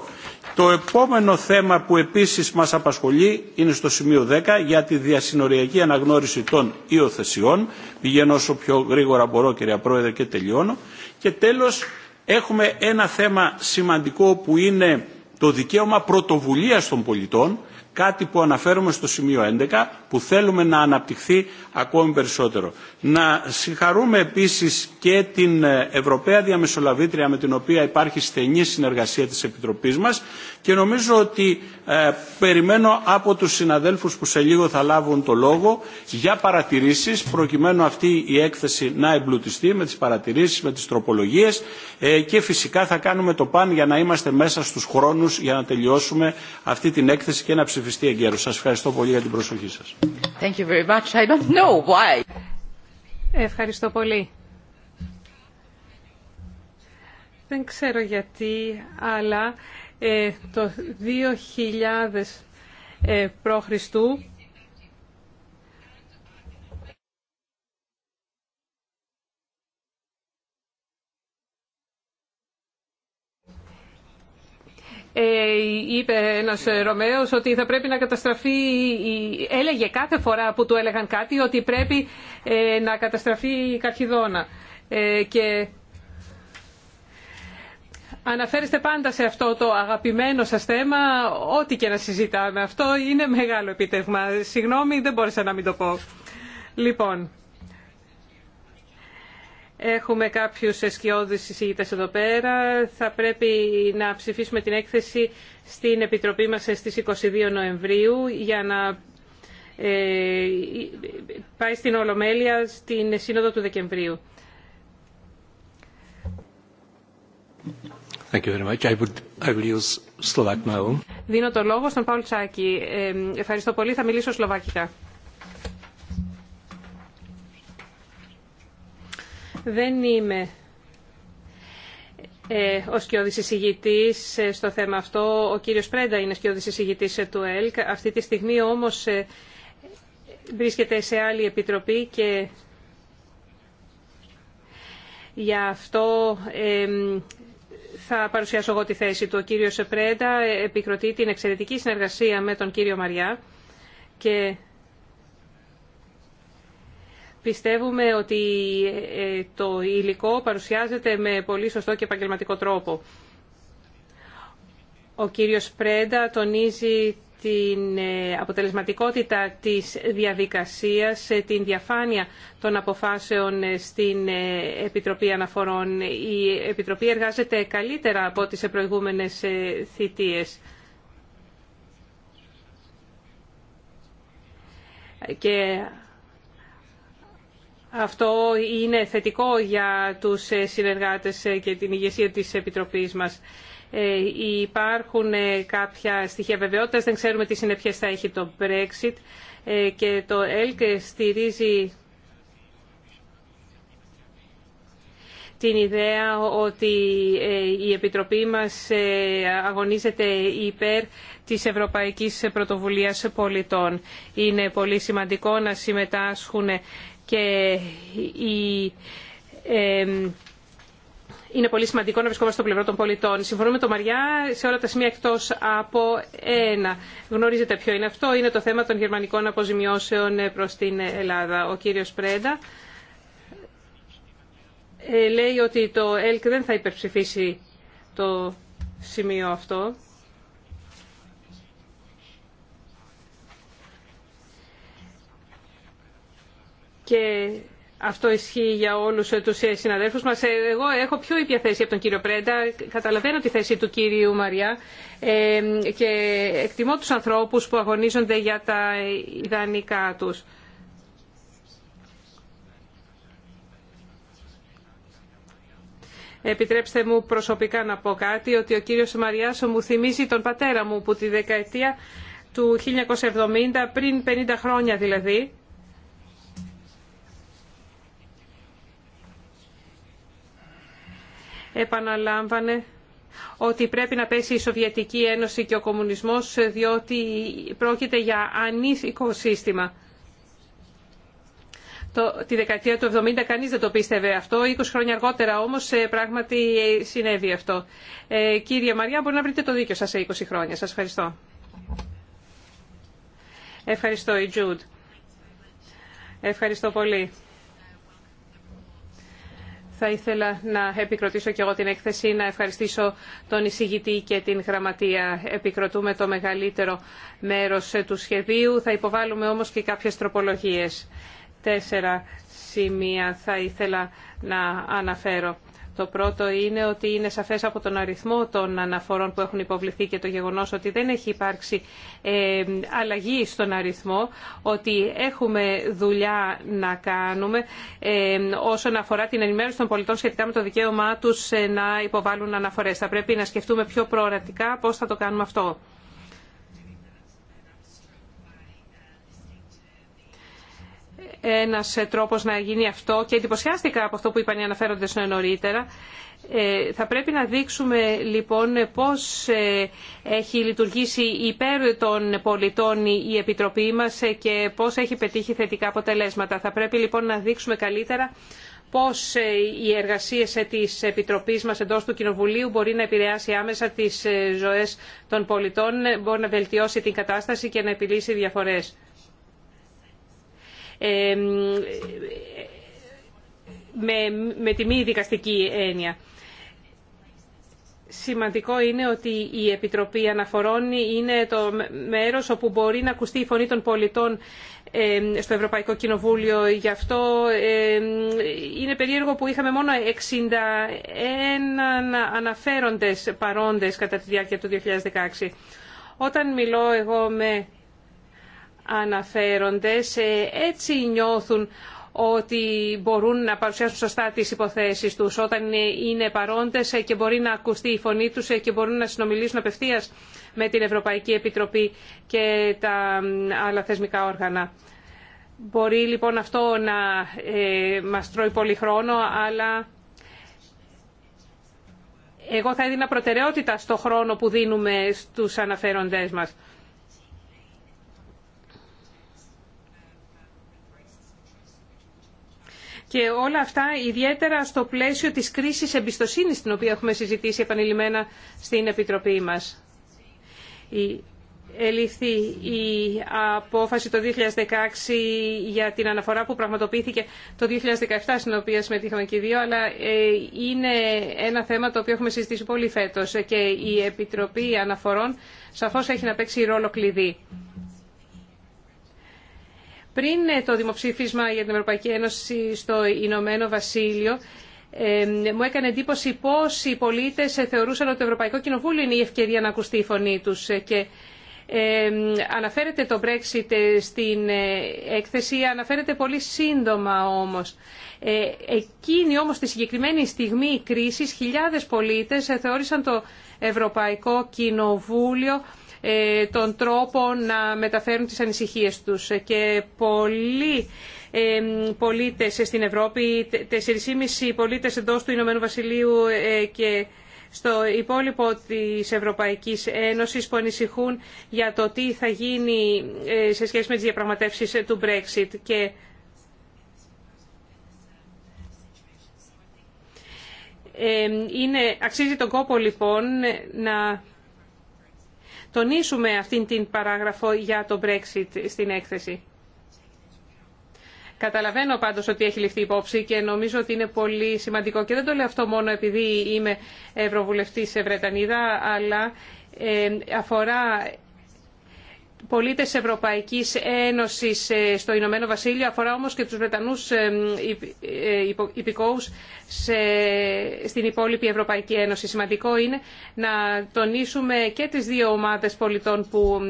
S5: Το επόμενο θέμα που επίσης μας απασχολεί είναι στο σημείο 10 για τη διασυνοριακή αναγνώριση των υιοθεσιών. Πηγαίνω όσο πιο γρήγορα μπορώ κυρία Πρόεδρε και τελειώνω. Και τέλος έχουμε ένα θέμα σημαντικό που είναι το δικαίωμα πρωτοβουλίας των πολιτών Κάτι που αναφέρουμε στο σημείο 11 που θέλουμε να αναπτυχθεί ακόμη περισσότερο. Να συγχαρούμε επίσης και την ε, Ευρωπαία Διαμεσολαβήτρια με την οποία υπάρχει στενή συνεργασία της Επιτροπής μας και νομίζω ότι ε, περιμένω από τους συναδέλφους που σε λίγο θα λάβουν το λόγο για παρατηρήσεις προκειμένου αυτή η έκθεση να εμπλουτιστεί με τις παρατηρήσεις, με τις τροπολογίες ε, και φυσικά θα κάνουμε το παν για να είμαστε μέσα στους χρόνους για να τελειώσουμε αυτή την έκθεση και να ψηφίσουμε ψηφιστεί εγκαίρω. Σας ευχαριστώ πολύ για την προσοχή σας.
S3: Ευχαριστώ πολύ. Δεν ξέρω γιατί, αλλά ε, το 2000 ε, π.Χ. Ε, είπε ένας ε, Ρωμαίος ότι θα πρέπει να καταστραφεί, έλεγε κάθε φορά που του έλεγαν κάτι ότι πρέπει ε, να καταστραφεί η καρχιδόνα. Και αναφέρεστε πάντα σε αυτό το αγαπημένο σας θέμα, ό,τι και να συζητάμε. Αυτό είναι μεγάλο επιτεύγμα. Συγγνώμη, δεν μπόρεσα να μην το πω. Λοιπόν, Έχουμε κάποιους εσκιώδεις εισηγητές εδώ πέρα. Θα πρέπει να ψηφίσουμε την έκθεση στην Επιτροπή μας στις 22 Νοεμβρίου για να ε, πάει στην Ολομέλεια στην Σύνοδο του Δεκεμβρίου.
S5: Thank you very much. I would, I will use Slovak now.
S3: Δίνω το λόγο στον Παουλ Τσάκη. Ε, ευχαριστώ πολύ. Θα μιλήσω σλοβακικά. Δεν είμαι ε, ο σκιώδης εισηγητής ε, στο θέμα αυτό. Ο κύριος Πρέντα είναι σκιώδης εισηγητής ε, του ΕΛΚ. Αυτή τη στιγμή όμως βρίσκεται σε άλλη επιτροπή και γι' αυτό θα παρουσιάσω εγώ τη θέση του. Ο κύριος Πρέντα επικροτεί την εξαιρετική συνεργασία με τον κύριο Μαριά και Πιστεύουμε ότι ε, ε, το υλικό παρουσιάζεται με πολύ σωστό και επαγγελματικό τρόπο. Ο κύριος Πρέντα τονίζει την ε, αποτελεσματικότητα της διαδικασίας, την διαφάνεια των αποφάσεων στην Επιτροπή Αναφορών. Η Επιτροπή εργάζεται καλύτερα από τις προηγούμενες θητείες. Και αυτό είναι θετικό για τους ε, συνεργάτες ε, και την ηγεσία της Επιτροπής μας. Ε, υπάρχουν κάποια στοιχεία βεβαιότητας, δεν ξέρουμε τι συνεπιές θα έχει το Brexit και το ΕΛΚ στηρίζει την ιδέα ότι η Επιτροπή μας αγωνίζεται υπέρ της Ευρωπαϊκής Πρωτοβουλίας Πολιτών. Είναι πολύ σημαντικό να συμμετάσχουν και η είναι πολύ σημαντικό να βρισκόμαστε στο πλευρό των πολιτών. Συμφωνούμε με τον Μαριά σε όλα τα σημεία εκτό από ένα. Γνωρίζετε ποιο είναι αυτό. Είναι το θέμα των γερμανικών αποζημιώσεων προ την Ελλάδα. Ο κύριο Πρέντα ε, λέει ότι το ΕΛΚ δεν θα υπερψηφίσει το σημείο αυτό. και αυτό ισχύει για όλους τους ε, συναδέλφους μας. Ε, εγώ έχω πιο ήπια θέση από τον κύριο Πρέντα, καταλαβαίνω τη θέση του κύριου Μαριά ε, και εκτιμώ τους ανθρώπους που αγωνίζονται για τα ιδανικά τους. Επιτρέψτε μου προσωπικά να πω κάτι, ότι ο κύριος Μαριάς μου θυμίζει τον πατέρα μου που τη δεκαετία του 1970, πριν 50 χρόνια δηλαδή, επαναλάμβανε ότι πρέπει να πέσει η Σοβιετική Ένωση και ο κομμουνισμός διότι πρόκειται για ανήθικο σύστημα. Το, τη δεκαετία του 70 κανείς δεν το πίστευε αυτό, 20 χρόνια αργότερα όμως ε, πράγματι ε, συνέβη αυτό. Ε, κύριε Μαριά, μπορεί να βρείτε το δίκιο σας σε 20 χρόνια. Σας ευχαριστώ. Ευχαριστώ η Τζούντ. Ευχαριστώ πολύ. Θα ήθελα να επικροτήσω και εγώ την έκθεση, να ευχαριστήσω τον εισηγητή και την γραμματεία. Επικροτούμε το μεγαλύτερο μέρος του σχεδίου, θα υποβάλουμε όμως και κάποιες τροπολογίες. Τέσσερα σημεία θα ήθελα να αναφέρω. Το πρώτο είναι ότι είναι σαφές από τον αριθμό των αναφορών που έχουν υποβληθεί και το γεγονός ότι δεν έχει υπάρξει ε, αλλαγή στον αριθμό, ότι έχουμε δουλειά να κάνουμε ε, όσον αφορά την ενημέρωση των πολιτών σχετικά με το δικαίωμά τους ε, να υποβάλουν αναφορές. Θα πρέπει να σκεφτούμε πιο προορατικά πώς θα το κάνουμε αυτό. Ένα ε, τρόπο να γίνει αυτό και εντυπωσιάστηκα από αυτό που είπαν οι αναφέροντε νωρίτερα. Ε, θα πρέπει να δείξουμε λοιπόν πώς ε, έχει λειτουργήσει υπέρ των πολιτών η Επιτροπή μας και πώς έχει πετύχει θετικά αποτελέσματα. Θα πρέπει λοιπόν να δείξουμε καλύτερα πώς οι εργασίες της Επιτροπής μας εντός του Κοινοβουλίου μπορεί να επηρεάσει άμεσα τις ζωές των πολιτών, μπορεί να βελτιώσει την κατάσταση και να επιλύσει διαφορές με τη μη δικαστική έννοια. Σημαντικό είναι ότι η Επιτροπή Αναφορών είναι το μέρος όπου μπορεί να ακουστεί η φωνή των πολιτών στο Ευρωπαϊκό Κοινοβούλιο. Γι' αυτό είναι περίεργο που είχαμε μόνο 61 αναφέροντες παρόντες κατά τη διάρκεια του 2016. Όταν μιλώ εγώ με αναφέροντες έτσι νιώθουν ότι μπορούν να παρουσιάσουν σωστά τις υποθέσεις τους όταν είναι παρόντες και μπορεί να ακουστεί η φωνή τους και μπορούν να συνομιλήσουν απευθείας με την Ευρωπαϊκή Επιτροπή και τα άλλα θεσμικά όργανα. Μπορεί λοιπόν αυτό να ε, μας τρώει πολύ χρόνο, αλλά εγώ θα έδινα προτεραιότητα στο χρόνο που δίνουμε στους αναφέροντές μας. Και όλα αυτά ιδιαίτερα στο πλαίσιο της κρίσης εμπιστοσύνης την οποία έχουμε συζητήσει επανειλημμένα στην Επιτροπή μας. Η ελήφθη η απόφαση το 2016 για την αναφορά που πραγματοποιήθηκε το 2017 στην οποία συμμετείχαμε και οι δύο αλλά ε, είναι ένα θέμα το οποίο έχουμε συζητήσει πολύ φέτος και η Επιτροπή Αναφορών σαφώς έχει να παίξει ρόλο κλειδί. Πριν ε, το δημοψήφισμα για την Ευρωπαϊκή Ένωση στο Ηνωμένο Βασίλειο, μου έκανε εντύπωση πώς οι πολίτες ε, θεωρούσαν ότι το Ευρωπαϊκό Κοινοβούλιο είναι η ευκαιρία να ακουστεί η φωνή τους. Ε, και ε, αναφέρεται το Brexit στην έκθεση, αναφέρεται πολύ σύντομα όμως. Ε, εκείνη όμως τη συγκεκριμένη στιγμή κρίσης, χιλιάδες πολίτες θεώρησαν το Ευρωπαϊκό Κοινοβούλιο ε, τον τρόπο να μεταφέρουν τις ανησυχίες τους. Και πολλοί ε, πολίτες στην Ευρώπη, 4,5 πολίτες εντός του Ηνωμένου Βασιλείου ε, και στο υπόλοιπο της Ευρωπαϊκής Ένωσης που ανησυχούν για το τι θα γίνει σε σχέση με τις διαπραγματεύσεις του Brexit. Και είναι, αξίζει τον κόπο λοιπόν να τονίσουμε αυτήν την παράγραφο για το Brexit στην έκθεση. Καταλαβαίνω πάντως ότι έχει ληφθεί υπόψη και νομίζω ότι είναι πολύ σημαντικό και δεν το λέω αυτό μόνο επειδή είμαι Ευρωβουλευτής σε Βρετανίδα αλλά ε, αφορά πολίτες Ευρωπαϊκής Ένωσης ε, στο Ηνωμένο Βασίλειο, αφορά όμως και τους Βρετανούς ε, ε, υπηκόους στην υπόλοιπη Ευρωπαϊκή Ένωση. Σημαντικό είναι να τονίσουμε και τις δύο ομάδες πολιτών που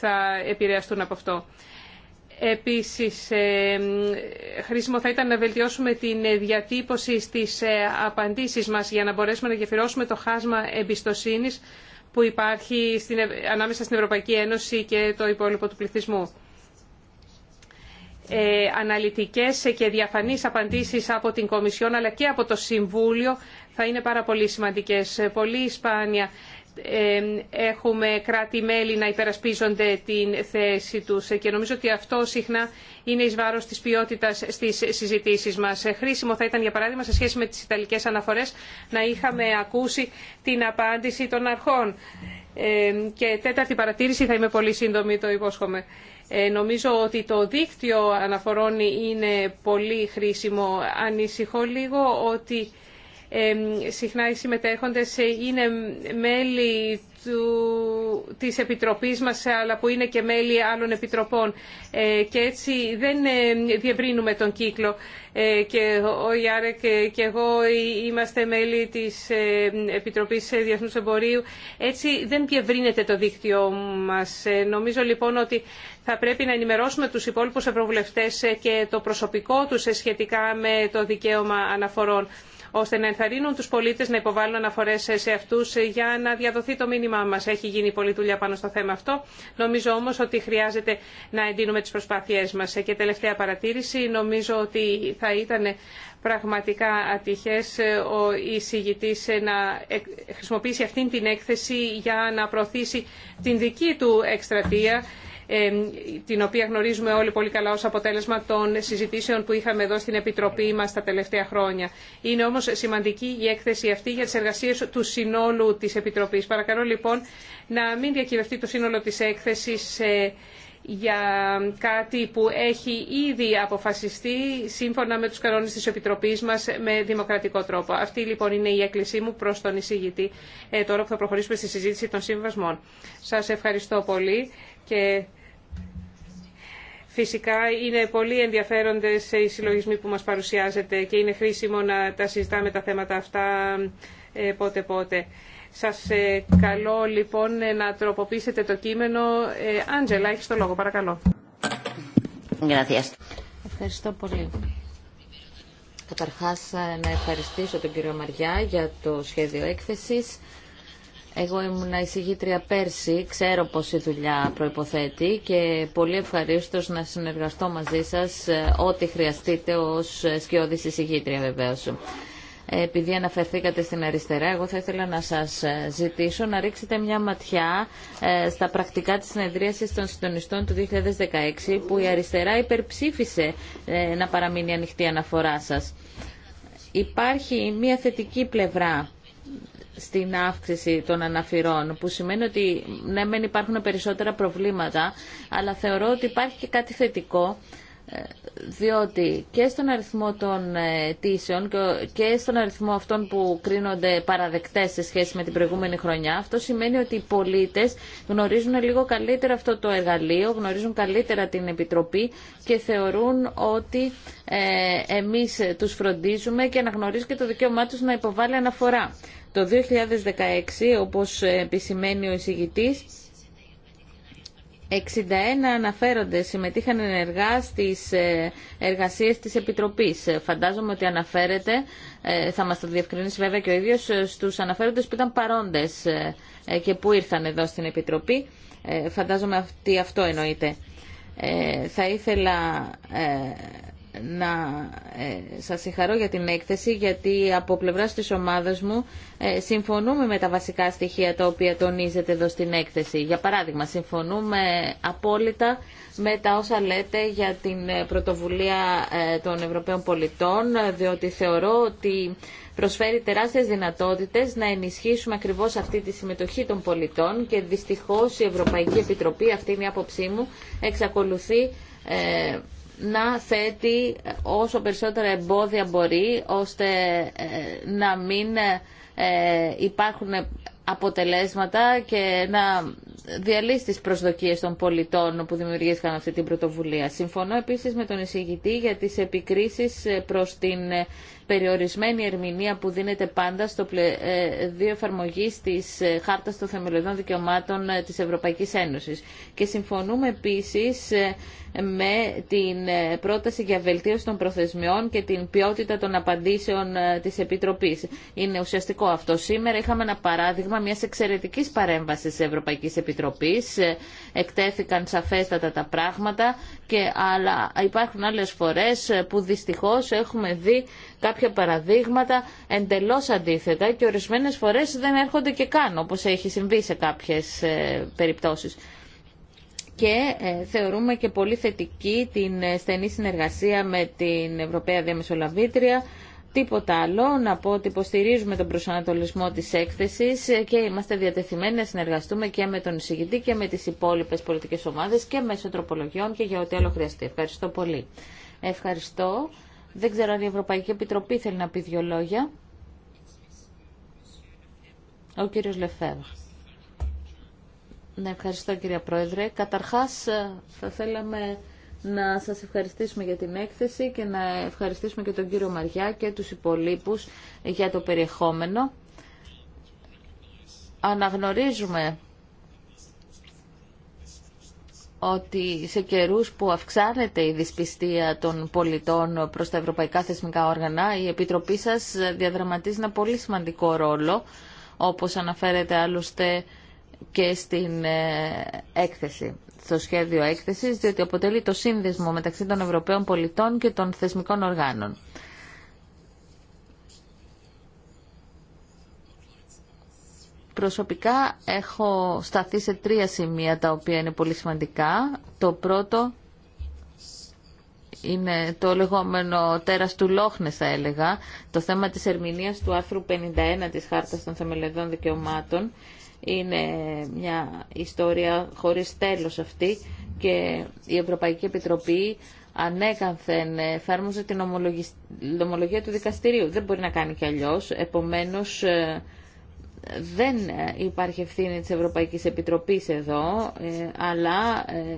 S3: θα επηρεαστούν από αυτό. Επίσης, χρήσιμο θα ήταν να βελτιώσουμε την διατύπωση στις απαντήσεις μας για να μπορέσουμε να γεφυρώσουμε το χάσμα εμπιστοσύνης που υπάρχει στην, ανάμεσα στην Ευρωπαϊκή Ένωση και το υπόλοιπο του πληθυσμού. Ε, αναλυτικές και διαφανείς απαντήσεις από την Κομισιόν αλλά και από το Συμβούλιο θα είναι πάρα πολύ σημαντικές. Πολύ σπάνια έχουμε κράτη-μέλη να υπερασπίζονται την θέση τους και νομίζω ότι αυτό συχνά είναι εις βάρος της ποιότητας στις συζητήσεις μας. Χρήσιμο θα ήταν για παράδειγμα σε σχέση με τις Ιταλικές αναφορές να είχαμε ακούσει την απάντηση των αρχών. Και τέταρτη παρατήρηση, θα είμαι πολύ σύντομη, το υπόσχομαι. Ε, νομίζω ότι το δίκτυο αναφορών είναι πολύ χρήσιμο. Ανησυχώ λίγο ότι συχνά οι συμμετέχοντες είναι μέλη του, της Επιτροπής μας αλλά που είναι και μέλη άλλων επιτροπών ε, και έτσι δεν ε, διευρύνουμε τον κύκλο ε, και ο Ιάρεκ και εγώ είμαστε μέλη της Επιτροπής Διεθνούς Εμπορίου έτσι δεν διευρύνεται το δίκτυό μας νομίζω λοιπόν ότι θα πρέπει να ενημερώσουμε τους υπόλοιπους ευρωβουλευτές και το προσωπικό τους σχετικά με το δικαίωμα αναφορών ώστε να ενθαρρύνουν τους πολίτε να υποβάλουν αναφορέ σε αυτούς για να διαδοθεί το μήνυμά μας. Έχει γίνει πολλή δουλειά πάνω στο θέμα αυτό. Νομίζω όμως ότι χρειάζεται να εντείνουμε τις προσπάθειές μας. Και τελευταία παρατήρηση, νομίζω ότι θα ήταν πραγματικά ατυχές ε, ο εισηγητή ε, να χρησιμοποιήσει αυτήν την έκθεση για να προωθήσει την δική του εκστρατεία την οποία γνωρίζουμε όλοι πολύ καλά ως αποτέλεσμα των συζητήσεων που είχαμε εδώ στην Επιτροπή μας τα τελευταία χρόνια. Είναι όμως σημαντική η έκθεση αυτή για τις εργασίες του συνόλου της Επιτροπής. Παρακαλώ λοιπόν να μην διακυβευτεί το σύνολο της έκθεσης ε, για κάτι που έχει ήδη αποφασιστεί σύμφωνα με τους κανόνες της Επιτροπής μας με δημοκρατικό τρόπο. Αυτή λοιπόν είναι η έκκλησή μου προς τον εισηγητή ε, τώρα που θα προχωρήσουμε στη συζήτηση των συμβασμών. Σας ευχαριστώ πολύ και Φυσικά είναι πολύ ενδιαφέροντες οι συλλογισμοί που μας παρουσιάζετε και είναι χρήσιμο να τα συζητάμε τα θέματα αυτά ε, πότε πότε. Σας ε, καλώ λοιπόν να τροποποιήσετε το κείμενο. Ε, Άντζελα, έχεις το λόγο, παρακαλώ. Ευχαριστώ πολύ. Καταρχάς να ευχαριστήσω
S1: τον κύριο Μαριά για το σχέδιο έκθεσης. Εγώ ήμουν εισηγήτρια πέρσι, ξέρω πως η δουλειά προϋποθέτει και πολύ ευχαρίστω να συνεργαστώ μαζί σας ε, ό,τι χρειαστείτε ως σκιώδης εισηγήτρια βεβαίως. Ε, επειδή αναφερθήκατε στην αριστερά, εγώ θα ήθελα να σας ε, ζητήσω να ρίξετε μια ματιά στα πρακτικά της συνεδρίασης των συντονιστών του 2016 που η αριστερά υπερψήφισε να παραμείνει ανοιχτή αναφορά σας. Υπάρχει μια θετική πλευρά στην αύξηση των αναφυρών, που σημαίνει ότι ναι, μεν υπάρχουν περισσότερα προβλήματα, αλλά θεωρώ ότι υπάρχει και κάτι θετικό, ε, διότι και στον αριθμό των ε, αιτήσεων και στον αριθμό αυτών που κρίνονται παραδεκτές σε σχέση με την προηγούμενη χρονιά, αυτό σημαίνει ότι οι πολίτες γνωρίζουν λίγο καλύτερα αυτό το εργαλείο, γνωρίζουν καλύτερα την Επιτροπή και θεωρούν ότι ε, εμείς τους φροντίζουμε και αναγνωρίζουν και το δικαίωμά τους να υποβάλει αναφορά. Το 2016, όπως επισημαίνει ο εισηγητής, 61 αναφέρονται συμμετείχαν ενεργά στις ε, εργασίες της Επιτροπής. Φαντάζομαι ότι αναφέρεται, ε, θα μας το διευκρινίσει βέβαια και ο ίδιος, ε, στους αναφέροντες που ήταν παρόντες και που ήρθαν εδώ στην Επιτροπή. Φαντάζομαι ότι αυτό εννοείται. Θα ήθελα να ε, σας συγχαρώ για την έκθεση γιατί από πλευράς της ομάδας μου ε, συμφωνούμε με τα βασικά στοιχεία τα οποία τονίζετε εδώ στην έκθεση. Για παράδειγμα, συμφωνούμε απόλυτα με τα όσα λέτε για την ε, πρωτοβουλία των Ευρωπαίων πολιτών διότι θεωρώ ότι προσφέρει τεράστιες δυνατότητες να ενισχύσουμε ακριβώς αυτή τη συμμετοχή των πολιτών και δυστυχώς η Ευρωπαϊκή Επιτροπή, αυτή είναι η άποψή μου, εξακολουθεί να θέτει όσο περισσότερα εμπόδια μπορεί ώστε ε, να μην ε, ε, υπάρχουν αποτελέσματα και να διαλύσει τι προσδοκίε των πολιτών που δημιουργήθηκαν αυτή την πρωτοβουλία. Συμφωνώ επίσης με τον εισηγητή για τις επικρίσεις ε, προς την ε, περιορισμένη ερμηνεία που δίνεται πάντα στο πεδίο ε, εφαρμογή τη Χάρτα των Θεμελιωδών Δικαιωμάτων τη Ευρωπαϊκή Ένωση. Και συμφωνούμε επίση με την πρόταση για βελτίωση των προθεσμιών και την ποιότητα των απαντήσεων τη Επιτροπή. Είναι ουσιαστικό αυτό. Σήμερα είχαμε ένα παράδειγμα μια εξαιρετική παρέμβαση τη Ευρωπαϊκή Επιτροπής. Ε, εκτέθηκαν σαφέστατα τα πράγματα, και, αλλά υπάρχουν άλλες φορές που δυστυχώς έχουμε δει κάποια παραδείγματα εντελώς αντίθετα και ορισμένες φορές δεν έρχονται και καν, όπως έχει συμβεί σε κάποιες ε, περιπτώσεις και ε, θεωρούμε και πολύ θετική την στενή συνεργασία με την Ευρωπαία Διαμεσολαβήτρια τίποτα άλλο, να πω ότι υποστηρίζουμε τον προσανατολισμό της έκθεσης και είμαστε διατεθειμένοι να συνεργαστούμε και με τον εισηγητή και με τις υπόλοιπες πολιτικές ομάδες και μέσω τροπολογιών και για ό,τι άλλο χρειαστεί. Ευχαριστώ πολύ. Ευχαριστώ. Δεν ξέρω αν η Ευρωπαϊκή Επιτροπή θέλει να πει δύο λόγια. Ο κύριος Λεφέβα. Ναι, ευχαριστώ κύριε Πρόεδρε. Καταρχάς θα θέλαμε να σας ευχαριστήσουμε για την έκθεση και να ευχαριστήσουμε και τον κύριο Μαριά και τους υπολείπους για το περιεχόμενο. Αναγνωρίζουμε ότι σε καιρούς που αυξάνεται η δυσπιστία των πολιτών προς τα ευρωπαϊκά θεσμικά όργανα, η Επιτροπή σας διαδραματίζει ένα πολύ σημαντικό ρόλο, όπως αναφέρεται άλλωστε και στην ε, έκθεση στο σχέδιο έκθεσης, διότι αποτελεί το σύνδεσμο μεταξύ των Ευρωπαίων πολιτών και των θεσμικών οργάνων. Προσωπικά έχω σταθεί σε τρία σημεία τα οποία είναι πολύ σημαντικά. Το πρώτο είναι το λεγόμενο τέρας του Λόχνες θα έλεγα, το θέμα της ερμηνείας του άρθρου 51 της Χάρτας των Θεμελιωδών Δικαιωμάτων είναι μια ιστορία χωρίς τέλος αυτή και η Ευρωπαϊκή Επιτροπή ανέκανθεν εφάρμοζε την ομολογία του δικαστηρίου. Δεν μπορεί να κάνει κι αλλιώς. Επομένως, ε, δεν υπάρχει ευθύνη της Ευρωπαϊκής Επιτροπής εδώ, ε, αλλά ε,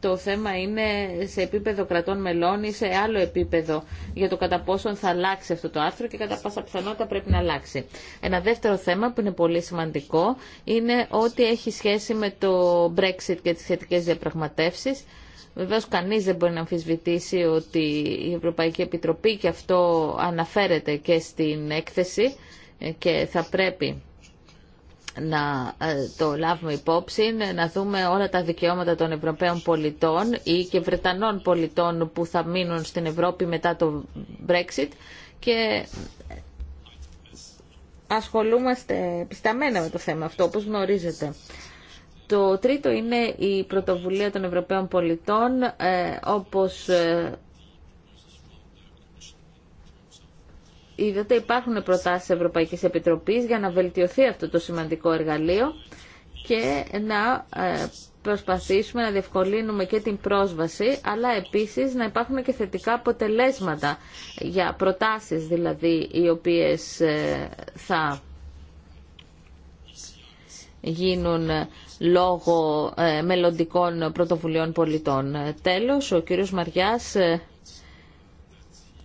S1: το θέμα είναι σε επίπεδο κρατών μελών ή σε άλλο επίπεδο για το κατά πόσον θα αλλάξει αυτό το άρθρο και κατά πάσα πιθανότητα πρέπει να αλλάξει. Ένα δεύτερο θέμα που είναι πολύ σημαντικό είναι ότι έχει σχέση με το Brexit και τις σχετικές διαπραγματεύσεις. Βεβαίως κανείς δεν μπορεί να αμφισβητήσει ότι η Ευρωπαϊκή Επιτροπή και αυτό αναφέρεται και στην έκθεση και θα πρέπει να ε, το λάβουμε υπόψη, να δούμε όλα τα δικαιώματα των Ευρωπαίων πολιτών ή και Βρετανών πολιτών που θα μείνουν στην Ευρώπη μετά το Brexit και ασχολούμαστε πισταμένα με το θέμα αυτό, όπως γνωρίζετε. Το τρίτο είναι η πρωτοβουλία των Ευρωπαίων πολιτών, ε, όπως ε, είδατε υπάρχουν προτάσεις Ευρωπαϊκής Επιτροπής για να βελτιωθεί αυτό το σημαντικό εργαλείο και να ε, προσπαθήσουμε να διευκολύνουμε και την πρόσβαση, αλλά επίσης να υπάρχουν και θετικά αποτελέσματα για προτάσεις δηλαδή οι οποίες ε, θα γίνουν λόγω ε, μελλοντικών πρωτοβουλειών πολιτών. Τέλος, ο κύριος Μαριάς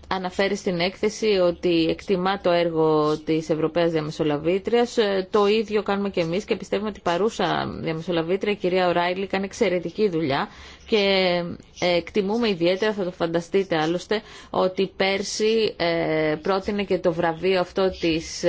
S1: αναφέρει στην έκθεση ότι εκτιμά το έργο της Ευρωπαίας Διαμεσολαβήτριας. Ε, το ίδιο κάνουμε και εμείς και πιστεύουμε ότι η παρούσα Διαμεσολαβήτρια, η κυρία Οράιλη, κάνει εξαιρετική δουλειά και ε, εκτιμούμε ιδιαίτερα, θα το φανταστείτε άλλωστε, ότι πέρσι ε, πρότεινε και το βραβείο αυτό της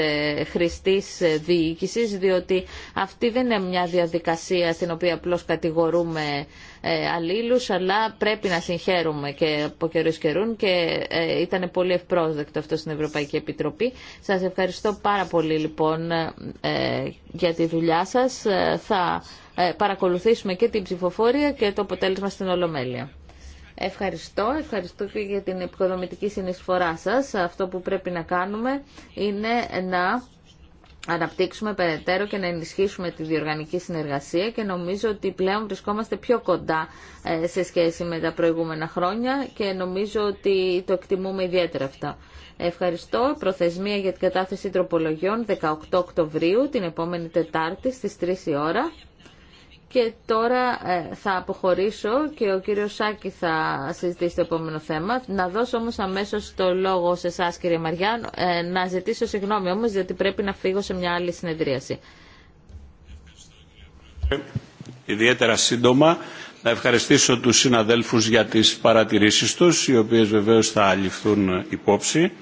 S1: χρηστής διοίκησης, διότι αυτή δεν είναι μια διαδικασία στην οποία απλώς κατηγορούμε ε, αλλήλους, αλλά πρέπει να συγχαίρουμε και από καιρού καιρούν και ε, ήταν πολύ ευπρόσδεκτο αυτό στην Ευρωπαϊκή Επιτροπή. Σας ευχαριστώ πάρα πολύ λοιπόν ε, για τη δουλειά σας. Θα παρακολουθήσουμε και την ψηφοφορία και το αποτέλεσμα στην Ολομέλεια. Ευχαριστώ. Ευχαριστώ και για την επικοδομητική συνεισφορά σας. Αυτό που πρέπει να κάνουμε είναι να αναπτύξουμε περαιτέρω και να ενισχύσουμε τη διοργανική συνεργασία και νομίζω ότι πλέον βρισκόμαστε πιο κοντά ε, σε σχέση με τα προηγούμενα χρόνια και νομίζω ότι το εκτιμούμε ιδιαίτερα αυτά. Ευχαριστώ. Προθεσμία για την κατάθεση τροπολογιών 18 Οκτωβρίου, την επόμενη Τετάρτη στις 3 η ώρα. Και τώρα ε, θα αποχωρήσω και ο κύριος Σάκη θα συζητήσει το επόμενο θέμα. Να δώσω όμως αμέσως το λόγο σε εσά κύριε Μαριάν, ε, να ζητήσω συγγνώμη όμως διότι πρέπει να φύγω σε μια άλλη συνεδρίαση.
S5: Ιδιαίτερα σύντομα να ευχαριστήσω τους συναδέλφους για τις παρατηρήσεις τους, οι οποίες βεβαίως θα ληφθούν υπόψη.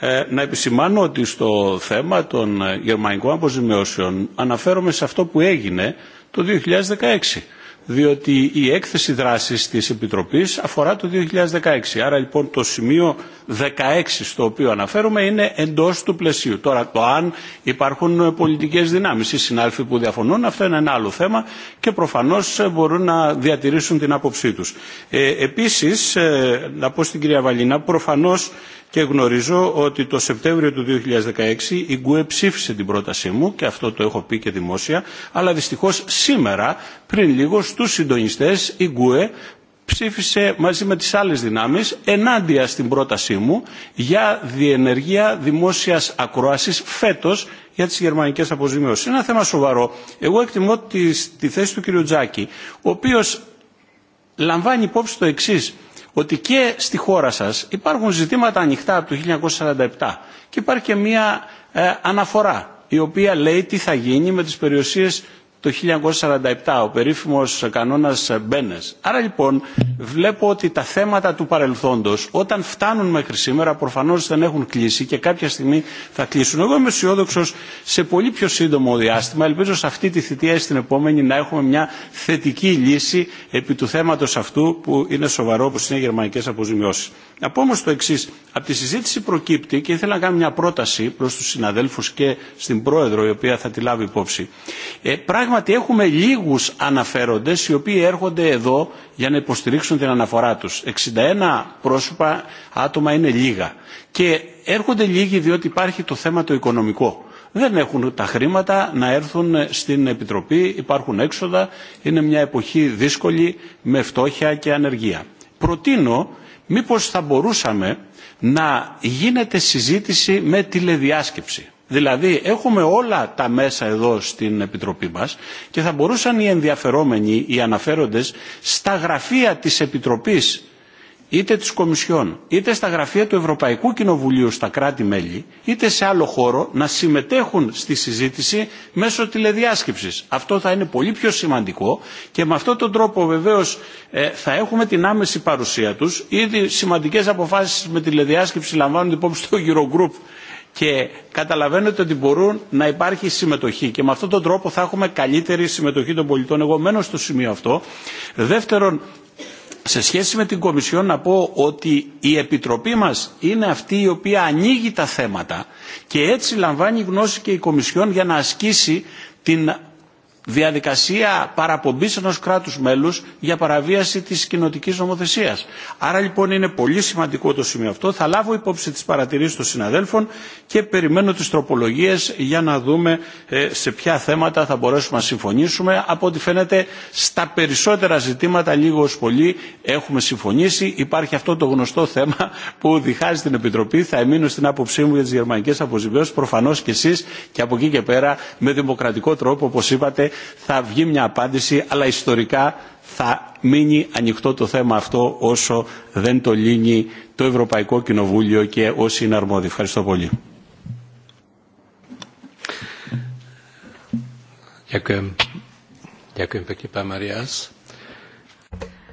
S5: Ε, να επισημάνω ότι στο θέμα των γερμανικών αποζημιώσεων αναφέρομαι σε αυτό που έγινε το 2016 διότι η έκθεση δράσης της Επιτροπής αφορά το 2016. Άρα λοιπόν το σημείο 16 στο οποίο αναφέρομαι είναι εντός του πλαισίου. Τώρα το αν υπάρχουν πολιτικές δυνάμεις ή συνάλφοι που διαφωνούν αυτό είναι ένα άλλο θέμα και προφανώς ε, μπορούν να διατηρήσουν την άποψή τους. Ε, επίσης, ε, να πω στην κυρία Βαλίνα, προφανώς και γνωρίζω ότι το Σεπτέμβριο του 2016 η ΓΚΟΕ ψήφισε την πρότασή μου και αυτό το έχω πει και δημόσια, αλλά δυστυχώς σήμερα πριν λίγο στους συντονιστές η ΓΚΟΕ ψήφισε μαζί με τις άλλες δυνάμεις ενάντια στην πρότασή μου για διενεργία δημόσιας ακρόασης φέτος για τις γερμανικές αποζημιώσεις. Είναι ένα θέμα σοβαρό. Εγώ εκτιμώ τη, τη θέση του κ. Τζάκη, ο οποίος λαμβάνει υπόψη το εξής ότι και στη χώρα σας υπάρχουν ζητήματα ανοιχτά από το 1947 και υπάρχει και μία ε, αναφορά η οποία λέει τι θα γίνει με τις περιουσίες το 1947, ο περίφημος κανόνας Μπένες. Άρα λοιπόν βλέπω ότι τα θέματα του παρελθόντος όταν φτάνουν μέχρι σήμερα προφανώς δεν έχουν κλείσει και κάποια στιγμή θα κλείσουν. Εγώ είμαι αισιόδοξο σε πολύ πιο σύντομο διάστημα. Ελπίζω σε αυτή τη θητεία ή στην επόμενη να έχουμε μια θετική λύση επί του θέματος αυτού που είναι σοβαρό όπως είναι οι γερμανικές αποζημιώσεις. Να πω όμως το εξή. Από τη συζήτηση προκύπτει και ήθελα να κάνω μια πρόταση προς τους συναδέλφους και στην Πρόεδρο η οποία θα τη λάβει υπόψη. Ε, πράγματι έχουμε λίγους αναφέροντες οι οποίοι έρχονται εδώ για να υποστηρίξουν την αναφορά τους. 61 πρόσωπα άτομα είναι λίγα. Και έρχονται λίγοι διότι υπάρχει το θέμα το οικονομικό. Δεν έχουν τα χρήματα να έρθουν στην Επιτροπή, υπάρχουν έξοδα, είναι μια εποχή δύσκολη με φτώχεια και ανεργία. Προτείνω μήπως θα μπορούσαμε να γίνεται συζήτηση με τηλεδιάσκεψη Δηλαδή έχουμε όλα τα μέσα εδώ στην Επιτροπή μας και θα μπορούσαν οι ενδιαφερόμενοι, οι αναφέροντες, στα γραφεία της Επιτροπής είτε της Κομισιόν, είτε στα γραφεία του Ευρωπαϊκού Κοινοβουλίου στα κράτη-μέλη, είτε σε άλλο χώρο, να συμμετέχουν στη συζήτηση μέσω τηλεδιάσκεψης. Αυτό θα είναι πολύ πιο σημαντικό και με αυτόν τον τρόπο βεβαίως ε, θα έχουμε την άμεση παρουσία τους. Ήδη σημαντικές αποφάσεις με τηλεδιάσκεψη λαμβάνονται υπόψη στο Eurogroup και καταλαβαίνετε ότι μπορούν να υπάρχει συμμετοχή και με αυτόν τον τρόπο θα έχουμε καλύτερη συμμετοχή των πολιτών. Εγώ μένω στο σημείο αυτό. Δεύτερον, σε σχέση με την Κομισιόν να πω ότι η Επιτροπή μας είναι αυτή η οποία ανοίγει τα θέματα και έτσι λαμβάνει γνώση και η Κομισιόν για να ασκήσει την διαδικασία παραπομπής ενός κράτους μέλους για παραβίαση της κοινοτικής νομοθεσίας. Άρα λοιπόν είναι πολύ σημαντικό το σημείο αυτό. Θα λάβω υπόψη τις παρατηρήσεις των συναδέλφων και περιμένω τις τροπολογίες για να δούμε ε, σε ποια θέματα θα μπορέσουμε να συμφωνήσουμε. Από ό,τι φαίνεται στα περισσότερα ζητήματα λίγο ως πολύ έχουμε συμφωνήσει. Υπάρχει αυτό το γνωστό θέμα που διχάζει την Επιτροπή. Θα εμείνω στην άποψή μου για τις γερμανικές αποζημιώσεις. Προφανώς και εσείς και από εκεί και πέρα με δημοκρατικό τρόπο όπως είπατε θα βγει μια απάντηση αλλά ιστορικά θα μείνει ανοιχτό το θέμα αυτό όσο δεν το λύνει το Ευρωπαϊκό Κοινοβούλιο και όσοι είναι αρμόδιοι. Ευχαριστώ πολύ.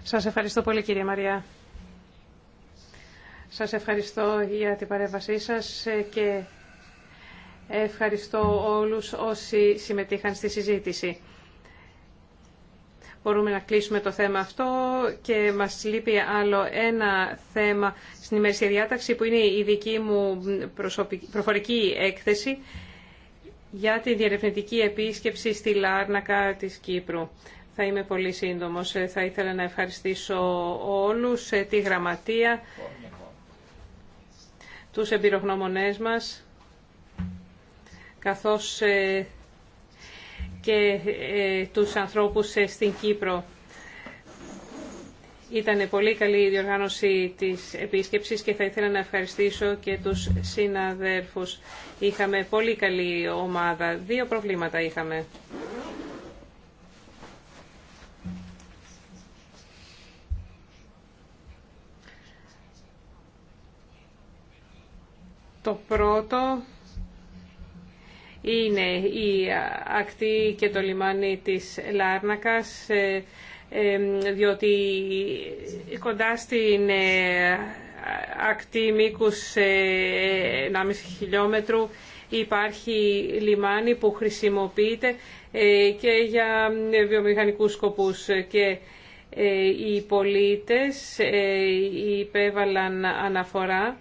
S3: Σας ευχαριστώ πολύ κύριε Μαριά. Σας ευχαριστώ για την παρέμβασή σας και Ευχαριστώ όλους όσοι συμμετείχαν στη συζήτηση. Μπορούμε να κλείσουμε το θέμα αυτό και μας λείπει άλλο ένα θέμα στην ημερήσια διάταξη που είναι η δική μου προφορική έκθεση για τη διερευνητική επίσκεψη στη Λάρνακα της Κύπρου. Θα είμαι πολύ σύντομος. Θα ήθελα να ευχαριστήσω όλους, ε, τη γραμματεία, τους εμπειρογνώμονές μας καθώς ε, και ε, τους ανθρώπους ε, στην Κύπρο. Ήταν πολύ καλή η διοργάνωση της επίσκεψης και θα ήθελα να ευχαριστήσω και τους συναδέρφους. Είχαμε πολύ καλή ομάδα. Δύο προβλήματα είχαμε. Το πρώτο είναι η ακτή και το λιμάνι της Λάρνακας, ε, ε, διότι κοντά στην ε, ακτή μήκους 1,5 χιλιόμετρου υπάρχει λιμάνι που χρησιμοποιείται και για βιομηχανικούς σκοπούς και οι πολίτες υπέβαλαν αναφορά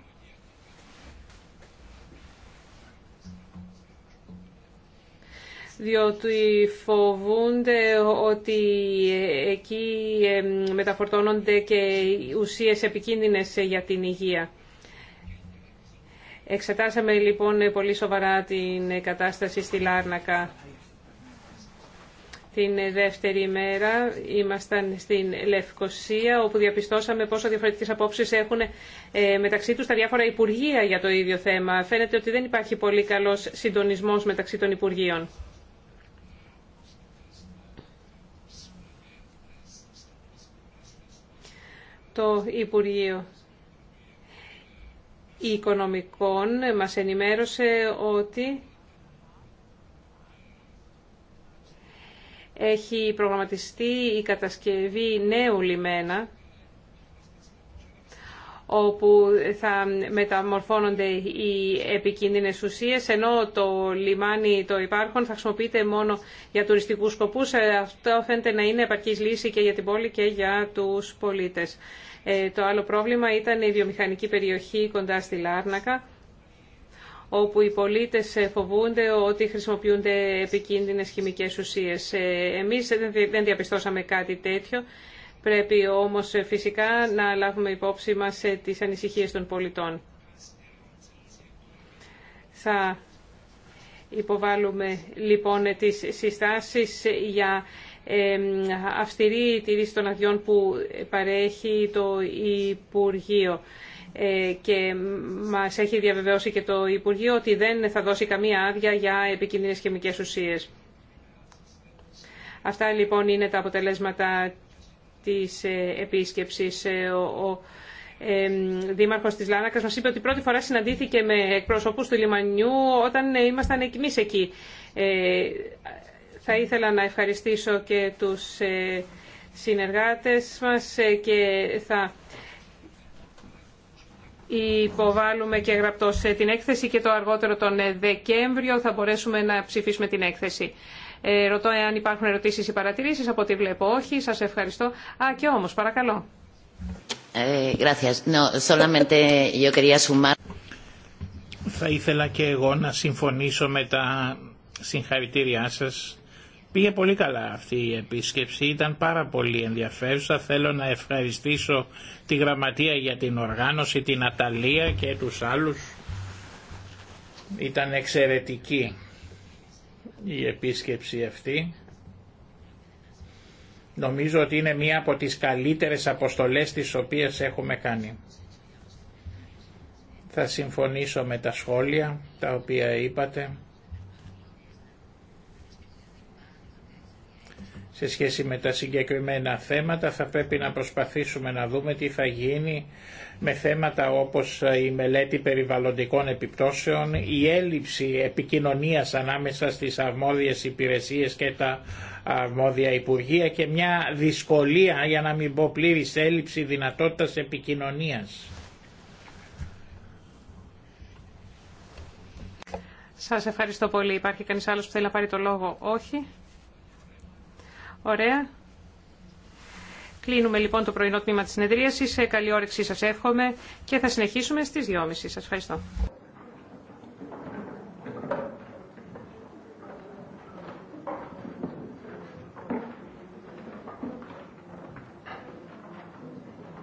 S3: διότι φοβούνται ότι εκεί ε, μεταφορτώνονται και ουσίες επικίνδυνες για την υγεία. Εξετάσαμε λοιπόν πολύ σοβαρά την κατάσταση στη Λάρνακα. Την δεύτερη μέρα ήμασταν στην Λευκοσία, όπου διαπιστώσαμε πόσο διαφορετικές απόψεις έχουν ε, μεταξύ τους τα διάφορα Υπουργεία για το ίδιο θέμα. Φαίνεται ότι δεν υπάρχει πολύ καλός συντονισμός μεταξύ των Υπουργείων. το Υπουργείο Οικονομικών μας ενημέρωσε ότι έχει προγραμματιστεί η κατασκευή νέου λιμένα όπου θα μεταμορφώνονται οι επικίνδυνες ουσίες, ενώ το λιμάνι το υπάρχον θα χρησιμοποιείται μόνο για τουριστικούς σκοπούς. Ε, αυτό φαίνεται να είναι επαρκής λύση και για την πόλη και για τους πολίτες. Ε, το άλλο πρόβλημα ήταν η βιομηχανική περιοχή κοντά στη Λάρνακα, όπου οι πολίτες ε, φοβούνται ότι χρησιμοποιούνται επικίνδυνες χημικές ουσίες. Εμείς δεν διαπιστώσαμε κάτι τέτοιο Πρέπει όμως ε, φυσικά να λάβουμε υπόψη μας σε τις ανησυχίες των πολιτών. Θα υποβάλουμε λοιπόν ε, τις συστάσεις για αυστηρή τήρηση των αδειών που παρέχει το Υπουργείο ε, και μας έχει διαβεβαιώσει και το Υπουργείο ότι δεν θα δώσει καμία άδεια για επικίνδυνες χημικές ουσίες. Αυτά λοιπόν είναι τα αποτελέσματα της ε, επίσκεψης. Ε, ο δήμαρχος της Λάνακας μας είπε ότι πρώτη φορά συναντήθηκε με εκπροσωπούς του λιμανιού όταν ε, ήμασταν εμείς εκεί. Θα ήθελα να ευχαριστήσω και τους συνεργάτες μας και θα υποβάλουμε και γραπτό την έκθεση και το αργότερο τον Δεκέμβριο θα μπορέσουμε να ψηφίσουμε την έκθεση. Ε, ρωτώ εάν υπάρχουν ερωτήσεις ή παρατηρήσεις. Από ό,τι βλέπω όχι. Σας ευχαριστώ. Α, και όμως, παρακαλώ.
S2: Ε,
S1: Θα ήθελα και εγώ
S4: να συμφωνήσω με τα συγχαρητήριά σας. Πήγε πολύ καλά αυτή η επίσκεψη, ήταν πάρα πολύ ενδιαφέρουσα. Θέλω να ευχαριστήσω τη Γραμματεία για την οργάνωση, την Αταλία και τους άλλους. Ήταν εξαιρετική η επίσκεψη αυτή. Νομίζω ότι είναι μία από τις καλύτερες αποστολές τις οποίες έχουμε κάνει. Θα συμφωνήσω με τα σχόλια τα οποία είπατε σε σχέση με τα συγκεκριμένα θέματα θα πρέπει να προσπαθήσουμε να δούμε τι θα γίνει με θέματα όπως ε, η μελέτη περιβαλλοντικών επιπτώσεων, η έλλειψη επικοινωνίας ανάμεσα στις αρμόδιες υπηρεσίες και τα αρμόδια υπουργεία και μια δυσκολία, για να μην πω πλήρης, έλλειψη δυνατότητας
S3: επικοινωνίας. Σας ευχαριστώ πολύ. Υπάρχει κανείς άλλος που θέλει να πάρει το λόγο. Όχι. Ωραία. Κλείνουμε λοιπόν το πρωινό τμήμα της συνεδρίασης. Καλή όρεξη σας εύχομαι και θα συνεχίσουμε στις 2.30. Σας ευχαριστώ.